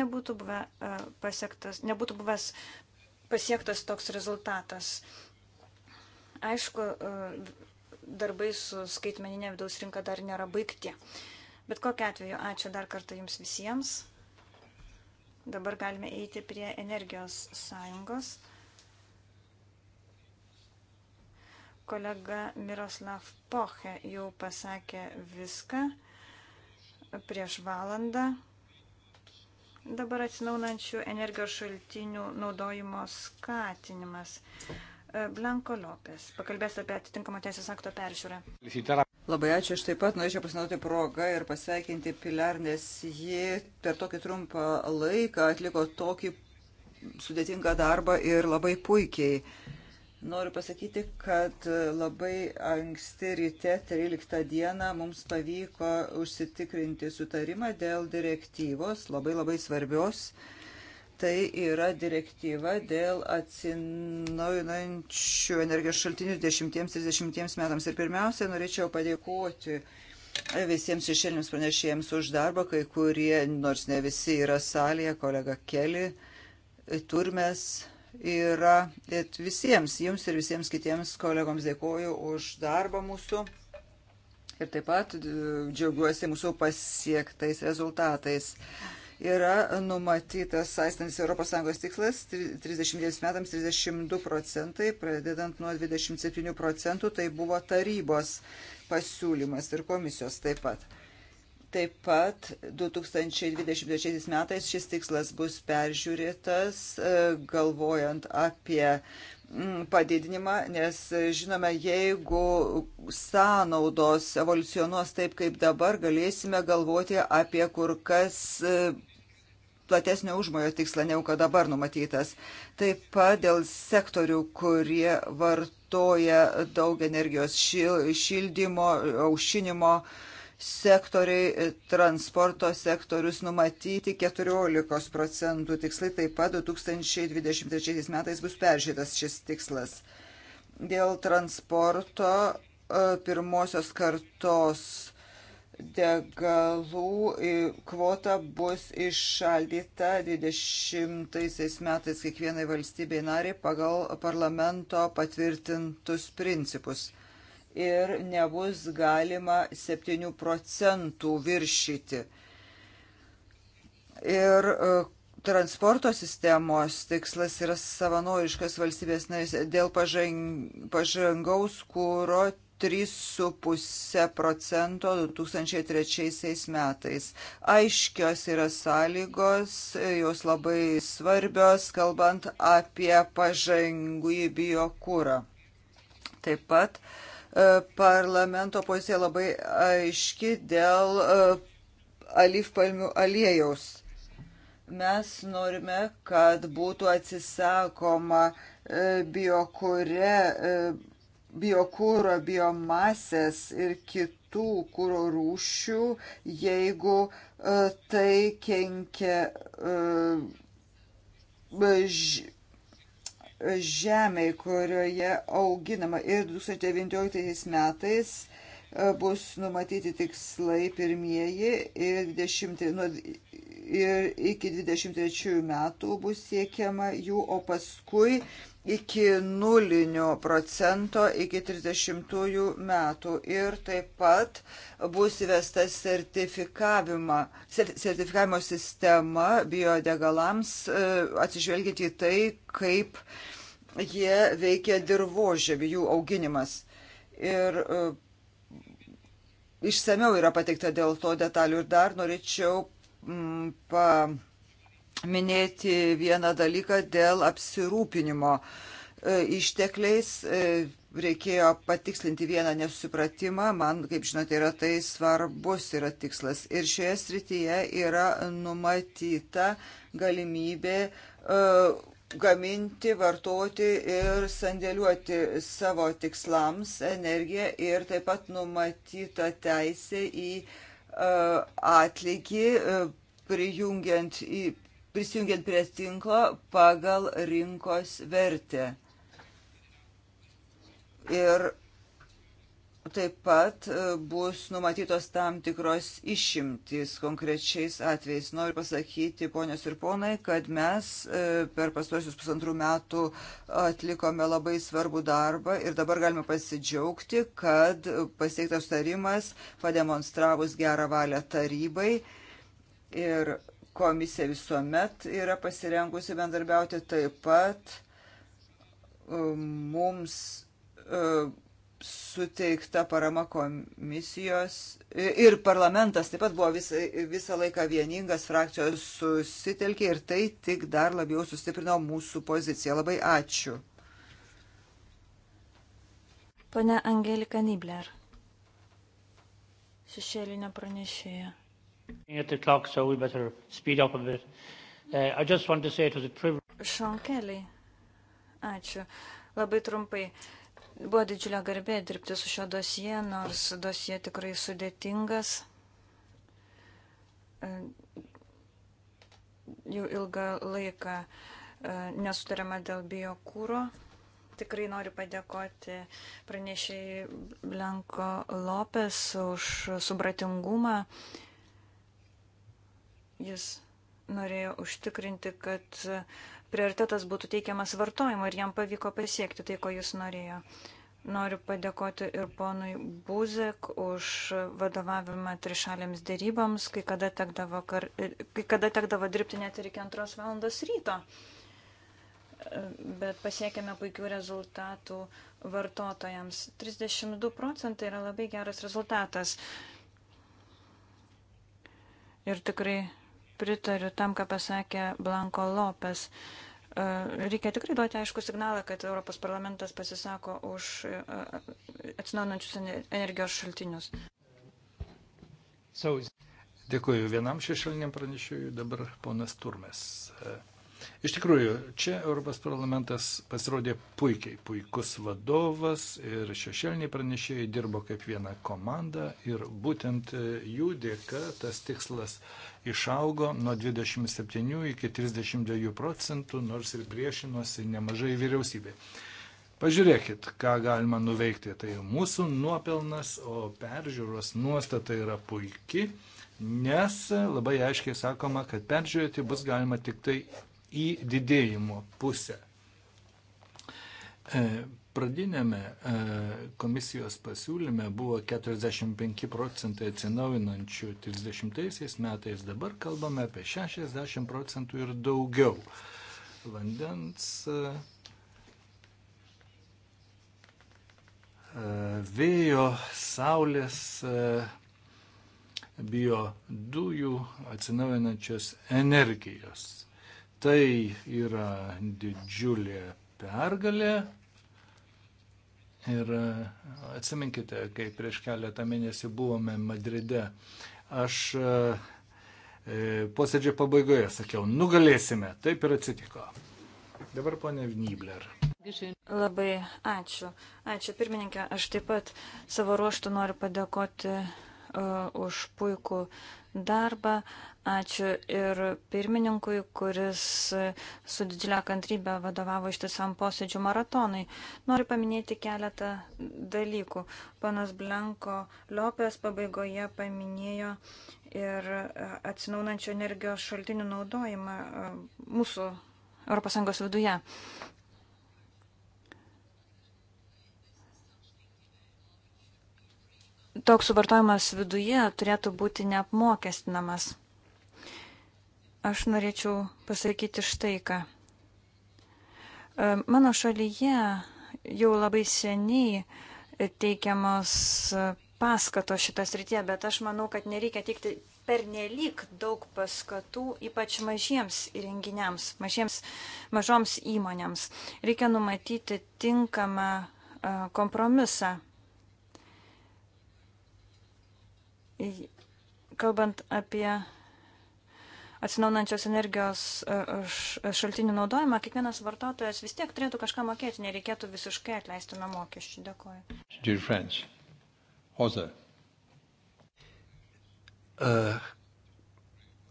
nebūtų, buvę, e, pasiektas, nebūtų buvęs pasiektas toks rezultatas. Aišku, e, darbai su skaitmeninė vidaus rinka dar nėra baigti. Bet kokiu atveju, ačiū dar kartą Jums visiems. Dabar galime eiti prie energijos sąjungos. Kolega Miroslav Poche jau pasakė viską prieš valandą. Dabar atsinaunančių energijos šaltinių naudojimo skatinimas. Blanko Lopės pakalbės apie atitinkamą teisės akto peržiūrą. Labai ačiū, aš taip pat norėčiau pasinaudoti progą ir pasveikinti Pilar, nes ji per tokį trumpą laiką atliko tokį sudėtingą darbą ir labai puikiai. Noriu pasakyti, kad labai anksti ryte 13 dieną mums pavyko užsitikrinti sutarimą dėl direktyvos, labai labai svarbios. Tai yra direktyva dėl atsinaujinančių energijos šaltinių 10-30 metams. Ir pirmiausia, norėčiau padėkoti visiems šešėlėms pranešėjams už darbą, kai kurie, nors ne visi yra salėje, kolega Keli, turmes yra visiems, jums ir visiems kitiems kolegoms dėkoju už darbą mūsų ir taip pat džiaugiuosi mūsų pasiektais rezultatais. Yra numatytas saistantis ES tikslas 30 metams 32 procentai, pradedant nuo 27 procentų, tai buvo tarybos pasiūlymas ir komisijos taip pat. Taip pat 2023 metais šis tikslas bus peržiūrėtas, e, galvojant apie mm, padidinimą, nes e, žinome, jeigu sąnaudos evoliucionuos taip kaip dabar, galėsime galvoti apie kur kas e, platesnio užmojo tikslą, negu kad dabar numatytas. Taip pat dėl sektorių, kurie vartoja daug energijos šildymo, aušinimo, sektoriai, transporto sektorius numatyti 14 procentų tikslai, taip pat 2023 metais bus peržiūrėtas šis tikslas. Dėl transporto e, pirmosios kartos degalų e, kvota bus iššaldyta 20 metais kiekvienai valstybei nariai pagal parlamento patvirtintus principus ir nebus galima 7 procentų viršyti. Ir e, transporto sistemos tikslas yra savanoriškas valstybės narys dėl pažang, pažangaus kūro 3,5 procento 2003 metais. Aiškios yra sąlygos, jos labai svarbios, kalbant apie pažangų į biokūrą. Taip pat uh, E, parlamento pozicija labai aiški dėl e, alyvpalmių aliejaus. Mes norime, kad būtų atsisakoma biokūre, biokūro, e, biomasės ir kitų kūro rūšių, jeigu tai kenkia ž žemei, kurioje auginama. Ir 2019 metais e, bus numatyti tikslai pirmieji ir, 20, nu, ir iki 23 metų bus siekiama jų, o paskui iki nulinio procento iki 30 metų ir taip pat bus įvesta sertifikavimo sistema biodegalams e, atsižvelgiant į tai, kaip jie veikia dirbožėmį, jų auginimas. Ir e, išsameu yra pateikta dėl to detalių ir dar norėčiau pa minėti vieną dalyką dėl apsirūpinimo e, ištekliais. E, reikėjo patikslinti vieną nesusipratimą. Man, kaip žinote, yra tai svarbus yra tikslas. Ir šioje srityje yra numatyta galimybė e, gaminti, vartoti ir sandėliuoti savo tikslams energiją ir taip pat numatyta teisė į atlygį prijungiant į prisijungiant prie tinklo pagal rinkos vertę. Ir taip pat e, bus numatytos tam tikros išimtys konkrečiais atvejais. Noriu pasakyti, ponios ir ponai, kad mes e, per pastuosius pusantrų metų atlikome labai svarbų darbą ir dabar galime pasidžiaugti, kad pasiektas tarimas pademonstravus gerą valią tarybai. Ir Komisija visuomet yra pasirengusi bendarbiauti taip pat e, mums e, suteikta parama komisijos e, ir parlamentas taip pat buvo visą, visą laiką vieningas, frakcijos susitelkė ir tai tik dar labiau sustiprino mūsų poziciją. Labai ačiū. Pane Angelika Nibler, šešėlinė pranešėja. Clock, so uh, Sean Kelly. Ačiū. Labai trumpai. Buvo didžiulė garbė dirbti su šio dosie, nors dosie tikrai sudėtingas. E, jau ilgą laiką e, nesutariama dėl biokūro. Tikrai noriu padėkoti pranešėjai Blanko Lopes už subratingumą. Uh, Jis norėjo užtikrinti, kad prioritetas būtų teikiamas vartojimo ir jam pavyko pasiekti tai, ko jis norėjo. Noriu padėkoti ir ponui Buzek už vadovavimą trišalėms dėryboms, kai kada tekdavo, kar... kai kada tekdavo dirbti net ir iki antros valandos ryto. Bet pasiekėme puikių rezultatų vartotojams. 32 procentai yra labai geras rezultatas. Ir tikrai pritariu tam, ką pasakė Blanko Lopes. E, reikia tikrai duoti aišku signalą, kad Europos parlamentas pasisako už e, atsinaujančius energijos šaltinius. Dėkuoju vienam šešėliniam pranešėjui, dabar ponas Turmes. E, Iš tikrųjų, čia Europos parlamentas pasirodė puikiai, puikus vadovas ir šešėliniai pranešėjai dirbo kaip viena komanda ir būtent e, jų dėka tas tikslas išaugo nuo 27 iki 32 procentų, nors ir priešinosi nemažai vyriausybė. Pažiūrėkit, ką galima nuveikti. Tai mūsų nuopelnas, o peržiūros nuostata yra puikiai nes labai aiškiai sakoma, kad peržiūrėti bus galima tik tai į didėjimo pusę. E, Pradinėme e, komisijos pasiūlyme buvo 45 procentai atsinaujinančių 30 metais, dabar kalbame apie 60 procentų ir daugiau. Vandens e, vėjo, saulės, biodujų atsinaujinančios energijos Tai yra didžiulė pergalė. Ir e, atsiminkite, kai prieš keletą mėnesių buvome Madride, aš e, e, posėdžio pabaigoje sakiau, nugalėsime. Taip ir atsitiko. Dabar ponė Vnybler. Labai ačiū. Ačiū pirmininkė. Aš taip pat savo ruoštų noriu padėkoti už puikų darbą. Ačiū ir pirmininkui, kuris su didžiulė kantrybė vadovavo ištisam posėdžių maratonai. Noriu paminėti keletą dalykų. Panas Blanko Lopės pabaigoje paminėjo ir atsinaunančio energijos šaltinių naudojimą mūsų ES viduje. toks suvartojimas viduje turėtų būti neapmokestinamas. Aš norėčiau pasakyti štai ką. E, mano šalyje jau labai seniai teikiamos paskato šitas rytie, bet aš manau, kad nereikia teikti pernelyg daug paskatų, ypač mažiems įrenginiams, mažiems, mažoms įmonėms. Reikia numatyti tinkamą e, kompromisą. Kalbant apie atsinaunančios energijos e, e, šaltinių naudojimą, kiekvienas vartotojas vis tiek turėtų kažką mokėti, nereikėtų visiškai atleisti nuo mokesčių. Dėkuoju. Uh,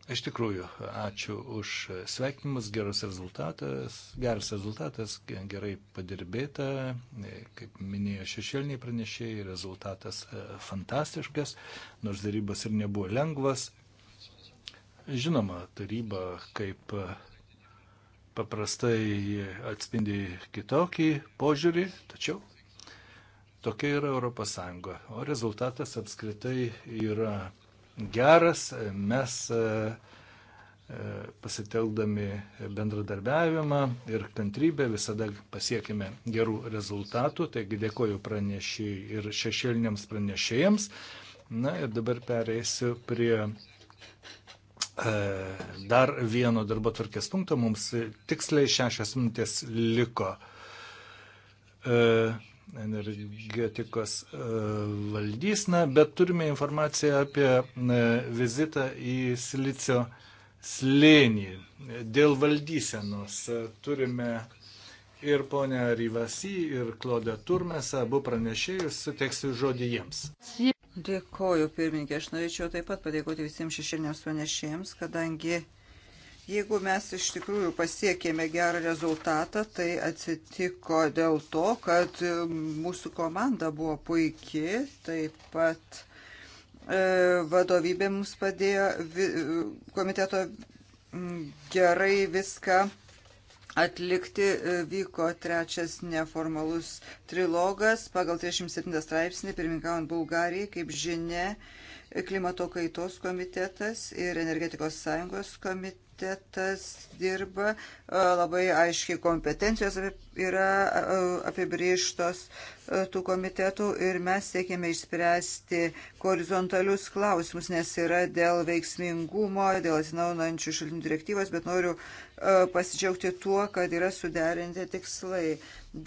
Iš tikrųjų, ačiū už sveikinimus, geras rezultatas, geras rezultatas, gerai padirbėta, e, kaip minėjo šešėliniai pranešėjai, rezultatas e, fantastiškas, nors darybas ir nebuvo lengvas. Žinoma, taryba kaip e, paprastai atspindi kitokį požiūrį, tačiau tokia yra ES, o rezultatas apskritai yra geras, mes e, e, pasitelkdami bendradarbiavimą ir kantrybę visada pasiekime gerų rezultatų. Taigi dėkoju pranešėjai ir šešėliniams pranešėjams. Na ir dabar pereisiu prie e, dar vieno darbo tvarkės punkto. Mums tiksliai šešias minutės liko. E, energetikos e, valdysną, bet turime informaciją apie e, vizitą į Silicio slėnį. Dėl valdysenos turime ir ponę Ryvasi, ir Klodę Turmesą, abu pranešėjus, suteiksiu žodį jiems. Dėkoju, pirmininkė, aš norėčiau taip pat padėkoti visiems šešėliniams pranešėjams, kadangi Jeigu mes iš tikrųjų pasiekėme gerą rezultatą, tai atsitiko dėl to, kad um, mūsų komanda buvo puikiai, taip pat e, vadovybė mums padėjo e, komiteto gerai viską atlikti. E, vyko trečias neformalus trilogas pagal 37 straipsnį, pirmininkaujant Bulgarijai, kaip žinia, klimato kaitos komitetas ir energetikos sąjungos komitetas komitetas dirba, e, labai aiškiai kompetencijos yra e, e, apibrieštos tų komitetų ir mes siekėme išspręsti horizontalius klausimus, nes yra dėl veiksmingumo, dėl atsinaunančių šaltinių direktyvos, bet noriu pasidžiaugti tuo, kad yra suderinti tikslai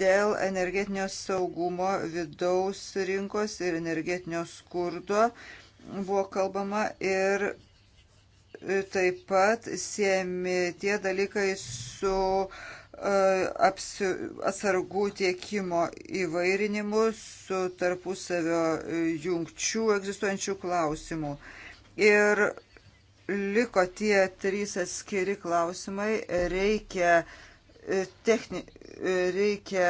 dėl energetinio saugumo vidaus rinkos ir energetinio skurdo buvo kalbama ir taip pat siemi tie dalykai su e, atsargų tiekimo įvairinimu, su tarpusavio e, jungčių egzistuojančių klausimų. Ir liko tie trys atskiri klausimai. Reikia, e, techni, reikia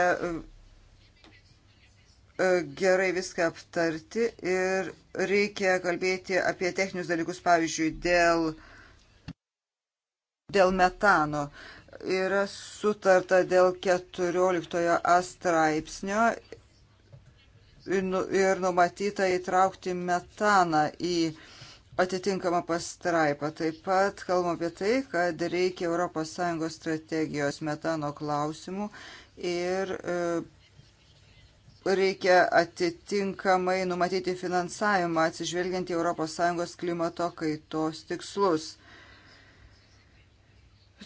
gerai viską aptarti ir reikia kalbėti apie techninius dalykus, pavyzdžiui, dėl, dėl metano. Yra sutarta dėl 14 A straipsnio nu, ir numatyta įtraukti metaną į atitinkamą pastraipą. Taip pat kalbam apie tai, kad reikia ES strategijos metano klausimų ir e, reikia atitinkamai numatyti finansavimą atsižvelgiant į ES klimato kaitos tikslus.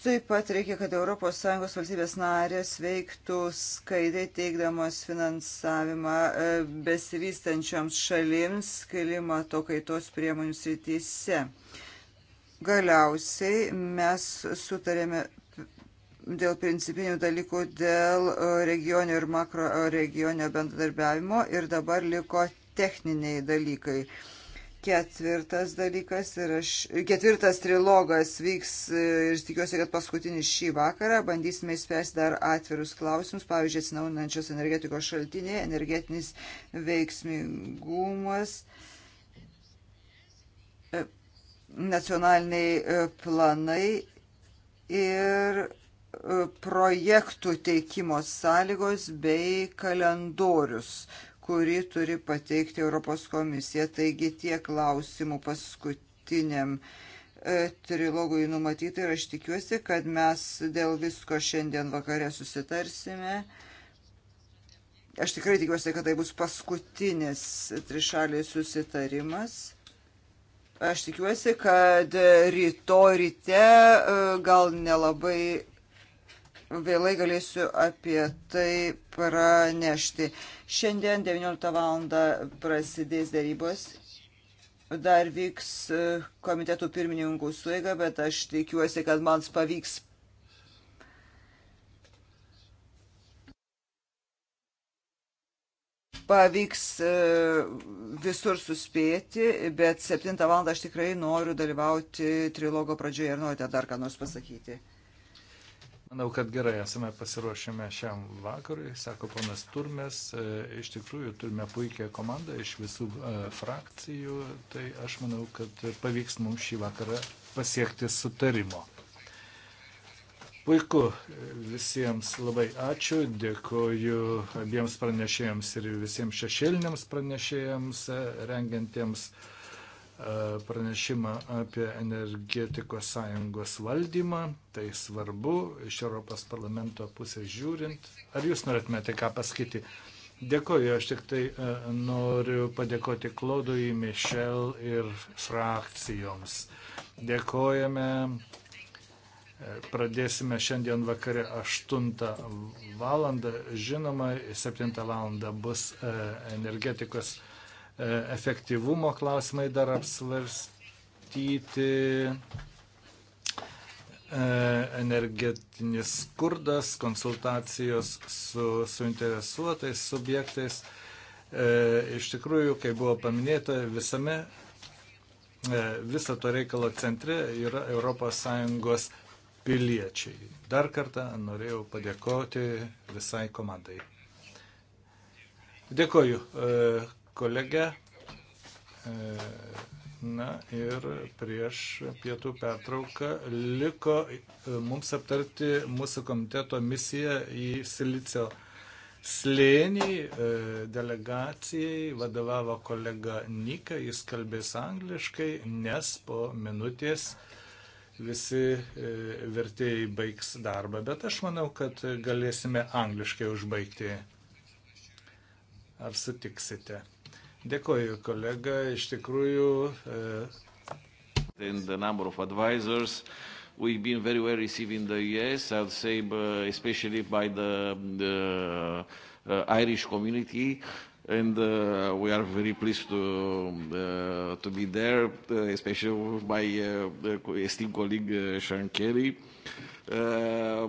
Taip pat reikia, kad ES valstybės narės veiktų skaidriai teikdamos finansavimą e, besivystančioms šalims klimato kaitos priemonių srityse. Galiausiai mes sutarėme dėl principinių dalykų, dėl e, regionio ir makro e, regionio bendradarbiavimo ir dabar liko techniniai dalykai. Ketvirtas dalykas ir aš, ketvirtas trilogas vyks e, ir tikiuosi, kad paskutinis šį vakarą bandysime įspręsti dar atvirus klausimus, pavyzdžiui, atsinaunančios energetikos šaltiniai, energetinis veiksmingumas nacionaliniai planai ir projektų teikimo sąlygos bei kalendorius, kurį turi pateikti Europos komisija. Taigi tie klausimų paskutiniam e, trilogui numatyti ir aš tikiuosi, kad mes dėl visko šiandien vakare susitarsime. Aš tikrai tikiuosi, kad tai bus paskutinis trišaliai susitarimas. Aš tikiuosi, kad ryto ryte e, gal nelabai vėlai galėsiu apie tai pranešti. Šiandien 19 val. prasidės darybos. Dar vyks e, komitetų pirmininkų suiga, bet aš tikiuosi, kad man pavyks pavyks e, visur suspėti, bet 7 val. aš tikrai noriu dalyvauti trilogo pradžioje ir norite dar ką nors pasakyti. Manau, kad gerai esame pasiruošėme šiam vakarui, sako ponas Turmes. E, iš tikrųjų, turime puikią komandą iš visų e, frakcijų, tai aš manau, kad pavyks mums šį vakarą pasiekti sutarimo. Puiku, visiems labai ačiū, dėkoju abiems pranešėjams ir visiems šešėliniams pranešėjams, e, rengiantiems pranešimą apie energetikos sąjungos valdymą. Tai svarbu iš Europos parlamento pusės žiūrint. Ar jūs norėtumėte ką pasakyti? Dėkoju, aš tik tai e, noriu padėkoti Klodui, Mišel ir frakcijoms. Dėkojame. E, pradėsime šiandien vakare 8 valandą. Žinoma, 7 valandą bus e, energetikos E, efektyvumo klausimai dar apsvarstyti, e, energetinis skurdas, konsultacijos su suinteresuotais subjektais. E, iš tikrųjų, kaip buvo paminėta, visame viso to reikalo centre yra ES piliečiai. Dar kartą norėjau padėkoti visai komandai. Dėkoju kolegę. E, na ir prieš pietų pertrauką liko e, mums aptarti mūsų komiteto misiją į Silicio slėnį. E, delegacijai vadovavo kolega Nika, jis kalbės angliškai, nes po minutės visi vertėjai baigs darbą, bet aš manau, kad galėsime angliškai užbaigti. Ar sutiksite? Dėkoju, kolega, iš tikrųjų. E... We've been very well received in the US, I'd say, especially by the, the uh, Irish community and uh, we are very pleased to uh, to be there, uh, especially with my uh, esteemed colleague uh, Sean Kelly. Uh,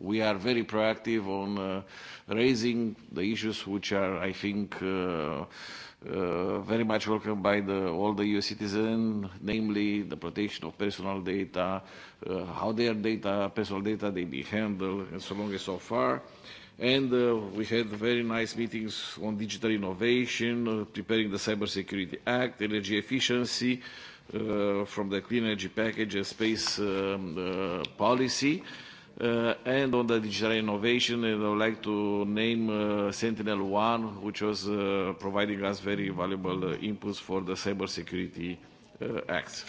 We are very proactive on uh, raising the issues which are, I think, uh, uh, very much welcomed by the, all the EU citizens, namely the protection of personal data, uh, how their data, personal data, they be handled, and so long and so far. And uh, we had very nice meetings on digital innovation, uh, preparing the Cybersecurity Act, energy efficiency uh, from the clean energy package and space um, uh, policy. Uh, Uh, and on the digital innovation, and I would like to name uh, Sentinel-1, which was uh, providing us very valuable uh, inputs for the Cybersecurity uh, Act.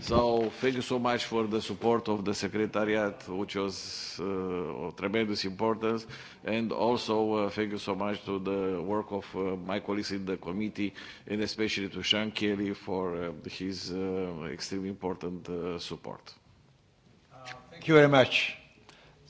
So thank you so much for the support of the Secretariat, which was uh, of tremendous importance, and also uh, thank you so much to the work of uh, my colleagues in the committee, and especially to Sean Kelly for uh, his uh, extremely important uh, support. Uh, thank you very much.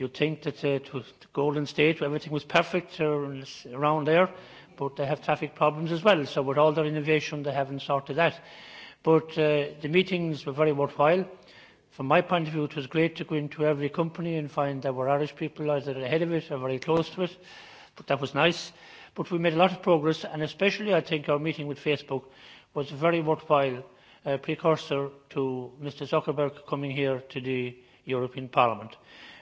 You'd think that uh, it was the Golden State, everything was perfect uh, around there, but they have traffic problems as well. So with all their innovation, they haven't sorted that. But uh, the meetings were very worthwhile. From my point of view, it was great to go into every company and find there were Irish people either ahead of it or very close to it. But that was nice. But we made a lot of progress, and especially I think our meeting with Facebook was a very worthwhile uh, precursor to Mr Zuckerberg coming here to the European Parliament. Uh,